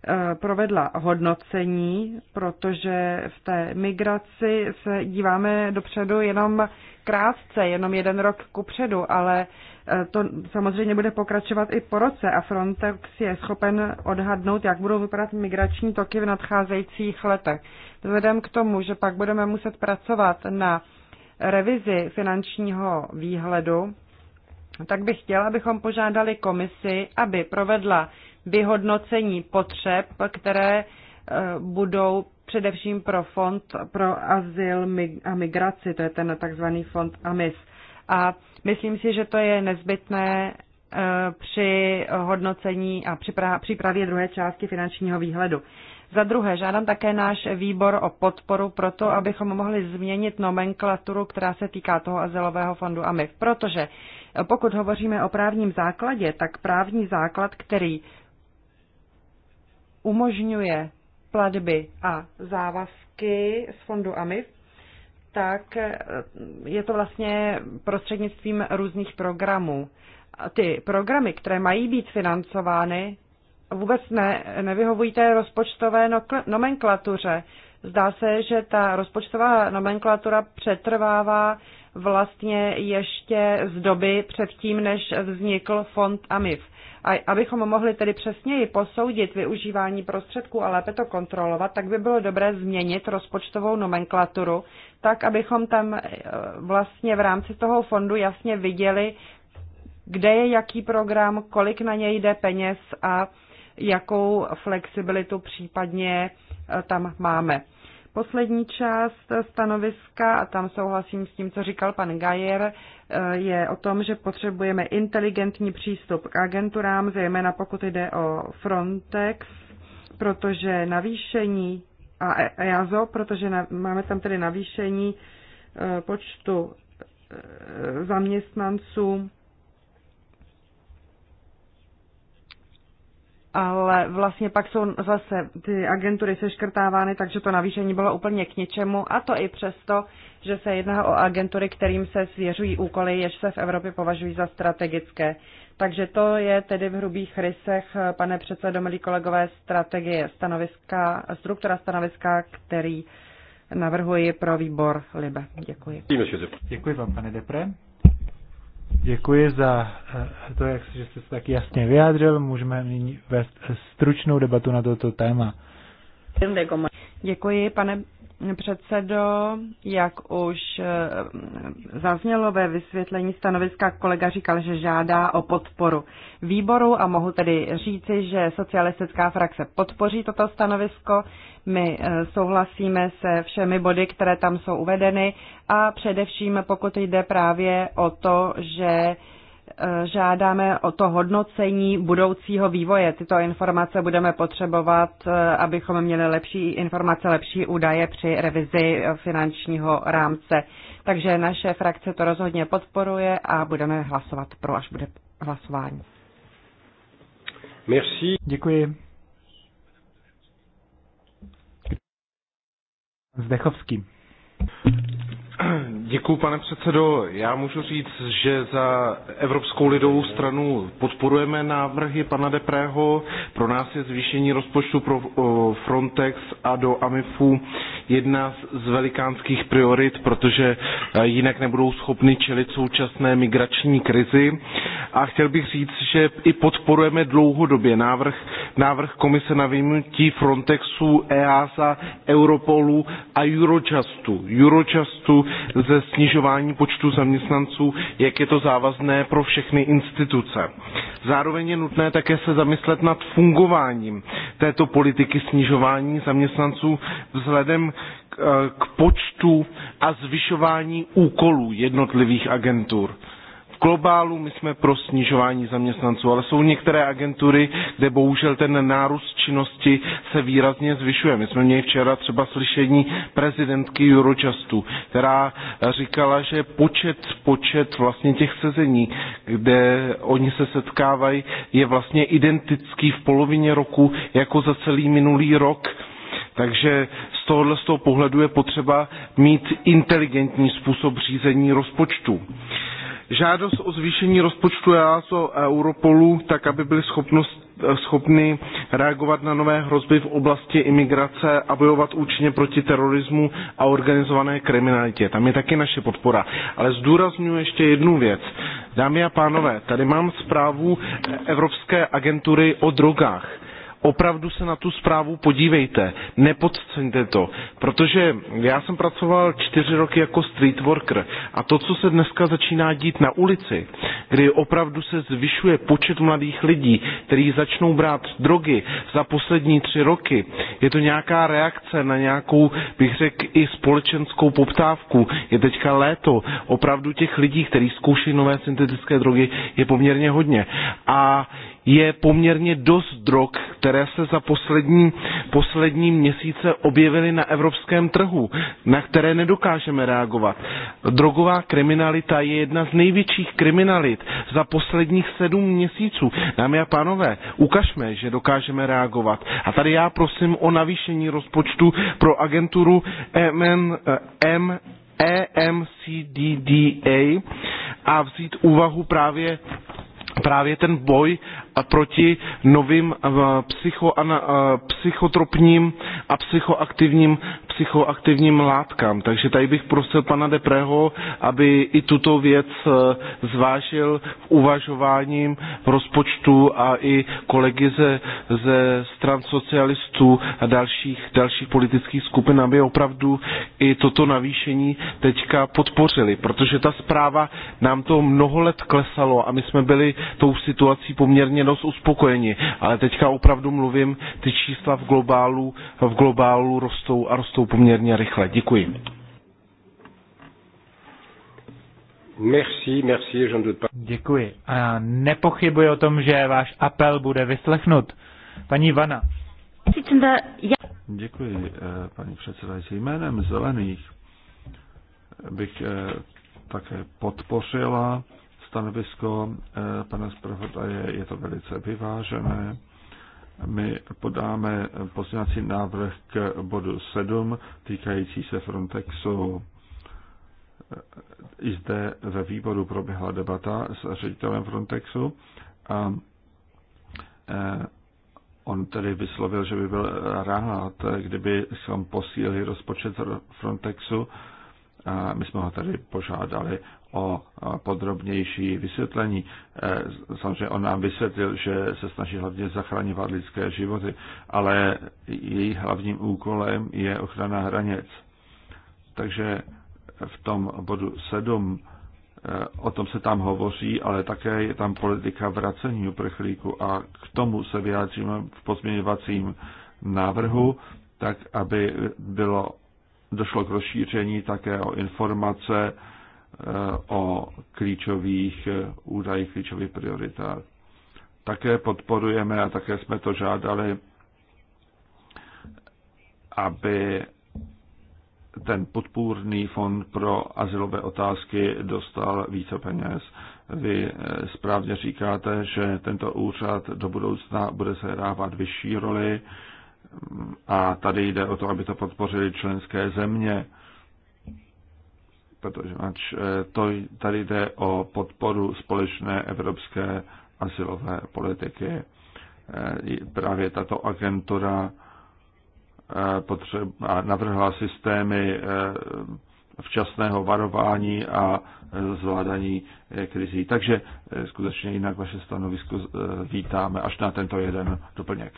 S2: Eh, provedla hodnocení, protože v té migraci se díváme dopředu jenom krátce, jenom jeden rok kupředu, ale eh, to samozřejmě bude pokračovat i po roce a Frontex je schopen odhadnout, jak budou vypadat migrační toky v nadcházejících letech. Vzhledem k tomu, že pak budeme muset pracovat na revizi finančního výhledu, tak bych chtěla, abychom požádali komisi, aby provedla vyhodnocení potřeb, které eh, budou především pro fond pro azyl a migraci, to je ten takzvaný fond AMIS. A myslím si, že to je nezbytné eh, při hodnocení a přípravě druhé části finančního výhledu. Za druhé, žádám také náš výbor o podporu pro to, abychom mohli změnit nomenklaturu, která se týká toho azylového fondu AMIF, protože eh, pokud hovoříme o právním základě, tak právní základ, který umožňuje platby a závazky z fondu AMIF, tak eh, je to vlastně prostřednictvím různých programů. Ty programy, které mají být financovány, vůbec ne, nevyhovují té rozpočtové nomenklatuře. Zdá se, že ta rozpočtová nomenklatura přetrvává vlastně ještě z doby předtím, než vznikl fond AMIF. A abychom mohli tedy přesněji posoudit využívání prostředků a lépe to kontrolovat, tak by bylo dobré změnit rozpočtovou nomenklaturu, tak abychom tam eh, vlastně v rámci toho fondu jasně viděli, kde je jaký program, kolik na něj jde peněz a jakou flexibilitu případně eh, tam máme. Poslední část stanoviska, a tam souhlasím s tím, co říkal pan Gajer, eh, je o tom, že potřebujeme inteligentní přístup k agenturám, zejména pokud jde o Frontex, protože navýšení a e- EASO, protože máme tam tedy navýšení eh, počtu eh, zaměstnanců ale vlastně pak jsou zase ty agentury seškrtávány, takže to navýšení bylo úplně k ničemu a to i přesto, že se jedná o agentury, kterým se svěřují úkoly, jež se v Evropě považují za strategické. Takže to je tedy v hrubých rysech, pane předsedo, milí kolegové, strategie stanoviska, struktura stanoviska, který navrhuji pro výbor LIBE. Děkuji.
S3: Děkuji vám, pane Depre. Děkuji za
S2: eh, to, jak, že jste se tak jasně vyjádřil. Můžeme nyní vést
S3: stručnou debatu na toto téma.
S2: Děkuji, pane předsedo. Jak už eh, zaznělo ve vysvětlení stanoviska, kolega říkal, že žádá o podporu výboru a mohu tedy říci, že socialistická frakce podpoří toto stanovisko. My eh, souhlasíme se všemi body, které tam jsou uvedeny a především pokud jde právě o to, že žádáme o to hodnocení budoucího vývoje. Tyto informace budeme potřebovat, eh, abychom měli lepší informace, lepší údaje při revizi finančního rámce. Takže naše frakce to rozhodně podporuje a budeme hlasovat pro, až bude hlasování. Merci. Děkuji.
S3: Zdechovský.
S6: Děkuji, pane předsedo. Já můžu říct, že za Evropskou lidovou stranu podporujeme návrhy pana Deprého. Pro nás je zvýšení rozpočtu pro Frontex a do AMIFu jedna z velikánských priorit, protože e, jinak nebudou schopni čelit současné migrační krizi. A chtěl bych říct, že i podporujeme dlouhodobě návrh, návrh komise na vyjmutí Frontexu, EASA, Europolu a Eurojustu. Eurojustu ze snižování počtu zaměstnanců, jak je to závazné pro všechny instituce. Zároveň je nutné také se zamyslet nad fungováním této politiky snižování zaměstnanců vzhledem k eh, počtu a zvyšování úkolů jednotlivých agentur globálu my jsme pro snižování zaměstnanců, ale jsou některé agentury, kde bohužel ten nárůst činnosti se výrazně zvyšuje. My jsme měli včera třeba slyšení prezidentky Eurojustu, která eh, říkala, že počet, počet vlastně těch sezení, kde oni se setkávají, je vlastně identický v polovině roku jako za celý minulý rok. Takže z tohohle z toho pohledu je potřeba mít inteligentní způsob řízení rozpočtu. Uh, žádost o zvýšení rozpočtu EASO a Europolu, tak aby byly schopnost, eh, schopny reagovat na nové hrozby v oblasti imigrace a bojovat účinně proti terorismu a organizované kriminalitě. Tam je taky naše podpora. Ale zdůraznuju ještě jednu věc. Dámy a pánové, tady mám zprávu Evropské agentury o drogách opravdu se na tu zprávu podívejte, nepodceňte to, protože já jsem pracoval čtyři roky jako street worker a to, co se dneska začíná dít na ulici, kdy opravdu se zvyšuje počet mladých lidí, kteří začnou brát drogy za poslední tři roky, je to nějaká reakce na nějakou, bych řekl, i společenskou poptávku. Je teďka léto, opravdu těch lidí, kteří zkouší nové syntetické drogy, je poměrně hodně. A je poměrně dost drog, které které se za poslední, poslední měsíce objevily na evropském trhu, na které nedokážeme reagovat. Drogová kriminalita je jedna z největších kriminalit za posledních sedm měsíců. Dámy a pánové, ukažme, že dokážeme reagovat. A tady já prosím o navýšení rozpočtu pro agenturu MN, e M, EMCDDA e a vzít úvahu právě právě ten boj proti novým eh, eh, psychotropním a psychoaktivním, psychoaktivním látkám. Takže tady bych prosil pana Deprého, aby i tuto věc eh, zvážil v uvažováním rozpočtu a i kolegy ze, ze stran socialistů a dalších, dalších politických skupin, aby opravdu i toto navýšení teďka podpořili, protože ta zpráva nám to mnoho let klesalo a my jsme byli tou situací poměrně veřejnost uspokojeni. Ale teďka opravdu mluvím, ty čísla v globálu, v globálu rostou a rostou poměrně rychle. Děkuji.
S1: Merci, merci, Děkuji.
S3: A já nepochybuji o tom, že váš apel bude vyslechnut. Paní Vana.
S4: Děkuji, eh, paní předsedající. Jménem Zelených bych eh, také podpořila stanovisko eh, pana zpravodaje je to velice vyvážené. My podáme pozměňovací návrh k bodu 7 týkající se Frontexu. I eh, zde ve výboru proběhla debata s ředitelem Frontexu a eh, on tedy vyslovil, že by byl rád, kdyby jsme posílili rozpočet Frontexu my jsme ho tady požádali o eh, podrobnější vysvětlení. Eh, samozřejmě on nám vysvětlil, že se snaží hlavně zachraňovat lidské životy, ale její hlavním úkolem je ochrana hranic. Takže v tom bodu 7 eh, o tom se tam hovoří, ale také je tam politika vracení uprchlíku a k tomu se vyjádříme v pozměňovacím návrhu, tak aby bylo došlo k rozšíření také o informace eh, o klíčových eh, údajích, klíčových prioritách. Také podporujeme a také jsme to žádali, aby ten podpůrný fond pro asilové otázky dostal více peněz. Vy eh, správně říkáte, že tento úřad do budoucna bude sehrávat vyšší roli a tady jde o to, aby to podpořili členské země, protože ač eh, to, tady jde o podporu společné evropské asilové politiky. Eh, právě tato agentura eh, potřeba, navrhla systémy včasného varování a zvládání krizí. Takže skutečně jinak vaše stanovisko vítáme až na tento jeden doplněk.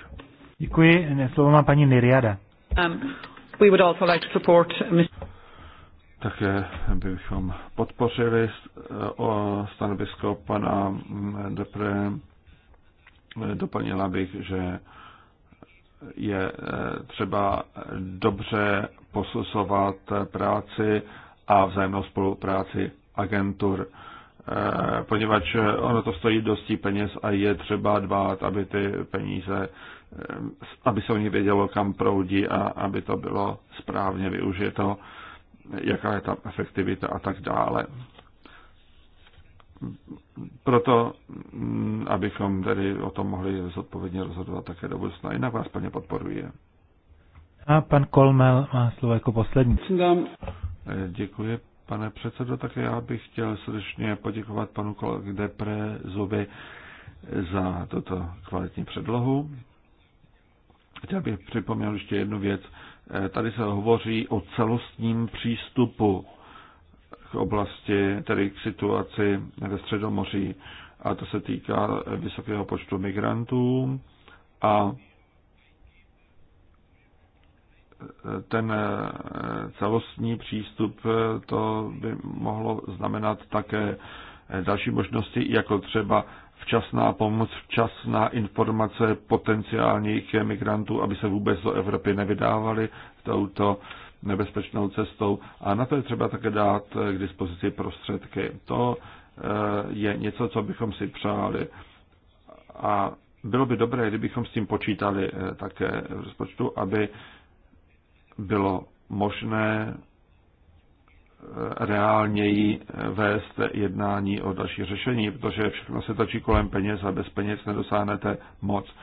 S4: Děkuji.
S3: Slovo má paní Niriada.
S5: Um, we would also like to support uh,
S4: také bychom podpořili uh, o stanovisko pana mm, Depre. Doplnila bych, že je uh, třeba dobře posusovat práci a vzájemnou spolupráci agentur. Eh, poněvadž eh, ono to stojí dosti peněz a je třeba dbát, aby ty peníze, eh, aby se o nich vědělo, kam proudí a aby to bylo správně využito, jaká je tam efektivita a tak dále. Proto, mm, abychom tedy o tom mohli zodpovědně rozhodovat také do budoucna. Jinak vás plně podporuji.
S3: A pan Kolmel má slovo jako poslední.
S4: Děkuji, Pane předsedo, tak já bych chtěl srdečně poděkovat panu kolegu Depre Zuby za toto kvalitní předlohu. Chtěl bych připomněl ještě jednu věc. Tady se hovoří o celostním přístupu k oblasti, tedy k situaci ve Středomoří. A to se týká vysokého počtu migrantů a ten eh, celostní přístup eh, to by mohlo znamenat také eh, další možnosti, jako třeba včasná pomoc, včasná informace potenciálních migrantů, aby se vůbec do Evropy nevydávali touto nebezpečnou cestou. A na to je třeba také dát k dispozici prostředky. To je něco, co bychom si přáli. A bylo by dobré, kdybychom s tím počítali také v rozpočtu, aby bylo možné eh, reálněji eh, vést jednání o další řešení, protože všechno se točí kolem peněz a bez peněz nedosáhnete moc.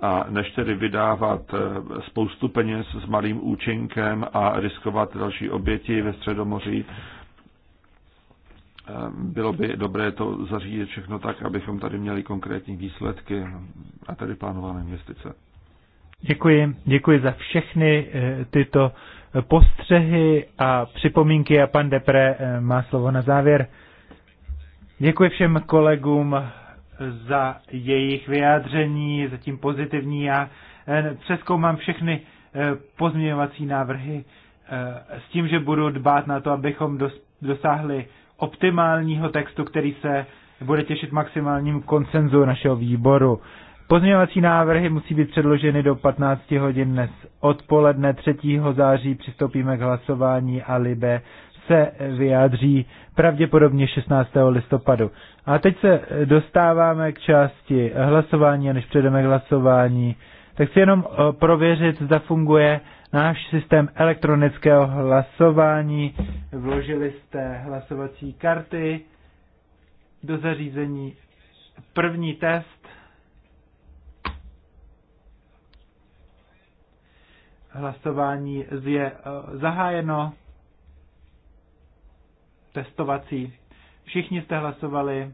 S4: A než tedy vydávat eh, spoustu peněz s malým účinkem a riskovat další oběti ve Středomoří, bylo by dobré to zařídit všechno tak, abychom tady měli konkrétní výsledky a tady plánované investice.
S3: Děkuji, děkuji za všechny eh, tyto eh, postřehy a připomínky a pan Depre eh, má slovo na závěr. Děkuji všem kolegům za jejich vyjádření, za tím pozitivní. Já přeskoumám všechny pozměňovací návrhy s tím, že budu dbát na to, abychom dosáhli optimálního textu, který se bude těšit maximálním konsenzu našeho výboru. Pozměňovací návrhy musí být předloženy do 15 hodin dnes odpoledne 3. září. Přistoupíme k hlasování a Libe se vyjádří pravděpodobně 16. listopadu. A teď se dostáváme k části hlasování a než přejdeme k hlasování, tak si jenom eh, prověřit, zda funguje náš systém elektronického hlasování. Vložili jste hlasovací karty do zařízení. První test Hlasování je eh, zahájeno. Testovací. Všichni jste hlasovali.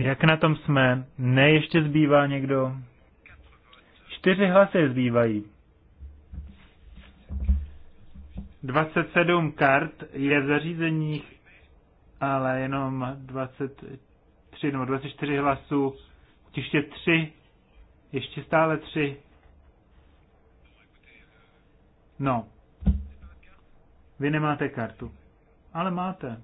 S3: Jak na tom jsme? Ne, ještě zbývá někdo. Čtyři hlasy zbývají. 27 kart je v zařízeních ale jenom 23 nebo 24 hlasů, ještě tři, ještě stále tři. No, vy nemáte kartu, ale máte.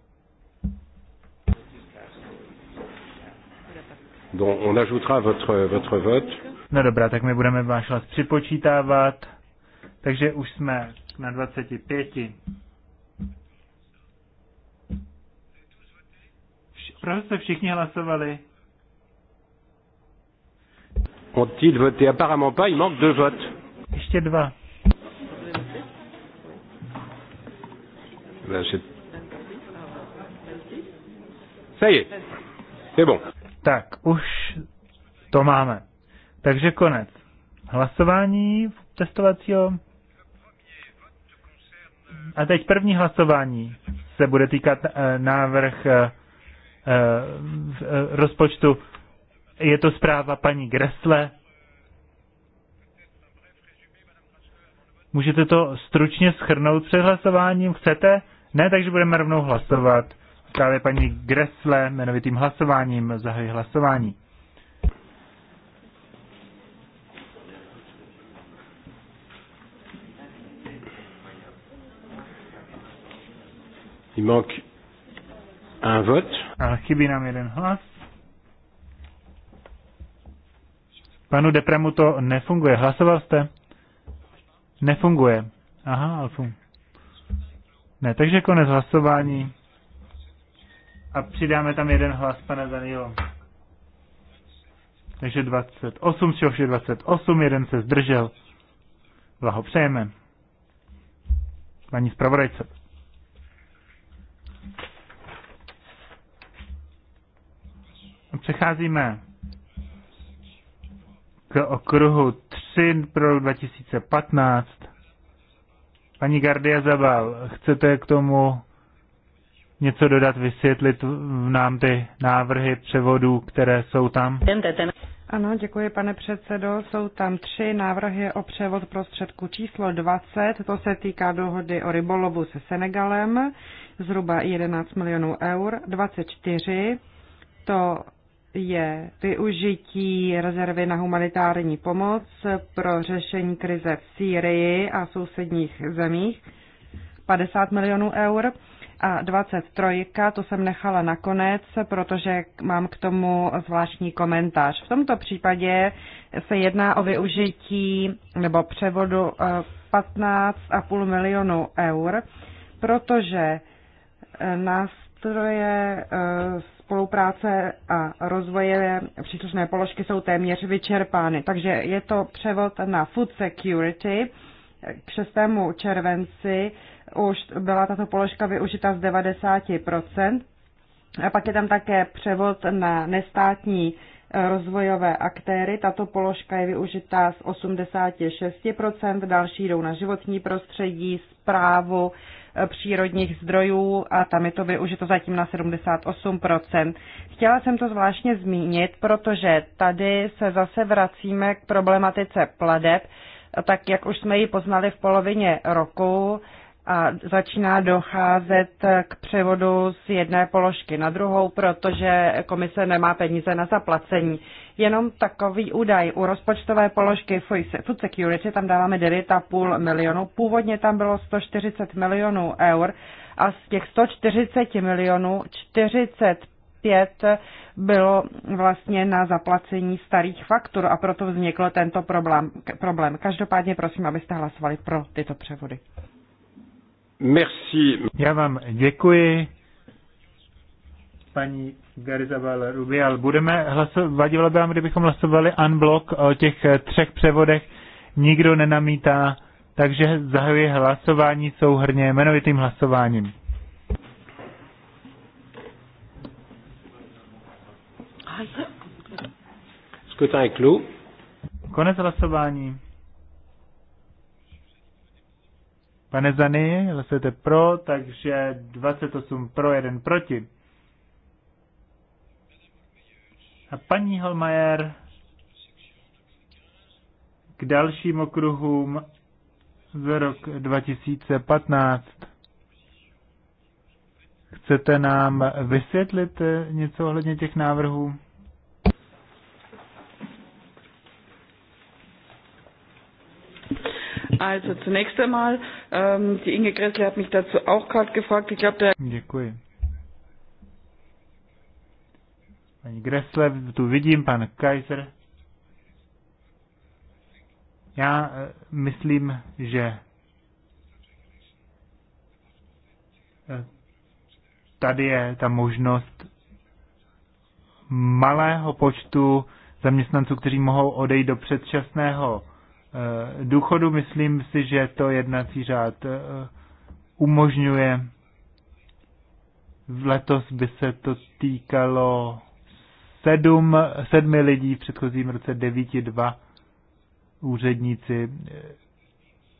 S1: Donc on ajoutera votre, votre vote.
S3: No dobrá, tak my budeme váš hlas připočítávat. Takže už jsme na 25. Proč jste všichni hlasovali?
S1: Ont-ils voté? Apparemment pas, il manque deux votes. Ještě dva. Ça y est. C'est bon. Tak,
S3: už to máme. Takže konec. Hlasování testovacího. A teď první hlasování se bude týkat eh, návrh eh, Eh, eh, rozpočtu. Je to zpráva paní Gressle. Můžete to stručně schrnout před hlasováním? Chcete? Ne, takže budeme rovnou hlasovat. Právě paní Gressle jmenovitým hlasováním zahají hlasování.
S1: Il manque Un vote.
S3: A chybí nám jeden hlas. Panu Depremu to nefunguje. Hlasoval jste? Nefunguje. Aha, alfu. Ne, takže konec hlasování. A přidáme tam jeden hlas, pane Danilo. Takže 28, z čehož je 28, jeden se zdržel. Blahopřejeme. Paní zpravodajce. Přecházíme k okruhu 3 pro 2015. Paní Gardia Zabal, chcete k tomu něco dodat, vysvětlit nám ty návrhy převodů, které jsou tam?
S2: Ano, děkuji, pane předsedo. Jsou tam tři návrhy o převod prostředku číslo 20. To se týká dohody o rybolovu se Senegalem, zhruba 11 milionů eur. 24, to je využití rezervy na humanitární pomoc pro řešení krize v Sýrii a sousedních zemích 50 milionů eur a 23, to jsem nechala nakonec, protože mám k tomu zvláštní komentář. V tomto případě se jedná o využití nebo převodu 15,5 eh, milionů eur, protože eh, nástroje eh, spolupráce a rozvoje příslušné položky jsou téměř vyčerpány. Takže je to převod na food security. K 6. červenci už byla tato položka využita z 90%. A pak je tam také převod na nestátní rozvojové aktéry. Tato položka je využitá z 86%, další jdou na životní prostředí, zprávu, přírodních zdrojů a tam je to využito zatím na 78%. Chtěla jsem to zvláštně zmínit, protože tady se zase vracíme k problematice pladeb, tak jak už jsme ji poznali v polovině roku, a začíná docházet k převodu z jedné položky na druhou, protože komise nemá peníze na zaplacení. Jenom takový údaj. U rozpočtové položky Food Security tam dáváme 9,5 milionů. Původně tam bylo 140 milionů eur a z těch 140 milionů 45 bylo vlastně na zaplacení starých faktur a proto vznikl tento problém. problém. Každopádně prosím, abyste hlasovali pro tyto převody.
S1: Merci. Já vám
S3: děkuji. Paní Garizabal Rubial, budeme hlasovat, vadilo by vám, kdybychom hlasovali unblock o těch eh, třech převodech, nikdo nenamítá, takže zahajuji hlasování souhrně jmenovitým hlasováním. Skutek Konec hlasování. Pane Zany, hlasujete pro, takže 28 pro, 1 proti. A paní Holmajer k dalším okruhům z rok 2015. Chcete nám vysvětlit něco ohledně těch návrhů?
S5: Also zunächst einmal, ähm, die Inge Gressle hat mich dazu auch gerade gefragt. Ich glaube, der. Děkuji.
S3: Pani Gressle, tu vidím, pan Kaiser. Já eh, myslím, že eh, tady je ta možnost malého počtu zaměstnanců, kteří mohou odejít do předčasného Eh, důchodu. Myslím si, že to jednací řád eh, umožňuje. V letos by se to týkalo sedm, sedmi lidí, v předchozím roce devíti dva úředníci eh,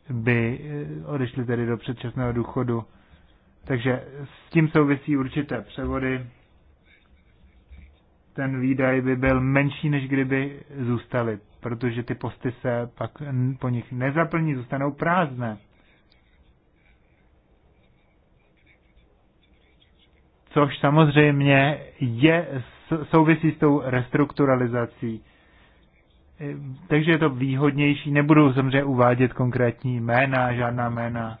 S3: by odešli tedy do předčasného důchodu. Takže s tím souvisí určité převody. Ten výdaj by byl menší, než kdyby zůstali protože ty posty se pak po nich nezaplní, zůstanou prázdné. Což samozřejmě je, souvisí s tou restrukturalizací. E, takže je to výhodnější. Nebudu samozřejmě uvádět konkrétní jména, žádná jména,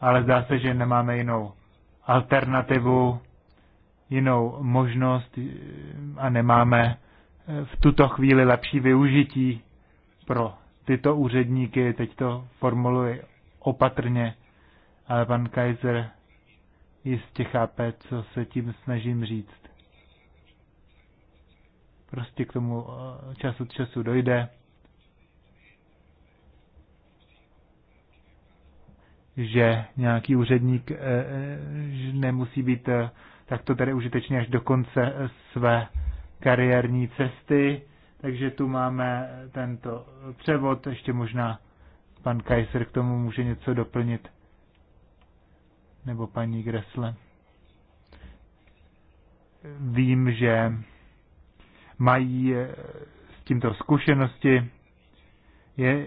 S3: ale zdá se, že nemáme jinou alternativu, jinou možnost e, a nemáme v tuto chvíli lepší využití pro tyto úředníky. Teď to formuluji opatrně, ale pan Kaiser jistě chápe, co se tím snažím říct. Prostě k tomu eh, čas od času dojde. že nějaký úředník eh, eh, nemusí být takto tedy užitečný až do konce své kariérní cesty, takže tu máme tento převod, ještě možná pan Kaiser k tomu může něco doplnit, nebo paní Gresle. Vím, že mají eh, s tímto zkušenosti, je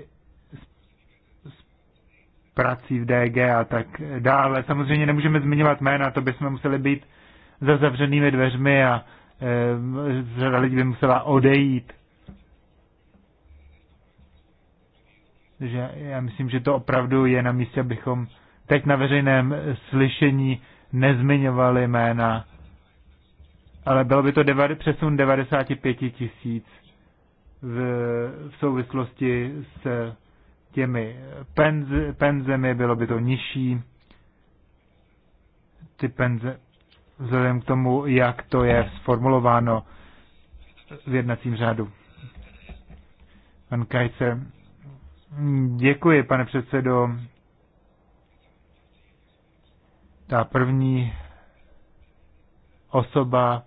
S3: prací v DG a tak dále. Samozřejmě nemůžeme zmiňovat jména, to bychom museli být za zavřenými dveřmi a Eh, řada lidí by musela odejít. Takže já myslím, že to opravdu je na místě, abychom teď na veřejném slyšení nezmiňovali jména, ale bylo by to přesun 95 tisíc v, v souvislosti s těmi penz, penzemi, bylo by to nižší. Ty penze vzhledem k tomu, jak to je sformulováno v jednacím řádu. Pan Kajce. Děkuji, pane předsedo. Ta první osoba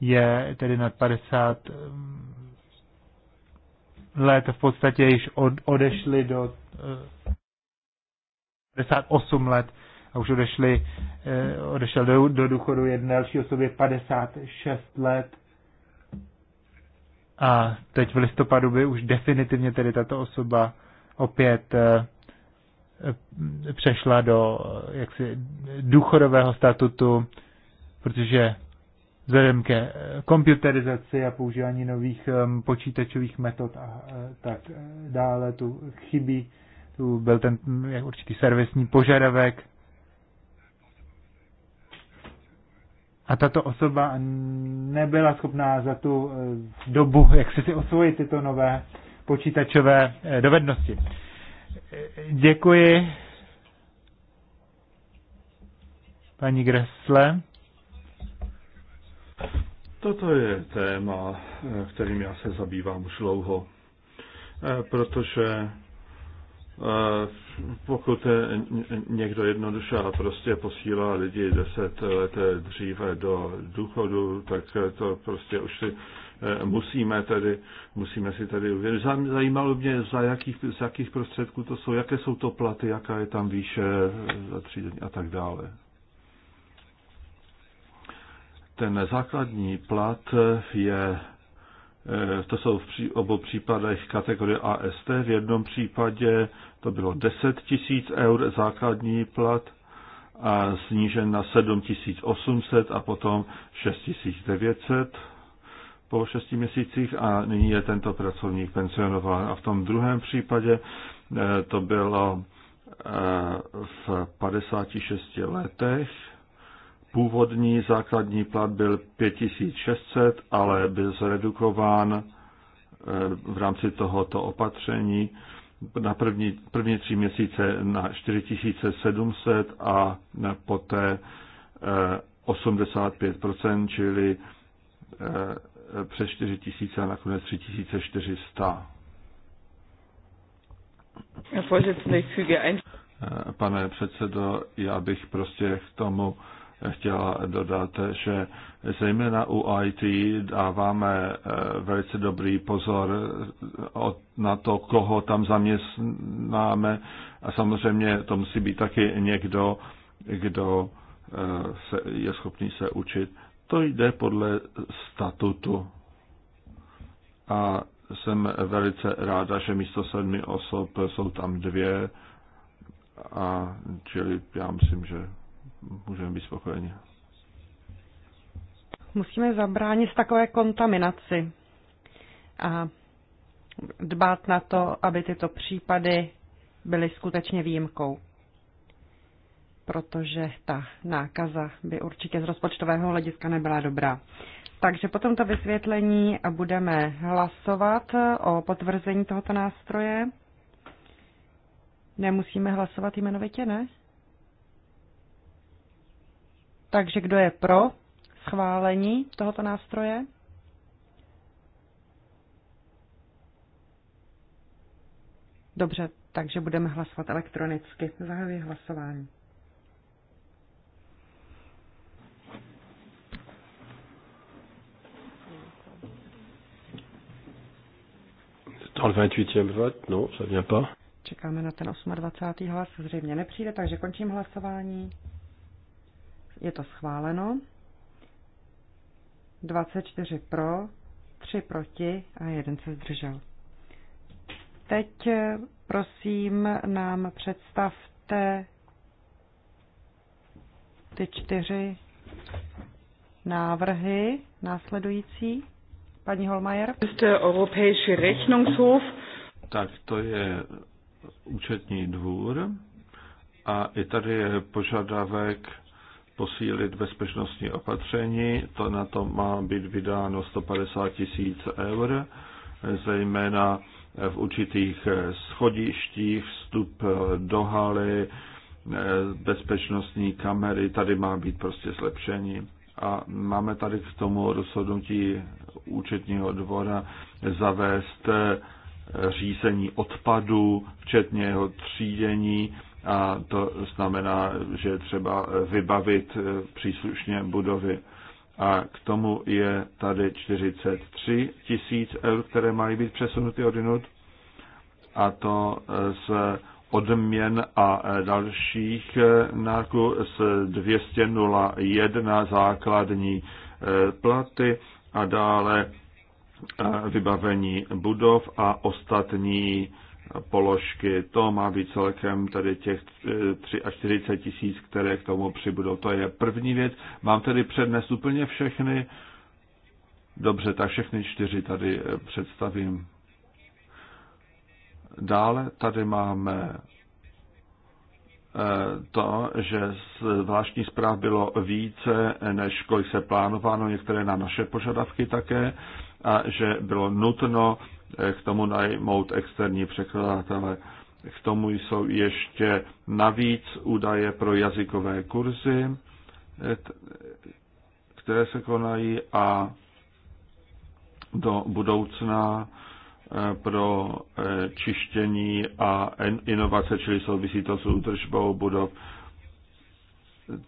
S3: je tedy nad 50 let v podstatě již od, odešli do 58 eh, let a už odešli, eh, odešel do, do důchodu jedné další osobě 56 let. A teď v listopadu by už definitivně tedy tato osoba opět eh, eh, přešla do jaksi důchodového statutu, protože vzhledem ke komputerizaci a používání nových počítačových metod a tak dále, tu chybí, tu byl ten mm, určitý servisní požadavek A tato osoba nebyla schopná za tu eh, dobu, jak se si osvojit tyto nové počítačové eh, dovednosti. Eh, děkuji paní Gressle.
S4: Toto je téma, kterým já se zabývám už dlouho, protože pokud někdo jednoduše prostě posílá lidi deset let dříve do důchodu, tak to prostě už si e, musíme tady, musíme si tady uvědomit. Zajímalo mě, za jakých, za jakých prostředků to jsou, jaké jsou to platy, jaká je tam výše za dny a tak dále. Ten základní plat je e, to jsou v obou případech kategorie AST. V jednom případě to bylo 10 tisíc eur základní plat, a snížen na 7 800 a potom 6 900 po 6 měsících a nyní je tento pracovník pensionován. A v tom druhém případě eh, to bylo eh, v 56 letech. Původní základní plat byl 5600, ale byl zredukován eh, v rámci tohoto opatření na první, první tři měsíce na 4700 a poté 85%, eh, čili eh, přes 4000 a nakonec 3400. Eh, pane předsedo, já bych prostě k tomu chtěla dodat, že zejména u IT dáváme eh, velice dobrý pozor eh, na to, koho tam zaměstnáme a samozřejmě to musí být taky někdo, kdo eh, je schopný se učit. To jde podle statutu. A jsem velice ráda, že místo sedmi osob jsou tam dvě, a čili já myslím, že můžeme být spokojeni.
S2: Musíme zabránit takové kontaminaci a dbát na to, aby tyto případy byly skutečně výjimkou. Protože ta nákaza by určitě z rozpočtového hlediska nebyla dobrá. Takže po tomto vysvětlení budeme hlasovat o potvrzení tohoto nástroje. Nemusíme hlasovat jmenovitě, ne? Takže kdo je pro schválení tohoto nástroje? Dobře, takže budeme hlasovat elektronicky. Zahajuji hlasování.
S1: Dans le 28 vote, non, ça vient pas.
S2: Čekáme na ten 28. hlas, zřejmě nepřijde, takže končím hlasování. Je to schváleno. 24 pro, 3 proti a jeden se zdržel. Teď eh, prosím nám představte ty čtyři návrhy následující. Paní Holmajer. Europäische Rechnungshof.
S4: Tak to je účetní dvůr a i tady je požadavek posílit bezpečnostní opatření. To na to má být vydáno 150 tisíc eur, zejména v určitých schodištích, vstup do haly, bezpečnostní kamery, tady má být prostě zlepšení. A máme tady k tomu rozhodnutí účetního dvora zavést řízení odpadu, včetně jeho třídění a to znamená, že je třeba vybavit eh, příslušně budovy. A k tomu je tady 43 tisíc eur, které mají být přesunuty odinut a to eh, z odměn a eh, dalších náku z 201 základní platy a dále vybavení budov a ostatní položky. To má být celkem tady těch 40 eh, tisíc, které k tomu přibudou. To je první věc. Mám tedy přednes úplně všechny. Dobře, tak všechny čtyři tady eh, představím. Dále tady máme eh, to, že zvláštní zpráv bylo více, než kolik se plánováno, některé na naše požadavky také, a že bylo nutno k tomu najmout externí překladatele. K tomu jsou ještě navíc údaje pro jazykové kurzy, které se konají a do budoucna eh, pro eh, čištění a inovace, čili souvisí to s údržbou budov,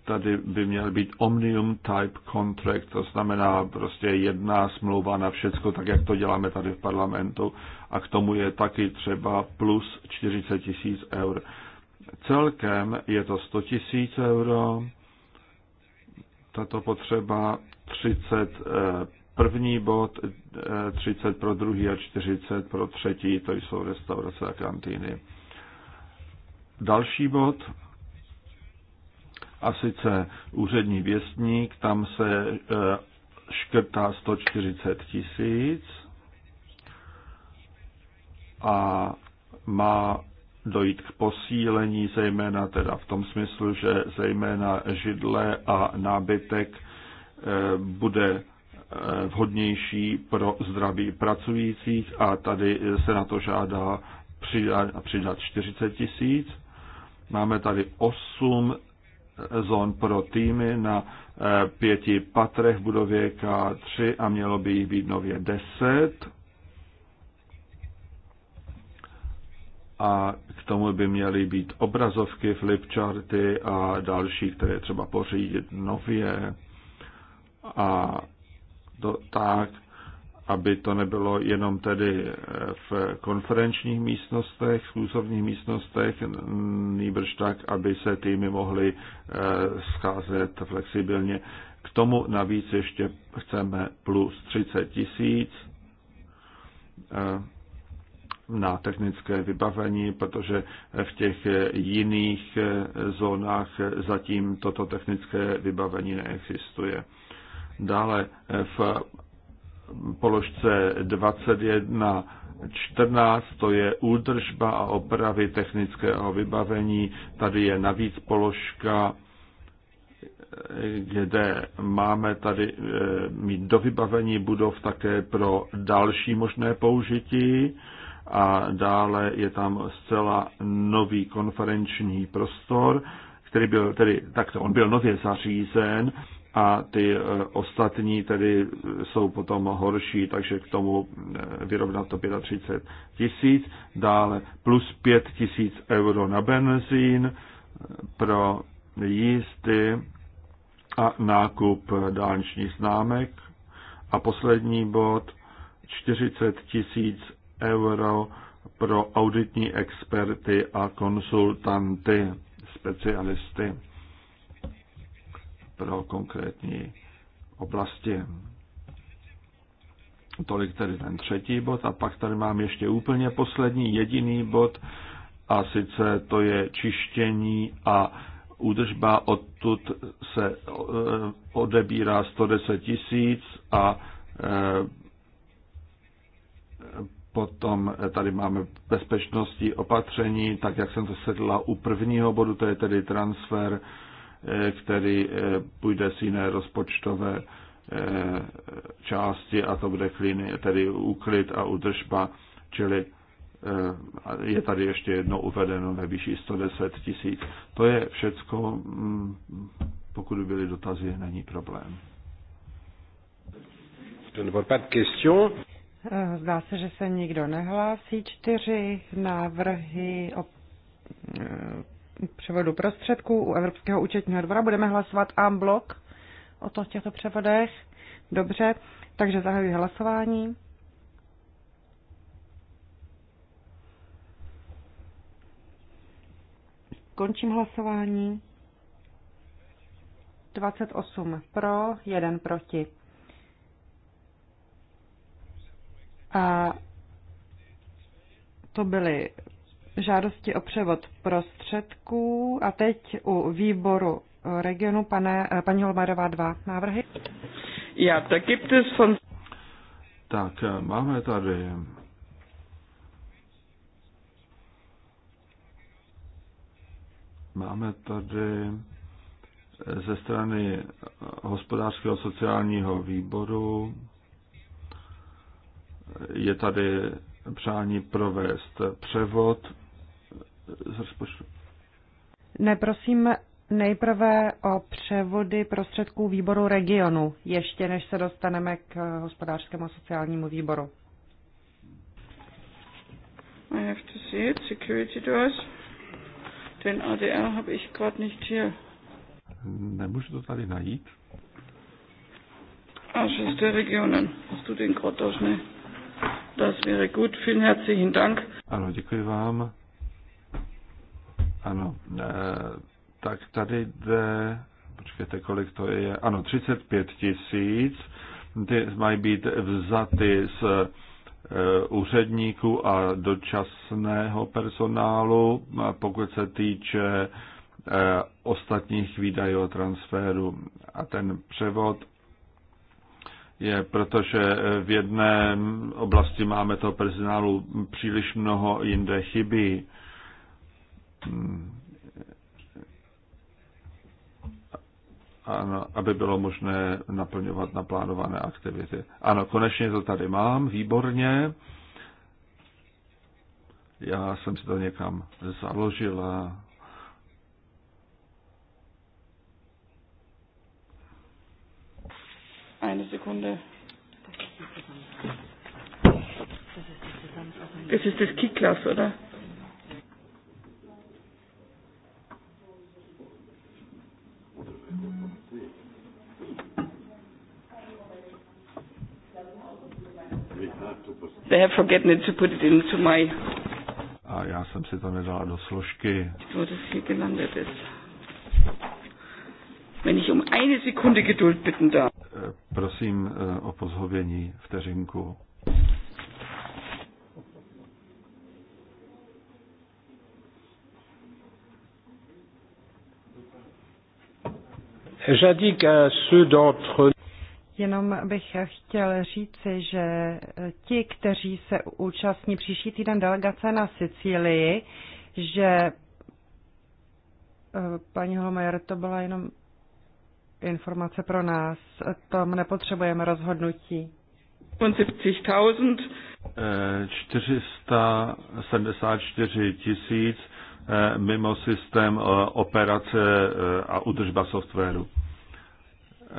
S4: tady by měl být omnium type contract, to znamená prostě jedna smlouva na všecko, tak jak to děláme tady v parlamentu a k tomu je taky třeba plus 40 tisíc eur. Celkem je to 100 tisíc euro, tato potřeba 30 eh, první bod, 30 eh, pro druhý a 40 pro třetí, to jsou restaurace a kantýny. Další bod, a sice úřední věstník, tam se e, škrtá 140 tisíc a má dojít k posílení, zejména teda v tom smyslu, že zejména židle a nábytek e, bude e, vhodnější pro zdraví pracujících a tady se na to žádá přidat, 40 tisíc. Máme tady 8 zón pro týmy na eh, pěti patrech v budově K3 a mělo by jich být nově 10. A k tomu by měly být obrazovky, flipcharty a další, které třeba pořídit nově. A to tak, aby to nebylo jenom tedy eh, v konferenčních místnostech, schůzovních místnostech, nýbrž tak, aby se týmy mohly eh, scházet flexibilně. K tomu navíc ještě chceme plus 30 tisíc eh, na technické vybavení, protože v těch jiných zónách zatím toto technické vybavení neexistuje. Dále v položce 21 14, to je údržba a opravy technického vybavení. Tady je navíc položka, kde máme tady eh, mít do vybavení budov také pro další možné použití a dále je tam zcela nový konferenční prostor, který byl tedy, takto, on byl nově zařízen a ty eh, ostatní tedy eh, jsou potom horší, takže k tomu eh, vyrovnat to 35 tisíc, dále plus 5 tisíc euro na benzín pro jízdy a nákup dálničních známek a poslední bod 40 tisíc euro pro auditní experty a konsultanty, specialisty pro konkrétní oblasti. Tolik tedy ten třetí bod a pak tady mám ještě úplně poslední jediný bod a sice to je čištění a údržba odtud se eh, odebírá 110 tisíc a eh, Potom tady máme bezpečnostní opatření, tak jak jsem to sedla u prvního bodu, to je tedy transfer Eh, který eh, půjde z jiné rozpočtové eh, části a to bude kliny, tedy úklid a udržba, čili je tady ještě jedno uvedeno ve výši 110 tisíc. To je všecko, mm, pokud byly dotazy, není problém.
S2: Zdá se, že se nikdo nehlásí. Čtyři návrhy o převodu prostředků u Evropského účetního dvora. Budeme hlasovat en blok o to, těchto převodech. Dobře, takže zahajuji hlasování. Končím hlasování. 28 pro, 1 proti. A to byly žádosti o převod prostředků a teď u výboru regionu pane, paní Holmarová dva návrhy.
S5: Já taky von...
S4: Tak, máme tady máme tady ze strany hospodářského sociálního výboru je tady přání provést převod
S6: z rozpočtu.
S2: Ne, prosím, nejprve o převody prostředků výboru regionu, ještě než se dostaneme k hospodářskému a sociálnímu
S5: výboru. I have to see it, security doors. Den ADR habe ich gerade nicht hier.
S4: Nemůžu to tady najít.
S5: Aus ah, der Regionen. Hast du den gerade da schnell? Das wäre gut. Vielen herzlichen Dank.
S4: Ano, děkuji vám. Ano, eh, tak tady jde, počkejte, kolik to je, ano, 35 tisíc, ty mají být vzaty z eh, úředníků a dočasného personálu, pokud se týče eh, ostatních výdajů a transferu. A ten převod je, protože v jedné oblasti máme toho personálu příliš mnoho, jinde chybí. Mm. ano, aby bylo možné naplňovat naplánované aktivity. Ano, konečně to tady mám, výborně. Já jsem si to někam založila.
S5: Eine Sekunde. Das ist das Kicklass, oder?
S4: They have forgotten it to put it into my... A já jsem si to nedala do složky.
S5: Wo das hier gelandet ist.
S4: Wenn ich um eine Sekunde Geduld bitten darf. Eh, prosím eh, o pozhovění vteřinku.
S1: J'indique à ceux d'entre
S2: Jenom bych chtěl říci, že ti, kteří se účastní příští týden delegace na Sicílii, že eh, paní Holmajer, to byla jenom informace pro nás. Tam nepotřebujeme rozhodnutí.
S4: 474 eh, tisíc eh, mimo systém operace a udržba softwaru. Eh,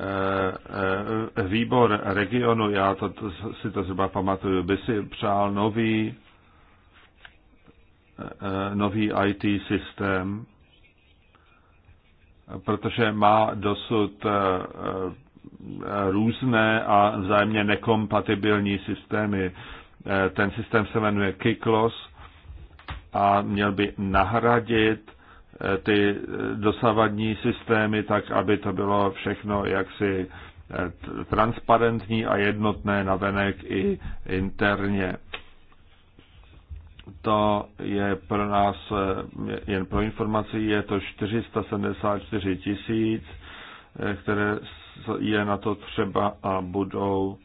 S4: eh, výbor regionu, já to, to, si to zhruba pamatuju, by si přál nový, eh, nový IT systém, protože má dosud různé a vzájemně nekompatibilní systémy. Ten systém se jmenuje Kiklos a měl by nahradit ty dosavadní systémy tak, aby to bylo všechno jaksi eh, transparentní a jednotné navenek i interně. To je pro nás, eh, jen pro informaci, je to 474 tisíc, eh, které je na to třeba a budou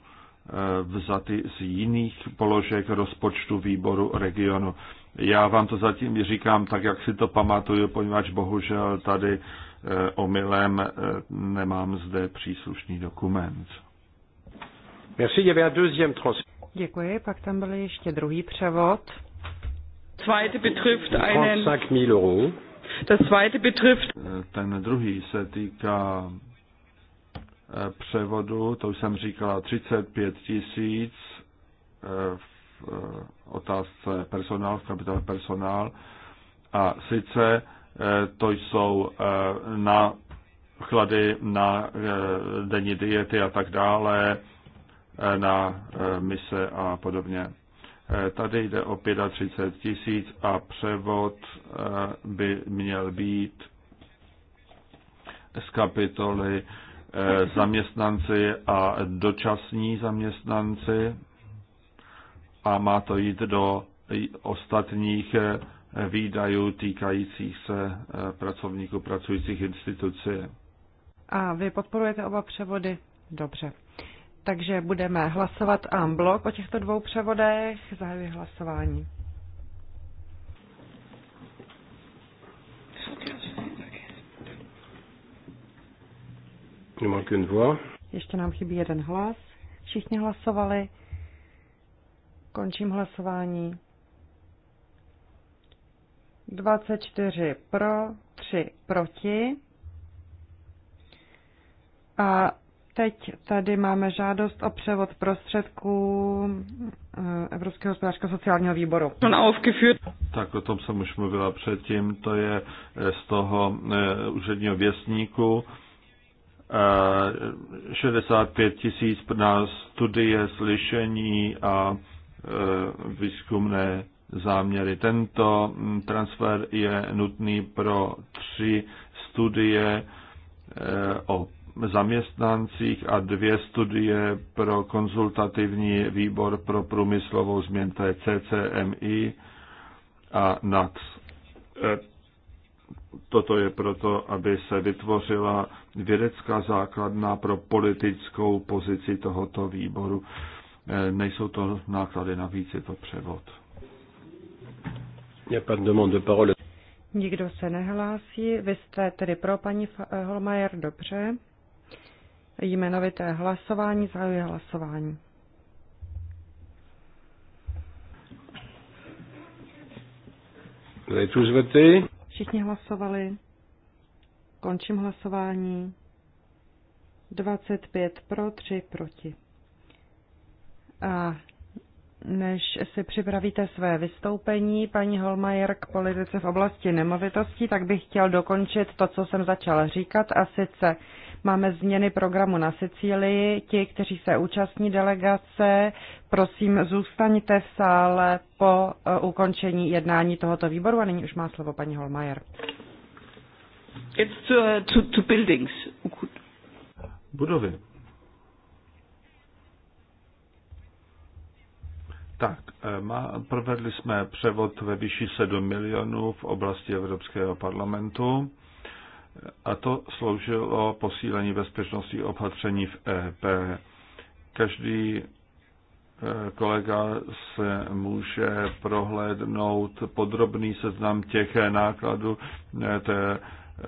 S4: vzaty z jiných položek rozpočtu výboru regionu. Já vám to zatím říkám tak, jak si to pamatuju, poněvadž bohužel tady eh, omylem eh, nemám zde příslušný dokument. Merci,
S2: Děkuji, pak tam byl ještě druhý převod.
S4: Zweite betrifft einen... Das zweite betrifft... Eh, ten druhý se týká převodu, to už jsem říkala, 35 tisíc v Eh, otázce personál, v kapitole personál. A sice eh, to jsou eh, na chlady na denní diety a tak dále, na mise a podobně. Tady jde o 35 tisíc a převod by měl být z kapitoly zaměstnanci a dočasní zaměstnanci a má to jít do ostatních eh, výdajů týkajících se eh, pracovníků pracujících institucí.
S2: A vy podporujete oba převody? Dobře. Takže budeme hlasovat en blok o těchto dvou převodech. Zahajuji hlasování. Ještě nám chybí jeden hlas. Všichni hlasovali. Končím hlasování. 24 pro, 3 proti. A teď tady máme žádost o převod prostředků eh, Evropského hospodářského sociálního výboru.
S4: Tak o tom jsem už mluvila předtím, to je eh, z toho eh, úředního věstníku. 65 tisíc na studie, slyšení a Eh, výzkumné záměry. Tento transfer je nutný pro tři studie eh, o zaměstnancích a dvě studie pro konzultativní výbor pro průmyslovou změn, to je CCMI a NATS. Eh, toto je proto, aby se vytvořila vědecká základna pro politickou pozici tohoto výboru. Eh, nejsou to náklady navíc, je to převod.
S2: Nikdo se nehlásí. Vy jste tedy pro, paní eh, Holmajer, dobře. Jmenovité hlasování, zahajuje hlasování. Všichni hlasovali. Končím hlasování. 25 pro, 3 proti. A než si připravíte své vystoupení, paní Holmajer, k politice v oblasti nemovitostí, tak bych chtěl dokončit to, co jsem začal říkat, a sice máme změny programu na Sicílii. Ti, kteří se účastní delegace, prosím, zůstaňte v sále po e, ukončení jednání tohoto výboru. A nyní už má slovo paní Holmajer.
S4: It's
S5: to uh, buildings.
S4: Budovy. Tak, eh, má, provedli jsme převod ve výši 7 milionů v oblasti Evropského parlamentu a to sloužilo posílení bezpečnosti opatření v EP. Každý eh, kolega se může prohlédnout podrobný seznam těch nákladů, eh, to je Eh,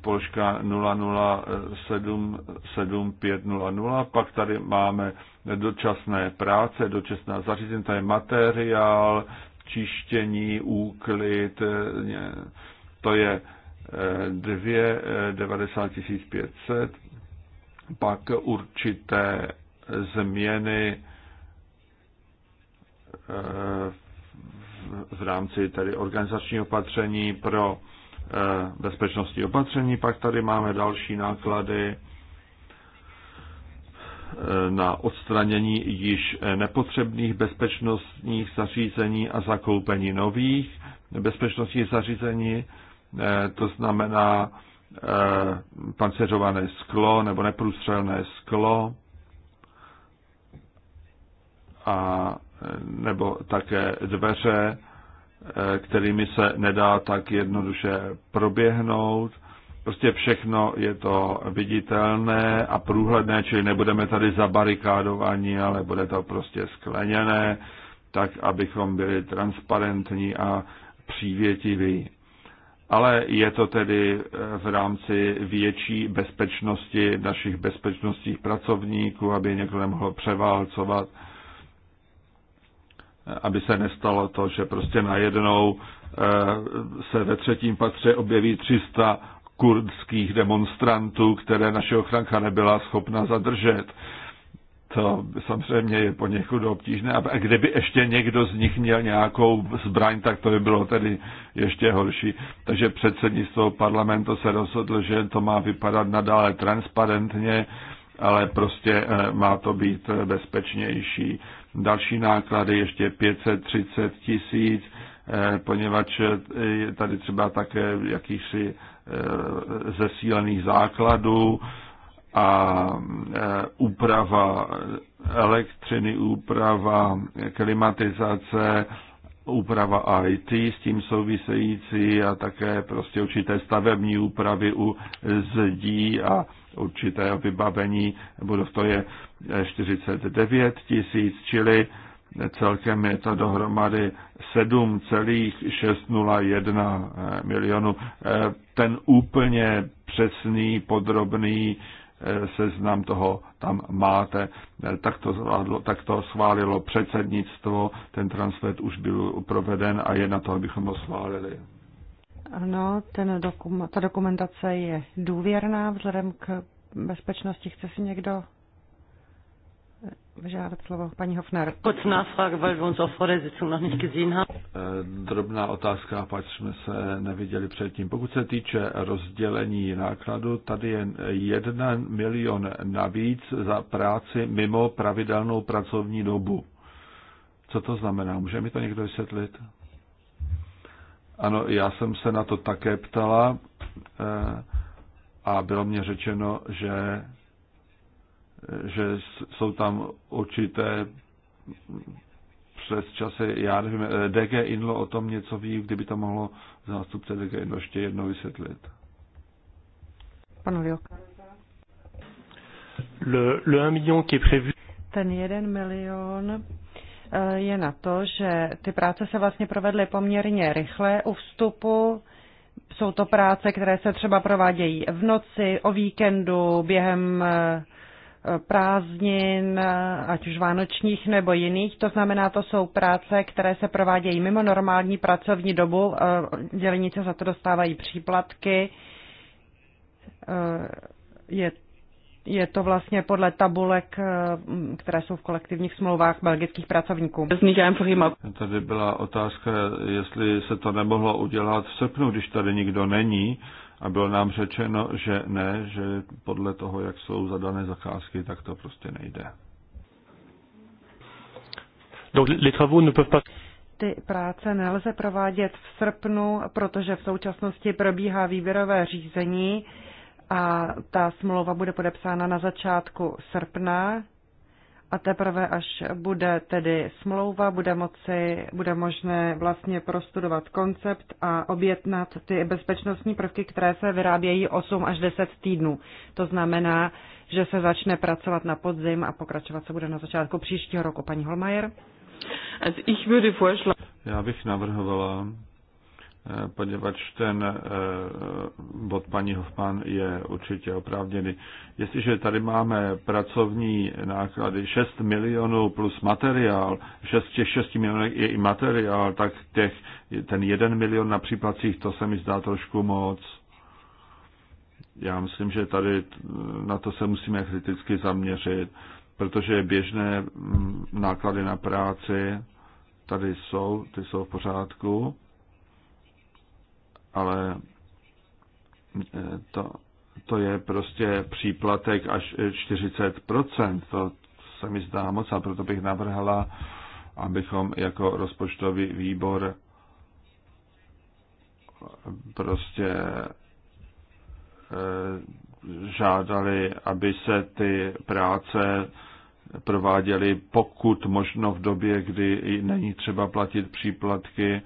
S4: položka 0077500. pak tady máme dočasné práce, dočasná zařízení, tady materiál, čištění, úklid, eh, to je 290 eh, 500, pak určité změny v rámci tedy organizačního opatření pro Eh, bezpečnostní opatření. Pak tady máme další náklady eh, na odstranění již nepotřebných bezpečnostních zařízení a zakoupení nových bezpečnostních zařízení, eh, to znamená panceřované sklo nebo neprůstřelné sklo a nebo také dveře Eh, kterými se nedá tak jednoduše proběhnout. Prostě všechno je to viditelné a průhledné, čili nebudeme tady zabarikádovaní, ale bude to prostě skleněné, tak abychom byli transparentní a přívětiví. Ale je to tedy eh, v rámci větší bezpečnosti našich bezpečnostních pracovníků, aby někdo nemohl převálcovat aby se nestalo to, že prostě najednou eh, se ve třetím patře objeví 300 kurdských demonstrantů, které naše ochranka nebyla schopna zadržet. To samozřejmě je poněkud obtížné. A kdyby ještě někdo z nich měl nějakou zbraň, tak to by bylo tedy ještě horší. Takže předsednictvo parlamentu se rozhodlo, že to má vypadat nadále transparentně, ale prostě eh, má to být eh, bezpečnější další náklady ještě 530 tisíc, eh, poněvadž eh, je tady třeba také jakýchsi eh, zesílených základů a úprava elektřiny, úprava klimatizace, úprava IT s tím související a také prostě určité stavební úpravy u zdí a určitého vybavení nebo to je 49 tisíc, čili celkem je to dohromady 7,601 milionu. Ten úplně přesný, podrobný eh, seznam toho tam máte. Eh, tak to, zvládlo, tak to schválilo předsednictvo, ten transfer už byl proveden a je na to, abychom ho schválili.
S2: Ano, ten dokum, ta dokumentace je důvěrná vzhledem k bezpečnosti. Chce si někdo eh, vyžádat slovo? Paní Hofner.
S4: Eh, drobná otázka, pač jsme se neviděli předtím. Pokud se týče rozdělení nákladu, tady je jedna milion navíc za práci mimo pravidelnou pracovní dobu. Co to znamená? Může mi to někdo vysvětlit? Ano, já jsem se na to také ptala eh, a bylo mě řečeno, že, že jsou tam určité přes časy, já nevím, eh, DG Inlo o tom něco ví, kdyby to mohlo zástupce DG Inlo ještě jednou vysvětlit. Pan Le, le 1 million qui est prévu.
S2: Ten jeden milion Eh, je na to, že ty práce se vlastně provedly poměrně rychle u vstupu. Jsou to práce, které se třeba provádějí v noci, o víkendu, během eh, prázdnin, ať už vánočních nebo jiných. To znamená, to jsou práce, které se provádějí mimo normální pracovní dobu. Eh, Dělenice za to dostávají příplatky. Je je to vlastně podle tabulek, eh, které jsou v kolektivních smlouvách belgických pracovníků.
S4: Tady byla otázka, jestli se to nemohlo udělat v srpnu, když tady nikdo není. A bylo nám řečeno, že ne, že podle toho, jak jsou zadané zakázky, tak to prostě nejde.
S2: ty práce nelze provádět v srpnu, protože v současnosti probíhá výběrové řízení a ta smlouva bude podepsána na začátku srpna a teprve až bude tedy smlouva, bude, moci, bude možné vlastně prostudovat koncept a objednat ty bezpečnostní prvky, které se vyrábějí 8 až 10 týdnů. To znamená, že se začne pracovat na podzim a pokračovat se bude na začátku příštího roku. Paní Holmajer?
S4: Já bych navrhovala, poněvadž ten eh, bod paní Hofman je určitě oprávněný. Jestliže tady máme pracovní náklady 6 milionů plus materiál, 6, těch 6 milionů je i materiál, tak těch, ten 1 milion na případcích, to se mi zdá trošku moc. Já myslím, že tady na to se musíme kriticky zaměřit, protože běžné mm, náklady na práci tady jsou, ty jsou v pořádku ale e, to, to je prostě příplatek až 40%. To se mi zdá moc a proto bych navrhla, abychom jako rozpočtový výbor prostě e, žádali, aby se ty práce prováděly pokud možno v době, kdy není třeba platit příplatky.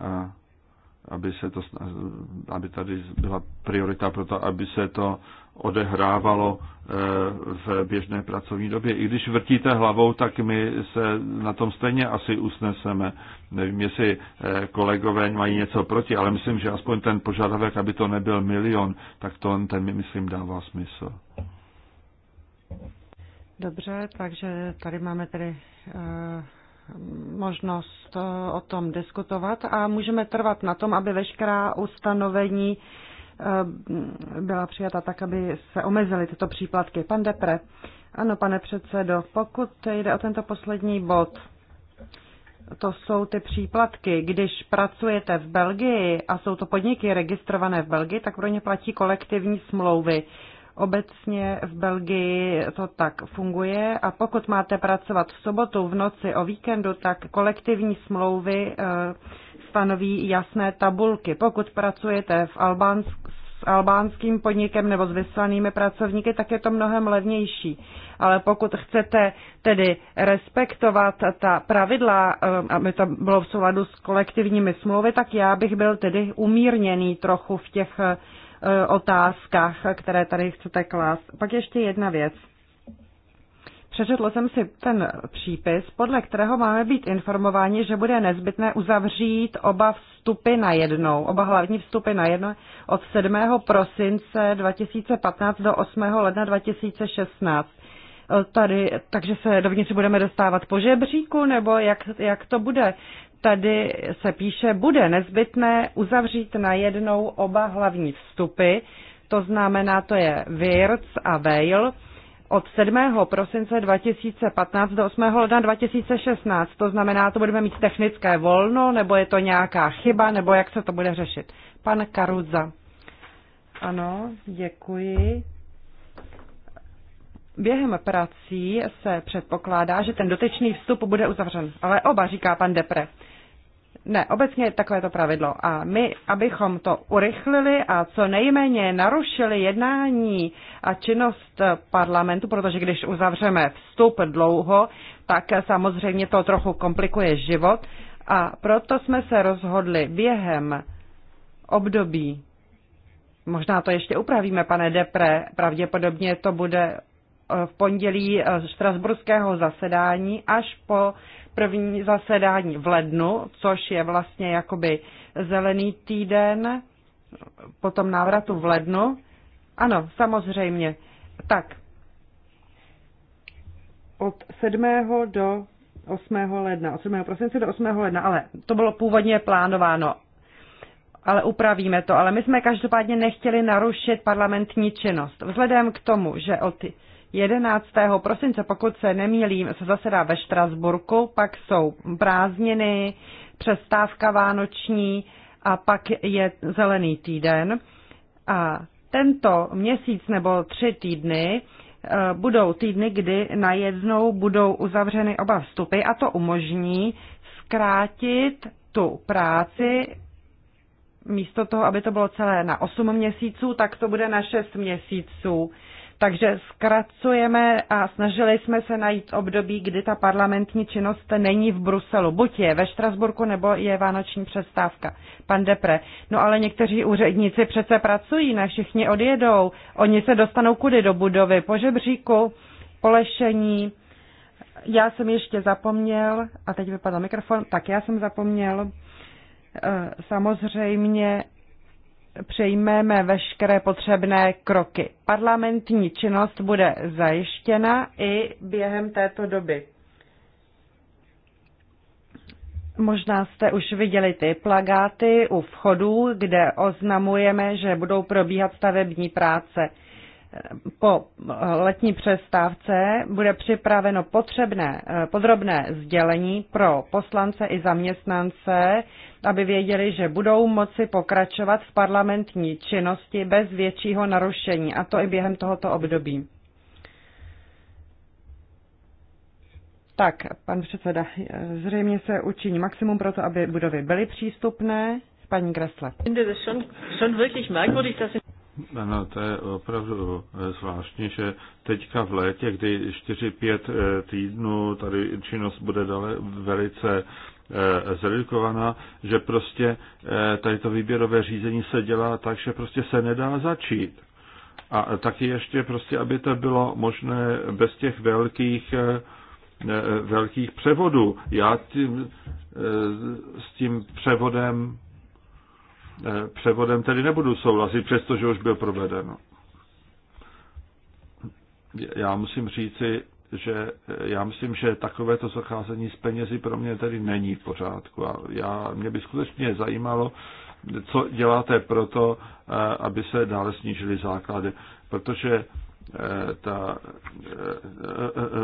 S4: A aby, se to, aby tady byla priorita pro to, aby se to odehrávalo eh, v běžné pracovní době. I když vrtíte hlavou, tak my se na tom stejně asi usneseme. Nevím, jestli eh, kolegové mají něco proti, ale myslím, že aspoň ten požadavek, aby to nebyl milion, tak to, ten myslím, dává smysl.
S2: Dobře, takže tady máme tedy eh, možnost eh, o tom diskutovat a můžeme trvat na tom, aby veškerá ustanovení eh, byla přijata tak, aby se omezily tyto příplatky. Pan Depre. Ano, pane předsedo, pokud jde o tento poslední bod, to jsou ty příplatky. Když pracujete v Belgii a jsou to podniky registrované v Belgii, tak pro ně platí kolektivní smlouvy. Obecně v Belgii to tak funguje a pokud máte pracovat v sobotu, v noci, o víkendu, tak kolektivní smlouvy eh, stanoví jasné tabulky. Pokud pracujete v Albánsku, s albánským podnikem nebo s vyslanými pracovníky, tak je to mnohem levnější. Ale pokud chcete tedy respektovat ta pravidla, eh, aby to bylo v souladu s kolektivními smlouvy, tak já bych byl tedy umírněný trochu v těch eh, Eh, otázkách, které tady chcete klást. Pak ještě jedna věc. Přečetl jsem si ten přípis, podle kterého máme být informováni, že bude nezbytné uzavřít oba vstupy na jednou, oba hlavní vstupy na jedno od 7. prosince 2015 do 8. ledna 2016. Eh, tady, takže se dovnitř budeme dostávat po žebříku, nebo jak, jak to bude? tady se píše, bude nezbytné uzavřít na jednou oba hlavní vstupy, to znamená, to je Wirtz a Vail, od 7. prosince 2015 do 8. ledna 2016. To znamená, to budeme mít technické volno, nebo je to nějaká chyba, nebo jak se to bude řešit. Pan Karuza. Ano, děkuji. Během prací se předpokládá, že ten dotyčný vstup bude uzavřen. Ale oba, říká pan Depre. Ne, obecně je takové to pravidlo. A my, abychom to urychlili a co nejméně narušili jednání a činnost parlamentu, protože když uzavřeme vstup dlouho, tak samozřejmě to trochu komplikuje život. A proto jsme se rozhodli během období, možná to ještě upravíme, pane Depre, pravděpodobně to bude Eh, v pondělí eh, štrasburského zasedání až po první zasedání v lednu, což je vlastně jakoby zelený týden, potom návratu v lednu. Ano, samozřejmě. Tak, od 7. do 8. ledna, od 7. prosince do 8. ledna, ale to bylo původně plánováno, ale upravíme to. Ale my jsme každopádně nechtěli narušit parlamentní činnost. Vzhledem k tomu, že od 11. prosince, pokud se nemýlím, se zasedá ve Štrasburku, pak jsou prázdniny, přestávka vánoční a pak je zelený týden. A tento měsíc nebo tři týdny eh, budou týdny, kdy najednou budou uzavřeny oba vstupy a to umožní zkrátit tu práci místo toho, aby to bylo celé na 8 měsíců, tak to bude na 6 měsíců. Takže zkracujeme a snažili jsme se najít období, kdy ta parlamentní činnost není v Bruselu. Buď je ve Štrasburku, nebo je vánoční přestávka. Pan Depre. No ale někteří úředníci přece pracují, ne všichni odjedou. Oni se dostanou kudy do budovy? Po žebříku, po lešení. Já jsem ještě zapomněl, a teď vypadl mikrofon, tak já jsem zapomněl, e, samozřejmě přejmeme veškeré potřebné kroky. Parlamentní činnost bude zajištěna i během této doby. Možná jste už viděli ty plagáty u vchodů, kde oznamujeme, že budou probíhat stavební práce. Po letní přestávce bude připraveno potřebné podrobné sdělení pro poslance i zaměstnance aby věděli, že budou moci pokračovat v parlamentní činnosti bez většího narušení, a to i během tohoto období. Tak, pan předseda, zřejmě se učiní maximum pro to, aby budovy byly přístupné. Paní Gressle.
S4: Ano, to je opravdu zvláštní, že teďka v létě, kdy 4-5 eh, týdnů tady činnost bude dále velice Eh, zredukovaná, že prostě eh, tady to výběrové řízení se dělá tak, že prostě se nedá začít. A taky ještě prostě, aby to bylo možné bez těch velkých eh, velkých převodů. Já tím, s tím převodem převodem tedy nebudu souhlasit, přestože už byl proveden. Já musím říci, že eh, já myslím, že takovéto zacházení s penězi pro mě tedy není v pořádku. A já, mě by skutečně zajímalo, co děláte pro to, eh, aby se dále snížily základy. Protože eh, ta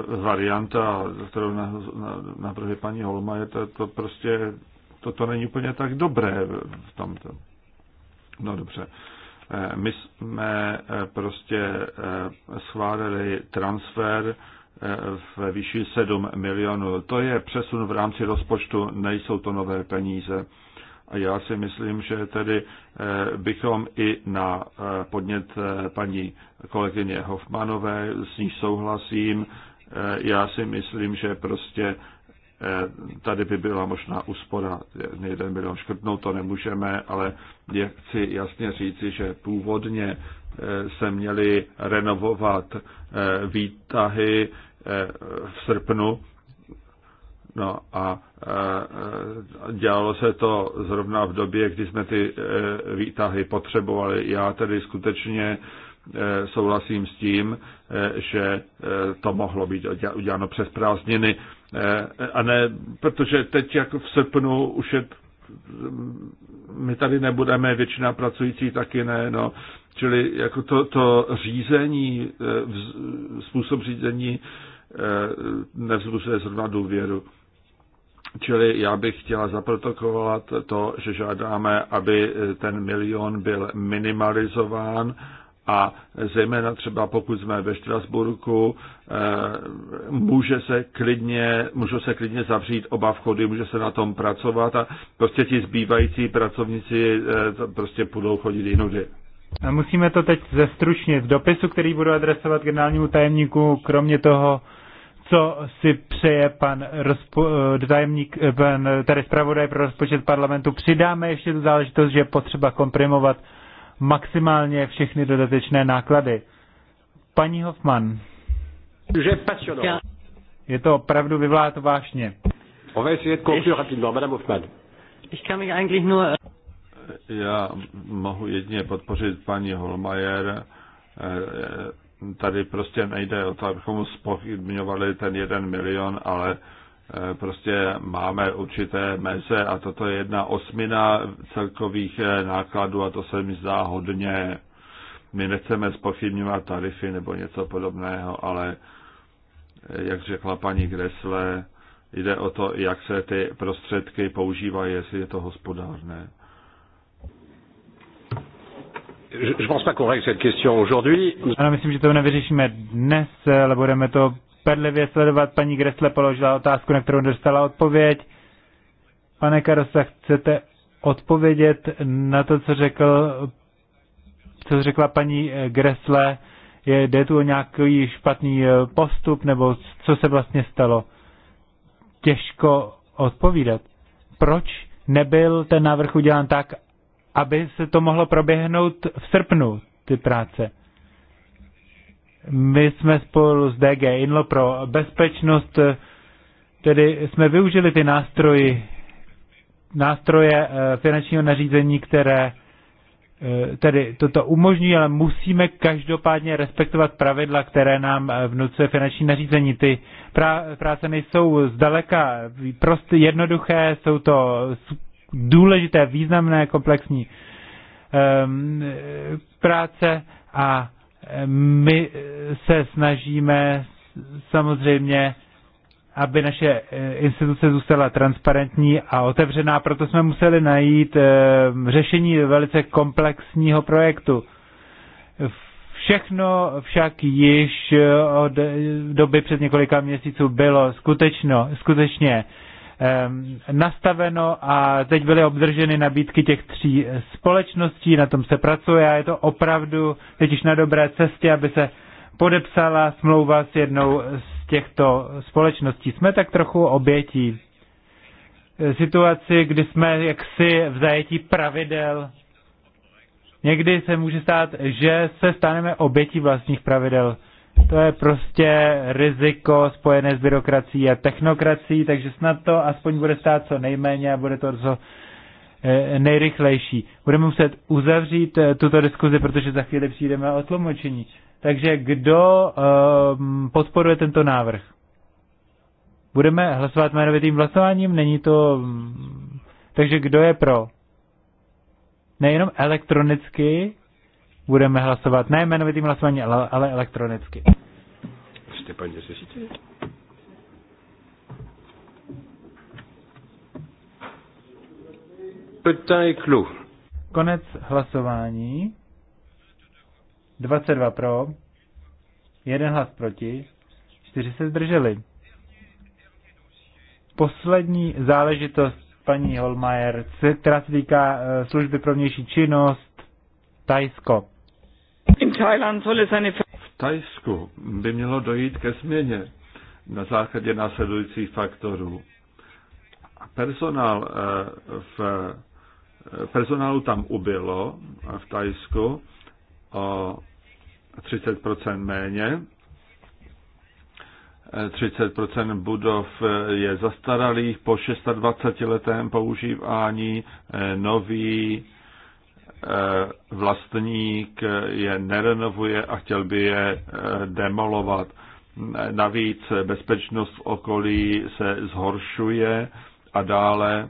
S4: varianta, kterou navrhuje paní Holma, je to, to prostě, to, to není úplně tak dobré v tomto. No dobře. My jsme prostě schválili transfer v výši 7 milionů. To je přesun v rámci rozpočtu, nejsou to nové peníze. A já si myslím, že tedy eh, bychom i na eh, podnět eh, paní kolegyně Hofmanové, s ní souhlasím, já si myslím, že prostě tady by byla možná úspora, jeden milion škrtnout to nemůžeme, ale chci jasně říci, že původně se měly renovovat eh, výtahy eh, v srpnu. No a eh, dělalo se to zrovna v době, kdy jsme ty výtahy potřebovali. Já tedy skutečně souhlasím s tím, že to mohlo být uděláno přes prázdniny. A ne, protože teď jako v srpnu už je my tady nebudeme, většina pracující taky ne, no. Čili jako to, to řízení, eh, způsob řízení eh, nevzbuzuje zrovna důvěru. Čili já bych chtěla zaprotokolovat to, že žádáme, aby eh, ten milion byl minimalizován a zejména třeba pokud jsme ve Štrasburku, eh, může se klidně, můžou se klidně zavřít oba vchody, může se na tom pracovat a prostě ti zbývající pracovníci eh, prostě budou chodit jinudy.
S3: A musíme to teď zestručnit. V dopisu, který budu adresovat generálnímu tajemníku, kromě toho, co si přeje pan rozpo, eh, tajemník, pan, tady zpravodaj pro rozpočet parlamentu, přidáme ještě tu záležitost, že je potřeba komprimovat maximálně všechny dodatečné náklady. Paní Hoffman. Je to opravdu vyvlát vášně.
S4: Já mohu jedině podpořit paní Holmajer. Eh, eh, tady prostě nejde o to, abychom spochybňovali ten jeden milion, ale Eh, prostě máme určité meze a toto je jedna osmina celkových eh, nákladů a to se mi zdá hodně. My nechceme spochybňovat tarify nebo něco podobného, ale eh, jak řekla paní Gresle, jde o to, jak se ty prostředky používají, jestli je to hospodárné. Je pense pas qu'on règle cette question aujourd'hui.
S3: Ano, myslím, že to nevyřešíme dnes, ale budeme to bedlivě sledovat. Paní Gressle položila otázku, na kterou dostala odpověď. Pane Karosa, chcete odpovědět na to, co řekl, co řekla paní Gressle? Je, jde tu o nějaký špatný eh, postup, nebo co se vlastně stalo? Těžko odpovídat. Proč nebyl ten návrh udělán tak, aby se to mohlo proběhnout v srpnu, ty práce? My jsme spolu s DG Inlo pro bezpečnost, tedy jsme využili ty nástroji, nástroje eh, finančního nařízení, které eh, tedy toto umožňují, ale musíme každopádně respektovat pravidla, které nám eh, vnucuje finanční nařízení. Ty práce nejsou zdaleka prostě jednoduché, jsou to důležité, významné, komplexní ehm, práce a my se snažíme samozřejmě, aby naše eh, instituce zůstala transparentní a otevřená, proto jsme museli najít eh, řešení velice komplexního projektu. Všechno však již eh, od doby před několika měsíců bylo skutečno, skutečně Ehm, nastaveno a teď byly obdrženy nabídky těch tří společností, na tom se pracuje a je to opravdu teď už na dobré cestě, aby se podepsala smlouva s jednou z těchto společností. Jsme tak trochu obětí situaci, kdy jsme jaksi v zajetí pravidel. Někdy se může stát, že se staneme obětí vlastních pravidel. To je prostě riziko spojené s byrokracií a technokracií, takže snad to aspoň bude stát co nejméně a bude to co eh, nejrychlejší. Budeme muset uzavřít eh, tuto diskuzi, protože za chvíli přijdeme o tlumočení. Takže kdo um, podporuje tento návrh? Budeme hlasovat jmenovitým hlasováním? Není to... Mm, takže kdo je pro? Nejenom elektronicky budeme hlasovat, ne jmenovitým hlasováním, ale elektronicky
S1: n'est pas une nécessité. Petain je clos.
S3: Konec hlasování. 22 pro, 1 hlas proti, 4 se zdrželi. Poslední záležitost paní Holmajer, která se týká eh, služby pro vnější činnost, Tajsko.
S4: In Thailand soll es eine Tajsku by mělo dojít ke změně na základě následujících faktorů. Personál eh, v eh, personálu tam ubylo eh, v Tajsku o 30% méně. 30% budov je zastaralých po 26 letém používání nový Eh, vlastník je nerenovuje a chtěl by je eh, demolovat. Navíc bezpečnost v okolí se zhoršuje a dále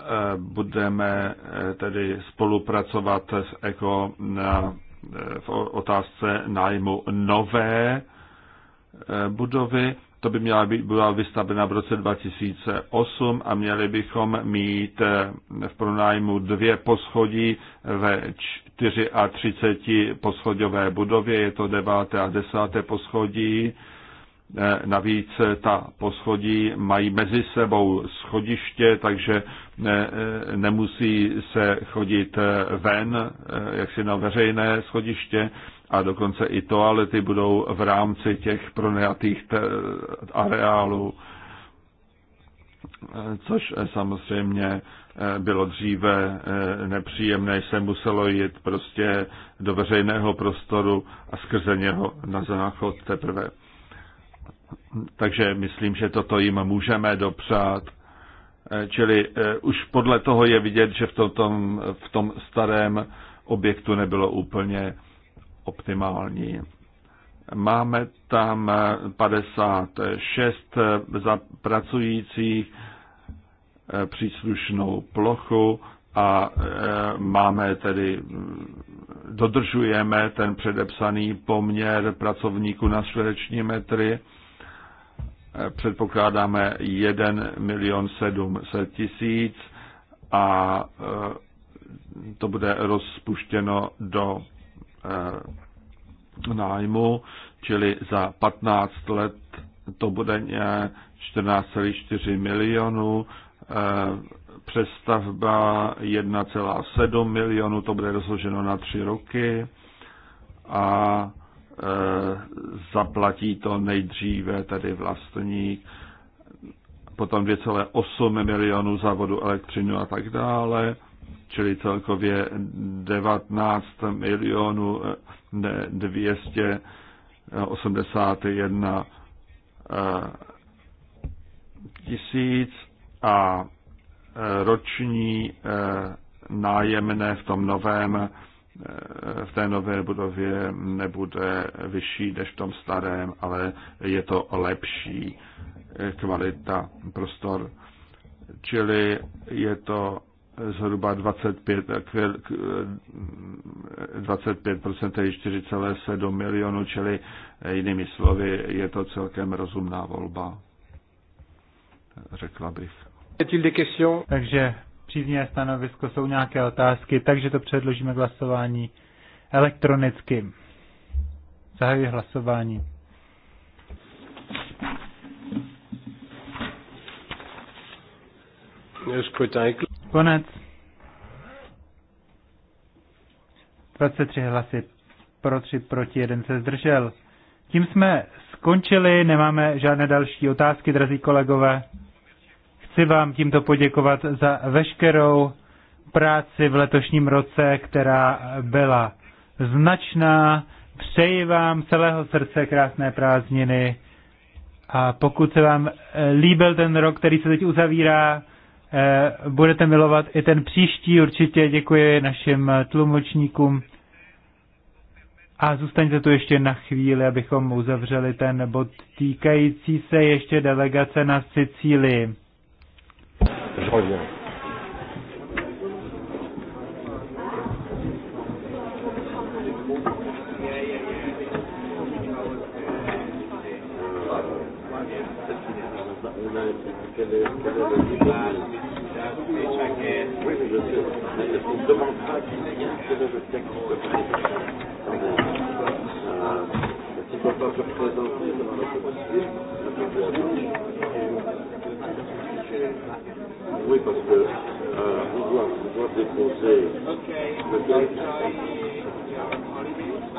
S4: eh, budeme tedy spolupracovat s ECO na, v otázce nájmu nové budovy to by měla být, byla vystavena v roce 2008 a měli bychom mít eh, v pronájmu dvě poschodí ve a 30 poschodové budově, je to deváté a desáté poschodí. Eh, navíc eh, ta poschodí mají mezi sebou schodiště, takže nemusí se chodit ven, jak si na veřejné schodiště, a dokonce i toalety budou v rámci těch pronajatých areálů, což eh, samozřejmě eh, bylo dříve eh, nepříjemné, se muselo jít prostě do veřejného prostoru a skrze něho na záchod teprve. Takže myslím, že toto jim můžeme dopřát. Čili už podle toho je vidět, že v tom, v tom starém objektu nebylo úplně optimální. Máme tam 56 pracujících eh, příslušnou plochu a eh, máme tedy, mm, dodržujeme ten předepsaný poměr pracovníků na čtvereční metry. Eh, předpokládáme 1 milion 700 tisíc a to bude rozpuštěno do Eh, nájmu, čili za 15 let to bude 14,4 milionů, eh, přestavba 1,7 milionů, to bude rozloženo na tři roky a eh, zaplatí to nejdříve tedy vlastník, potom 2,8 milionů za vodu, elektřinu a tak dále čili celkově 19 milionů 281 eh, tisíc a eh, roční eh, nájemné v tom novém v té nové budově nebude vyšší než v tom starém, ale je to lepší kvalita prostor. Čili je to zhruba 25, 25% eh, eh, tedy 4,7 milionů, čili eh, jinými slovy je to celkem rozumná volba, řekla bych.
S3: Takže příznivé stanovisko jsou nějaké otázky, takže to předložíme k hlasování elektronicky. Zahajuji hlasování. Konec. 23 hlasy pro 3, proti 1 se zdržel. Tím jsme skončili, nemáme žádné další otázky, drazí kolegové. Chci vám tímto poděkovat za veškerou práci v letošním roce, která byla značná. Přeji vám celého srdce krásné prázdniny a pokud se vám líbil ten rok, který se teď uzavírá, Eh, budete milovat i ten příští. Určitě děkuji našim eh, tlumočníkům. A zůstaňte tu ještě na chvíli, abychom uzavřeli ten bod týkající se ještě delegace na Sicílii.
S1: Žodě.
S5: una que le, Oui, parce que euh, on doit, on doit déposer le texte.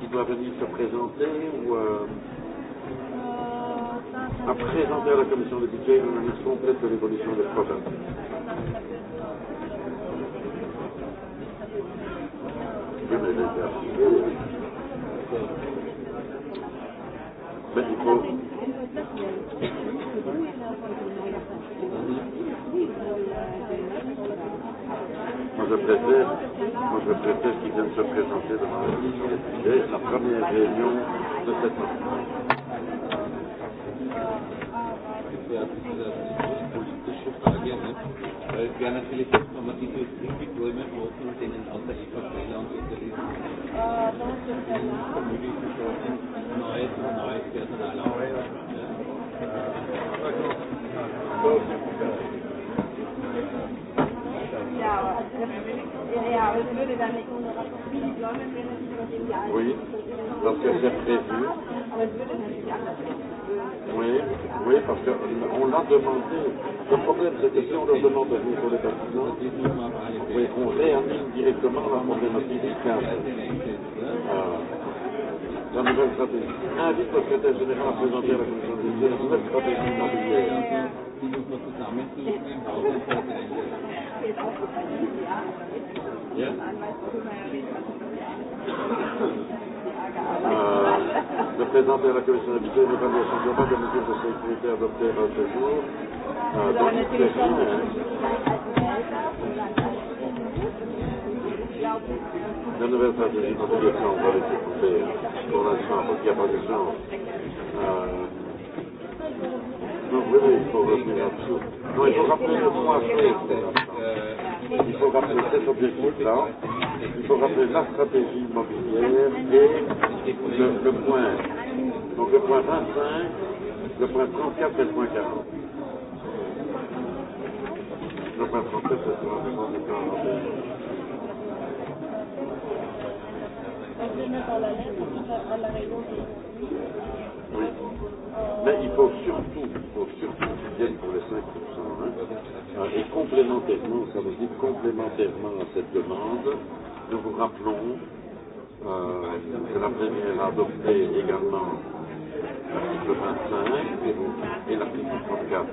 S5: qui doit venir se présenter ou euh, à présenter à la commission des budgets une analyse complète de l'évolution des projets. Mais il faut... Moi, je préfère, moi, je préfère qu'ils viennent se présenter devant la commission des budgets, la première réunion Weil es wäre natürlich jetzt nochmal dieses Risikoräume offen, mit denen und Sozialisten nicht ermöglicht neues und neues Personal aufzubauen. Oui, parce que c'est prévu. Oui, oui, parce qu'on euh, l'a demandé. Le problème, c'est que si on leur demande de venir pour les bâtiments, oui, on réanime directement la problématique du 15. Euh, la nouvelle stratégie. Invite le secrétaire général à présenter à la commission des la nouvelle stratégie immobilière. Ja? Euh, le président de la commission d'habitude de l'évaluation globale de mesures de sécurité adoptées par ce jour. Euh, La nouvelle stratégie pour dire on va laisser couper pour l'instant, parce qu'il n'y a pas de chance. Eh, donc, oui, oui, il faut revenir à tout. Non, il faut rappeler le point. Il faut rappeler cet objectif-là, il faut rappeler la stratégie immobilière et le, le point, donc le point 25, le point 34 et le point 40. Le point 37 c'est le point 40. Oui. Mais il faut surtout, il faut surtout qu'ils viennent pour les cinq. Et complémentairement, ça veut dire complémentairement à cette demande, nous vous rappelons euh, que la première a adopté également l'article 25 et, et l'article 34.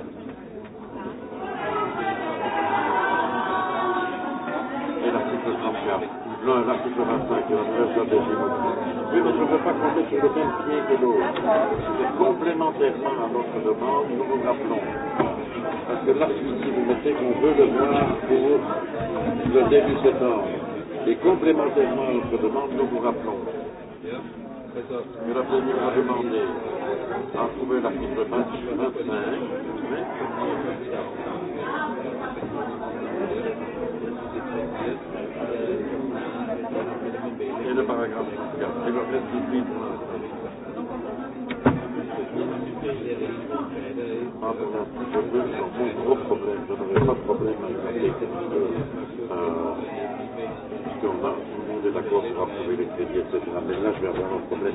S5: Et l'article 34. Non, l'article 25 et la presse des Oui, mais je ne veux pas compter sur le même pied que l'autre. Complémentairement à notre demande, nous vous rappelons Parce que vous mettez, on veut le voir pour le début septembre. Et complémentairement à notre demande, nous vous rappelons. Nous rappelons, avons demandé à trouver l'article 25. Et le paragraphe 24. Et le reste du livre. Moi, ben, là, si je Je n'aurais pas de problème avec la paix parce que, euh, puisqu'on a, tout le monde est je vais avoir un problème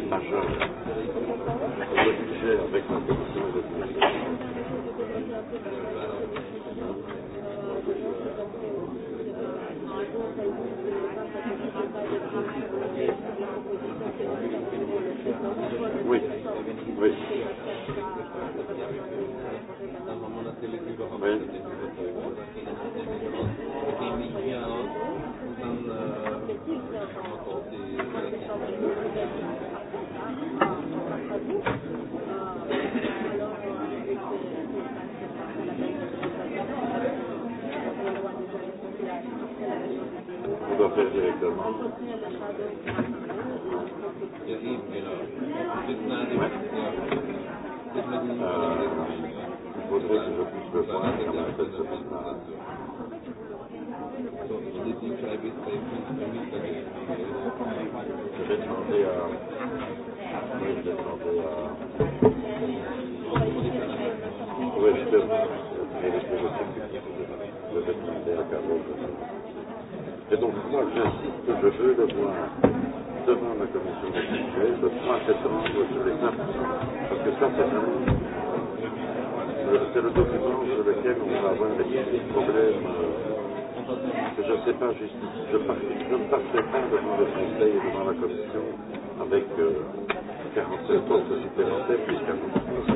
S5: la tu dois faire directement. Euh, il faudrait que je pousse le point, comme on appelle ce matin.
S6: Je vais demander à. Oui, je vais
S5: demander à. Oui, je vais demander à Carole. Et donc, moi, j'insiste que je veux le voir devant la commission de budgets le 3 septembre sur les impôts. Parce que ça, c'est vraiment c'est le document sur lequel on va avoir les problèmes que je ne sais pas justifier. Je, je ne passerai pas devant le Conseil et devant la Commission avec euh, 47 postes supplémentaires puisqu'à mon sens,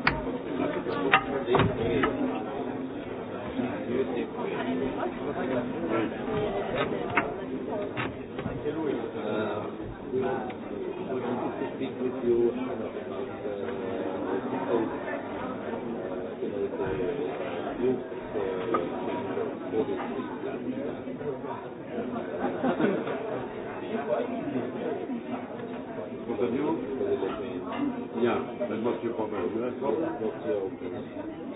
S5: Yeah, that was your problem. That's what that's your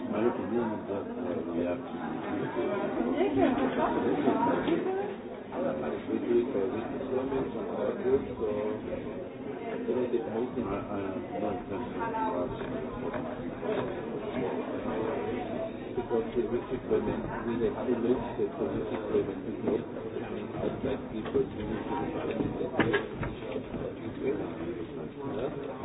S5: my opinion is that uh, we have to we do it for weekly sermons and our groups, so during the meeting I, I have no intention to ask because the wicked women really acknowledge that the wicked women do not affect people who live in the environment that they are. Yeah?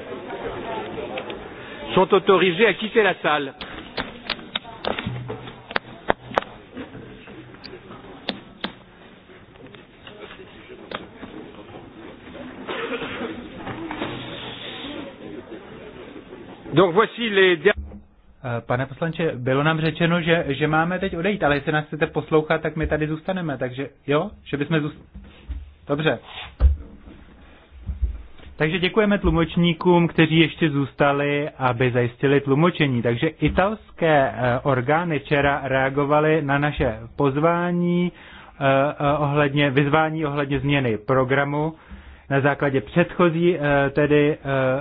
S1: sont autorisés à quitter la salle. Donc voici les
S3: eh, Pane poslanče, bylo nám řečeno, že, že máme teď odejít, ale jestli nás chcete poslouchat, tak my tady zůstaneme, takže jo, že bychom zůstali. Dobře. Takže děkujeme tlumočníkům, kteří ještě zůstali, aby zajistili tlumočení. Takže italské eh, orgány včera reagovaly na naše pozvání eh, eh, ohledně, vyzvání ohledně změny programu na základě předchozí tedy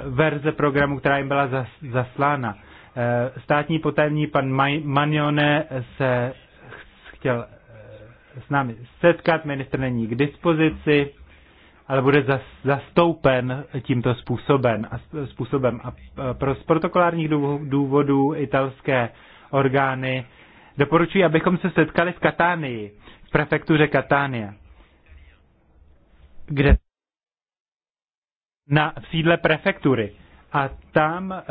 S3: verze programu, která jim byla zaslána. Státní potajemní pan Manione se chtěl s námi setkat, ministr není k dispozici ale bude zastoupen tímto způsobem. A, způsobem. a pro z protokolárních důvodů italské orgány doporučuji, abychom se setkali v Katánii, v prefektuře Katánie, kde na v sídle prefektury. A tam e,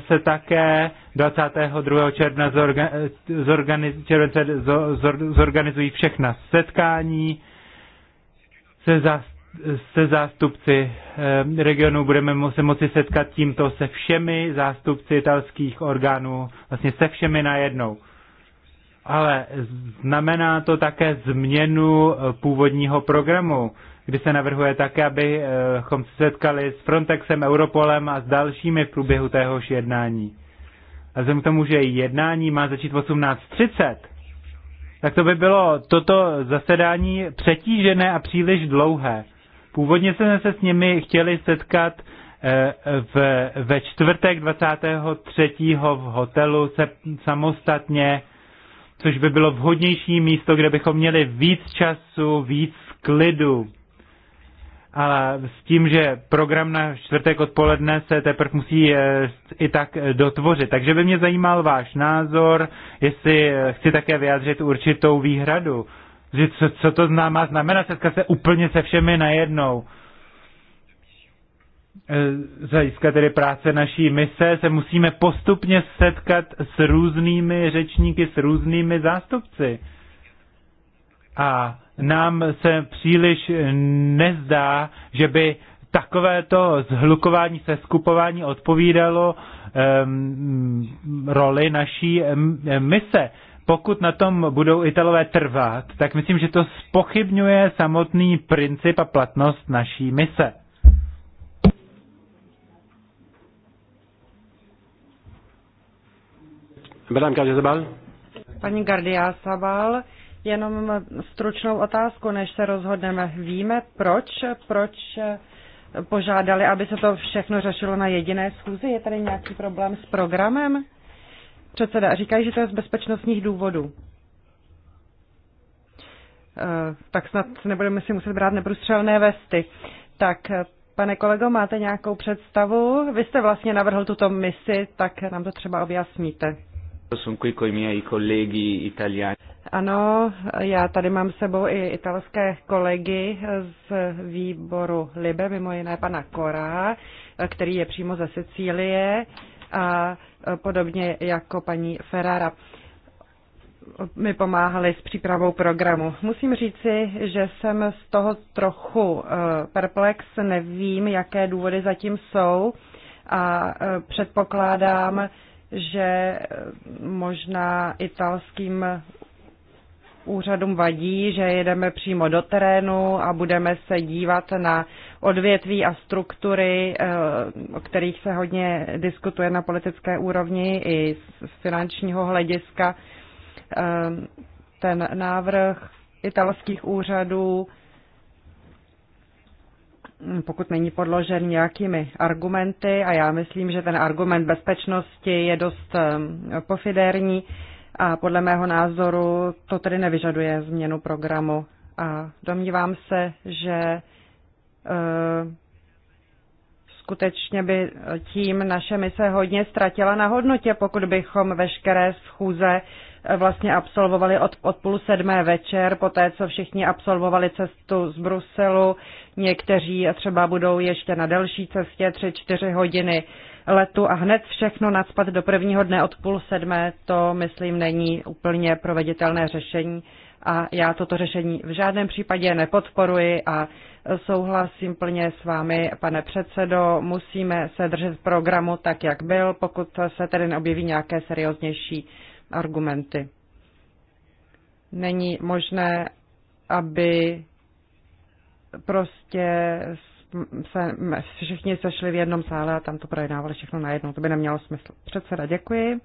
S3: se také 22. června zorga, e, zorganiz, července, zor, zorganizují všechna setkání se zastoupení se zástupci eh, regionu budeme se moci setkat tímto se všemi zástupci italských orgánů, vlastně se všemi najednou. Ale znamená to také změnu eh, původního programu, kdy se navrhuje také, abychom eh, se setkali s Frontexem, Europolem a s dalšími v průběhu téhož jednání. A vzhledem k tomu, že jednání má začít v 18.30, tak to by bylo toto zasedání přetížené a příliš dlouhé. Původně jsme se s nimi chtěli setkat eh, v, ve čtvrtek 23. v hotelu se samostatně, což by bylo vhodnější místo, kde bychom měli víc času, víc klidu. Ale s tím, že program na čtvrtek odpoledne se teprve musí eh, i tak dotvořit. Takže by mě zajímal váš názor, jestli eh, chci také vyjádřit určitou výhradu že co, co to má znamená setkat se úplně se všemi najednou. E, z hlediska tedy práce naší mise se musíme postupně setkat s různými řečníky, s různými zástupci. A nám se příliš nezdá, že by takovéto zhlukování, seskupování odpovídalo um, roli naší mise pokud na tom budou Italové trvat, tak myslím, že to spochybňuje samotný princip a platnost naší mise.
S1: Madame Gardiazabal.
S2: Paní Gardia Sabal, jenom stručnou otázku, než se rozhodneme. Víme, proč, proč požádali, aby se to všechno řešilo na jediné schůzi? Je tady nějaký problém s programem? Předseda, říkají, že to je z bezpečnostních důvodů. Eh, tak snad nebudeme si muset brát neprůstřelné vesty. Tak, eh, pane kolego, máte nějakou představu? Vy jste vlastně navrhl tuto misi, tak nám to třeba objasníte. Ano, já tady mám sebou i italské kolegy z výboru Libe, mimo jiné pana Kora, eh, který je přímo ze Sicílie a podobně jako paní Ferrara mi pomáhali s přípravou programu. Musím říci, že jsem z toho trochu e, perplex, nevím, jaké důvody zatím jsou a e, předpokládám, že e, možná italským úřadům vadí, že jedeme přímo do terénu a budeme se dívat na odvětví a struktury, eh, o kterých se hodně diskutuje na politické úrovni i z finančního hlediska. Eh, ten návrh italských úřadů, hm, pokud není podložen nějakými argumenty, a já myslím, že ten argument bezpečnosti je dost eh, pofidérní, a podle mého názoru to tedy nevyžaduje změnu programu. A domnívám se, že eh, skutečně by tím naše mise hodně ztratila na hodnotě, pokud bychom veškeré schůze eh, vlastně absolvovali od, od půl sedmé večer, poté co všichni absolvovali cestu z Bruselu, někteří třeba budou ještě na delší cestě tři, čtyři hodiny. Uh, letu a hned všechno nadspat do prvního dne od půl sedmé, to myslím není úplně proveditelné řešení a já toto řešení v žádném případě nepodporuji a souhlasím plně s vámi, pane předsedo, musíme se držet programu tak, jak byl, pokud se tedy neobjeví nějaké serióznější argumenty. Není možné, aby prostě se všichni sešli v jednom sále a tam to projednávali všechno najednou. To by nemělo smysl. Předseda, děkuji.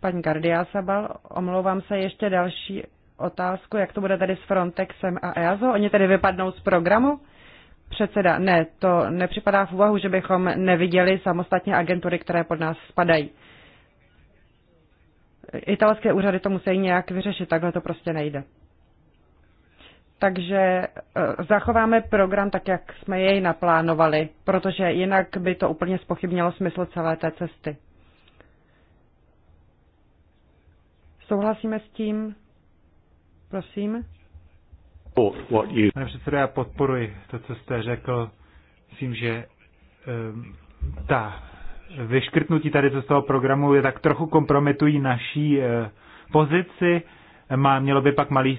S2: Paní Gardia Sabal, omlouvám se ještě další otázku, jak to bude tady s Frontexem a EASO. Oni tedy vypadnou z programu? Předseda, ne, to nepřipadá v úvahu, že bychom neviděli samostatně agentury, které pod nás spadají. Italské úřady to musí nějak vyřešit, takhle to prostě nejde takže eh, zachováme program tak, jak jsme jej naplánovali, protože jinak by to úplně spochybnilo smysl celé té cesty. Souhlasíme s tím? Prosím.
S3: Pane předsedo, já podporuji to, co jste řekl. Myslím, že um, ta vyškrtnutí tady z toho programu je tak trochu kompromitují naší uh, pozici. Uh, má, mělo by pak malý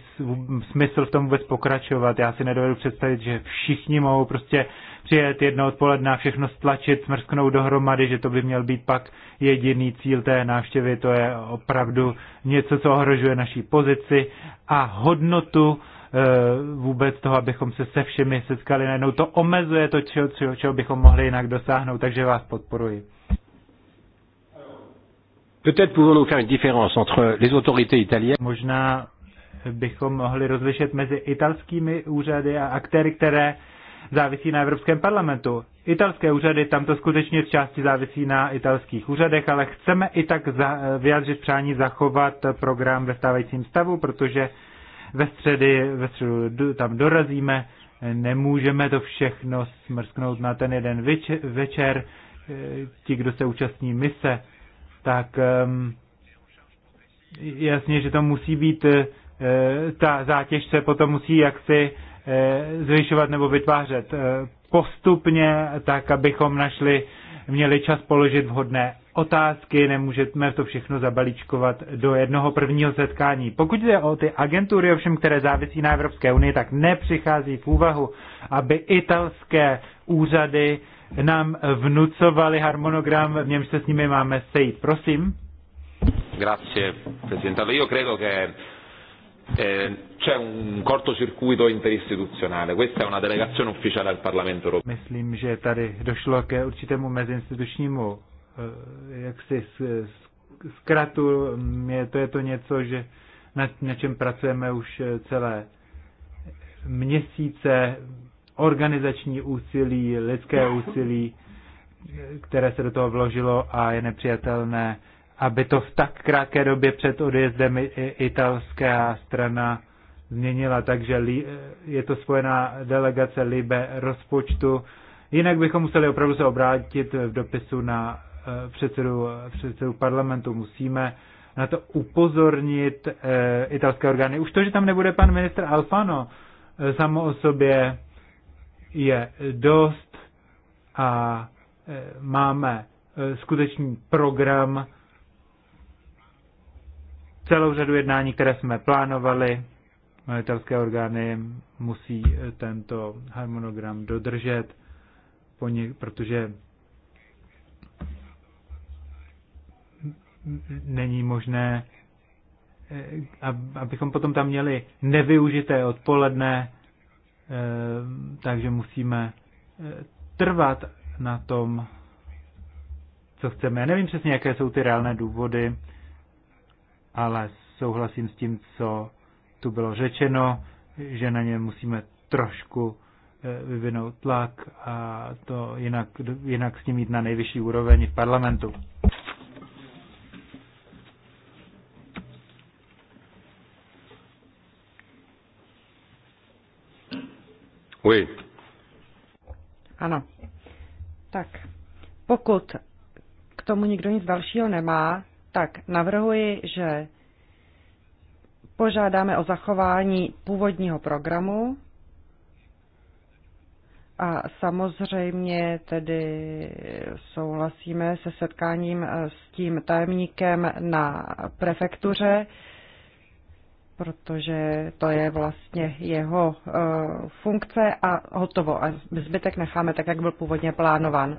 S3: smysl v tom vůbec pokračovat. Já si nedovedu představit, že všichni mohou prostě přijet jedno odpoledne a všechno stlačit, smrsknout dohromady, že to by měl být pak jediný cíl té návštěvy. To je opravdu něco, co ohrožuje naší pozici a hodnotu eh, vůbec toho, abychom se se všemi setkali najednou. To omezuje to, čeho, čeho, čeho bychom mohli jinak dosáhnout, takže vás podporuji.
S1: Peut-être pouvons-nous faire une différence entre les autorités italiennes. Možná
S3: bychom mohli rozlišit mezi italskými úřady a aktéry, které závisí na Evropském parlamentu. Italské úřady, tam to skutečně v části závisí na italských úřadech, ale chceme i tak za, vyjádřit přání zachovat program ve stávajícím stavu, protože ve, středy, ve středu tam dorazíme, nemůžeme to všechno smrsknout na ten jeden večer. Eh, ti, kdo se účastní mise, tak ehm, jasně, že to musí být, eh, ta zátěž se potom musí jaksi eh, zvyšovat nebo vytvářet eh, postupně, tak abychom našli, měli čas položit vhodné otázky, nemůžeme to všechno zabalíčkovat do jednoho prvního setkání. Pokud jde o ty agentury, ovšem, které závisí na Evropské unii, tak nepřichází v úvahu, aby italské úřady nám vnucovali harmonogram, v němž se s nimi máme sejít. Prosím.
S4: Grazie, Presidente. Io credo che eh, c'è un cortocircuito interistituzionale. Questa è una delegazione ufficiale al Parlamento europeo.
S3: Myslím, že tady došlo ke určitému meziinstitučnímu eh, jaksi zkratu. Je to, je to něco, že na, na čem pracujeme už eh, celé měsíce organizační úsilí, lidské úsilí, které se do toho vložilo a je nepřijatelné, aby to v tak krátké době před odjezdem italská strana změnila, takže je to spojená delegace Libe rozpočtu. Jinak bychom museli opravdu se obrátit v dopisu na eh, předsedu, předsedu parlamentu. Musíme na to upozornit eh, italské orgány. Už to, že tam nebude pan ministr Alfano, eh, samo o sobě je dost a e, máme e, skutečný program, celou řadu jednání, které jsme plánovali. Majitelské orgány musí e, tento harmonogram dodržet, protože není možné, abychom potom tam měli nevyužité odpoledne Ehm, takže musíme eh, trvat na tom, co chceme. Já nevím přesně, jaké jsou ty reálné důvody, ale souhlasím s tím, co tu bylo řečeno, že na ně musíme trošku eh, vyvinout tlak a to jinak, jinak s tím jít na nejvyšší úroveň v parlamentu.
S1: Oui.
S2: Ano. Tak, pokud k tomu nikdo nic dalšího nemá, tak navrhuji, že požádáme o zachování původního programu a samozřejmě tedy souhlasíme se setkáním s tím tajemníkem na prefektuře, protože to je vlastně jeho eh, funkce a hotovo. A zbytek necháme tak, jak byl původně plánovan.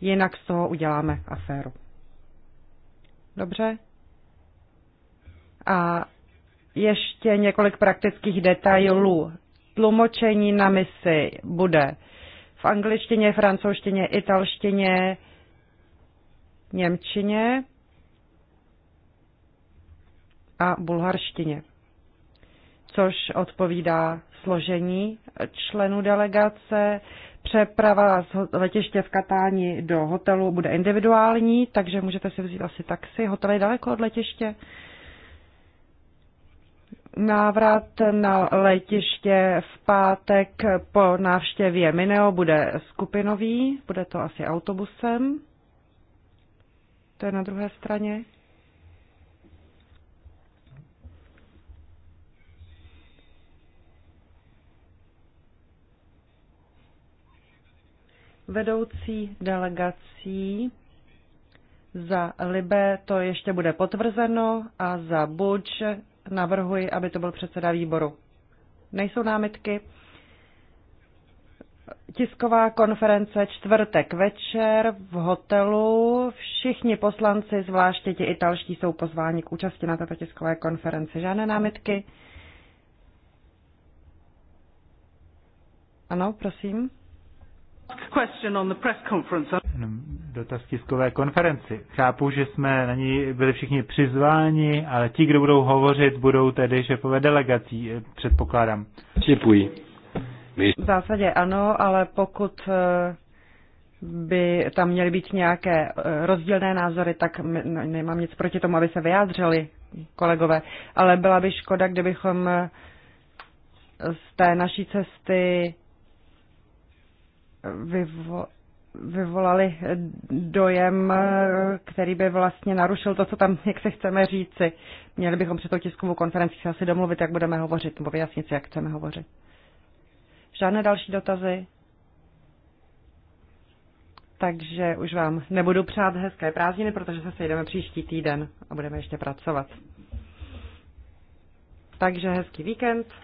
S2: Jinak z toho uděláme aféru. Dobře? A ještě několik praktických detailů. Tlumočení na misi bude v angličtině, francouzštině, italštině, němčině a bulharštině což odpovídá složení členů delegace. Přeprava z letiště v Katáni do hotelu bude individuální, takže můžete si vzít asi taxi. Hotel je daleko od letiště. Návrat na letiště v pátek po návštěvě Mineo bude skupinový, bude to asi autobusem. To je na druhé straně. Vedoucí delegací za Libe to ještě bude potvrzeno a za Buč navrhuji, aby to byl předseda výboru. Nejsou námitky? Tisková konference čtvrtek večer v hotelu. Všichni poslanci, zvláště ti italští, jsou pozváni k účasti na této tiskové konferenci. Žádné námitky? Ano, prosím.
S3: Dotaz tiskové konferenci. Chápu, že jsme na ní byli všichni přizváni, ale ti, kdo budou hovořit, budou tedy šefové delegací, eh, předpokládám.
S2: Děkuji. V zásadě ano, ale pokud eh, by tam měly být nějaké eh, rozdílné názory, tak no, nemám nic proti tomu, aby se vyjádřili kolegové, ale byla by škoda, kdybychom z té naší cesty vyvo, vyvolali dojem, který by vlastně narušil to, co tam, jak se chceme říci. Měli bychom před tou tiskovou konferenci se asi domluvit, jak budeme hovořit, nebo vyjasnit si, jak chceme hovořit. Žádné další dotazy? Takže už vám nebudu přát hezké prázdniny, protože se sejdeme příští týden a budeme ještě pracovat. Takže hezký víkend.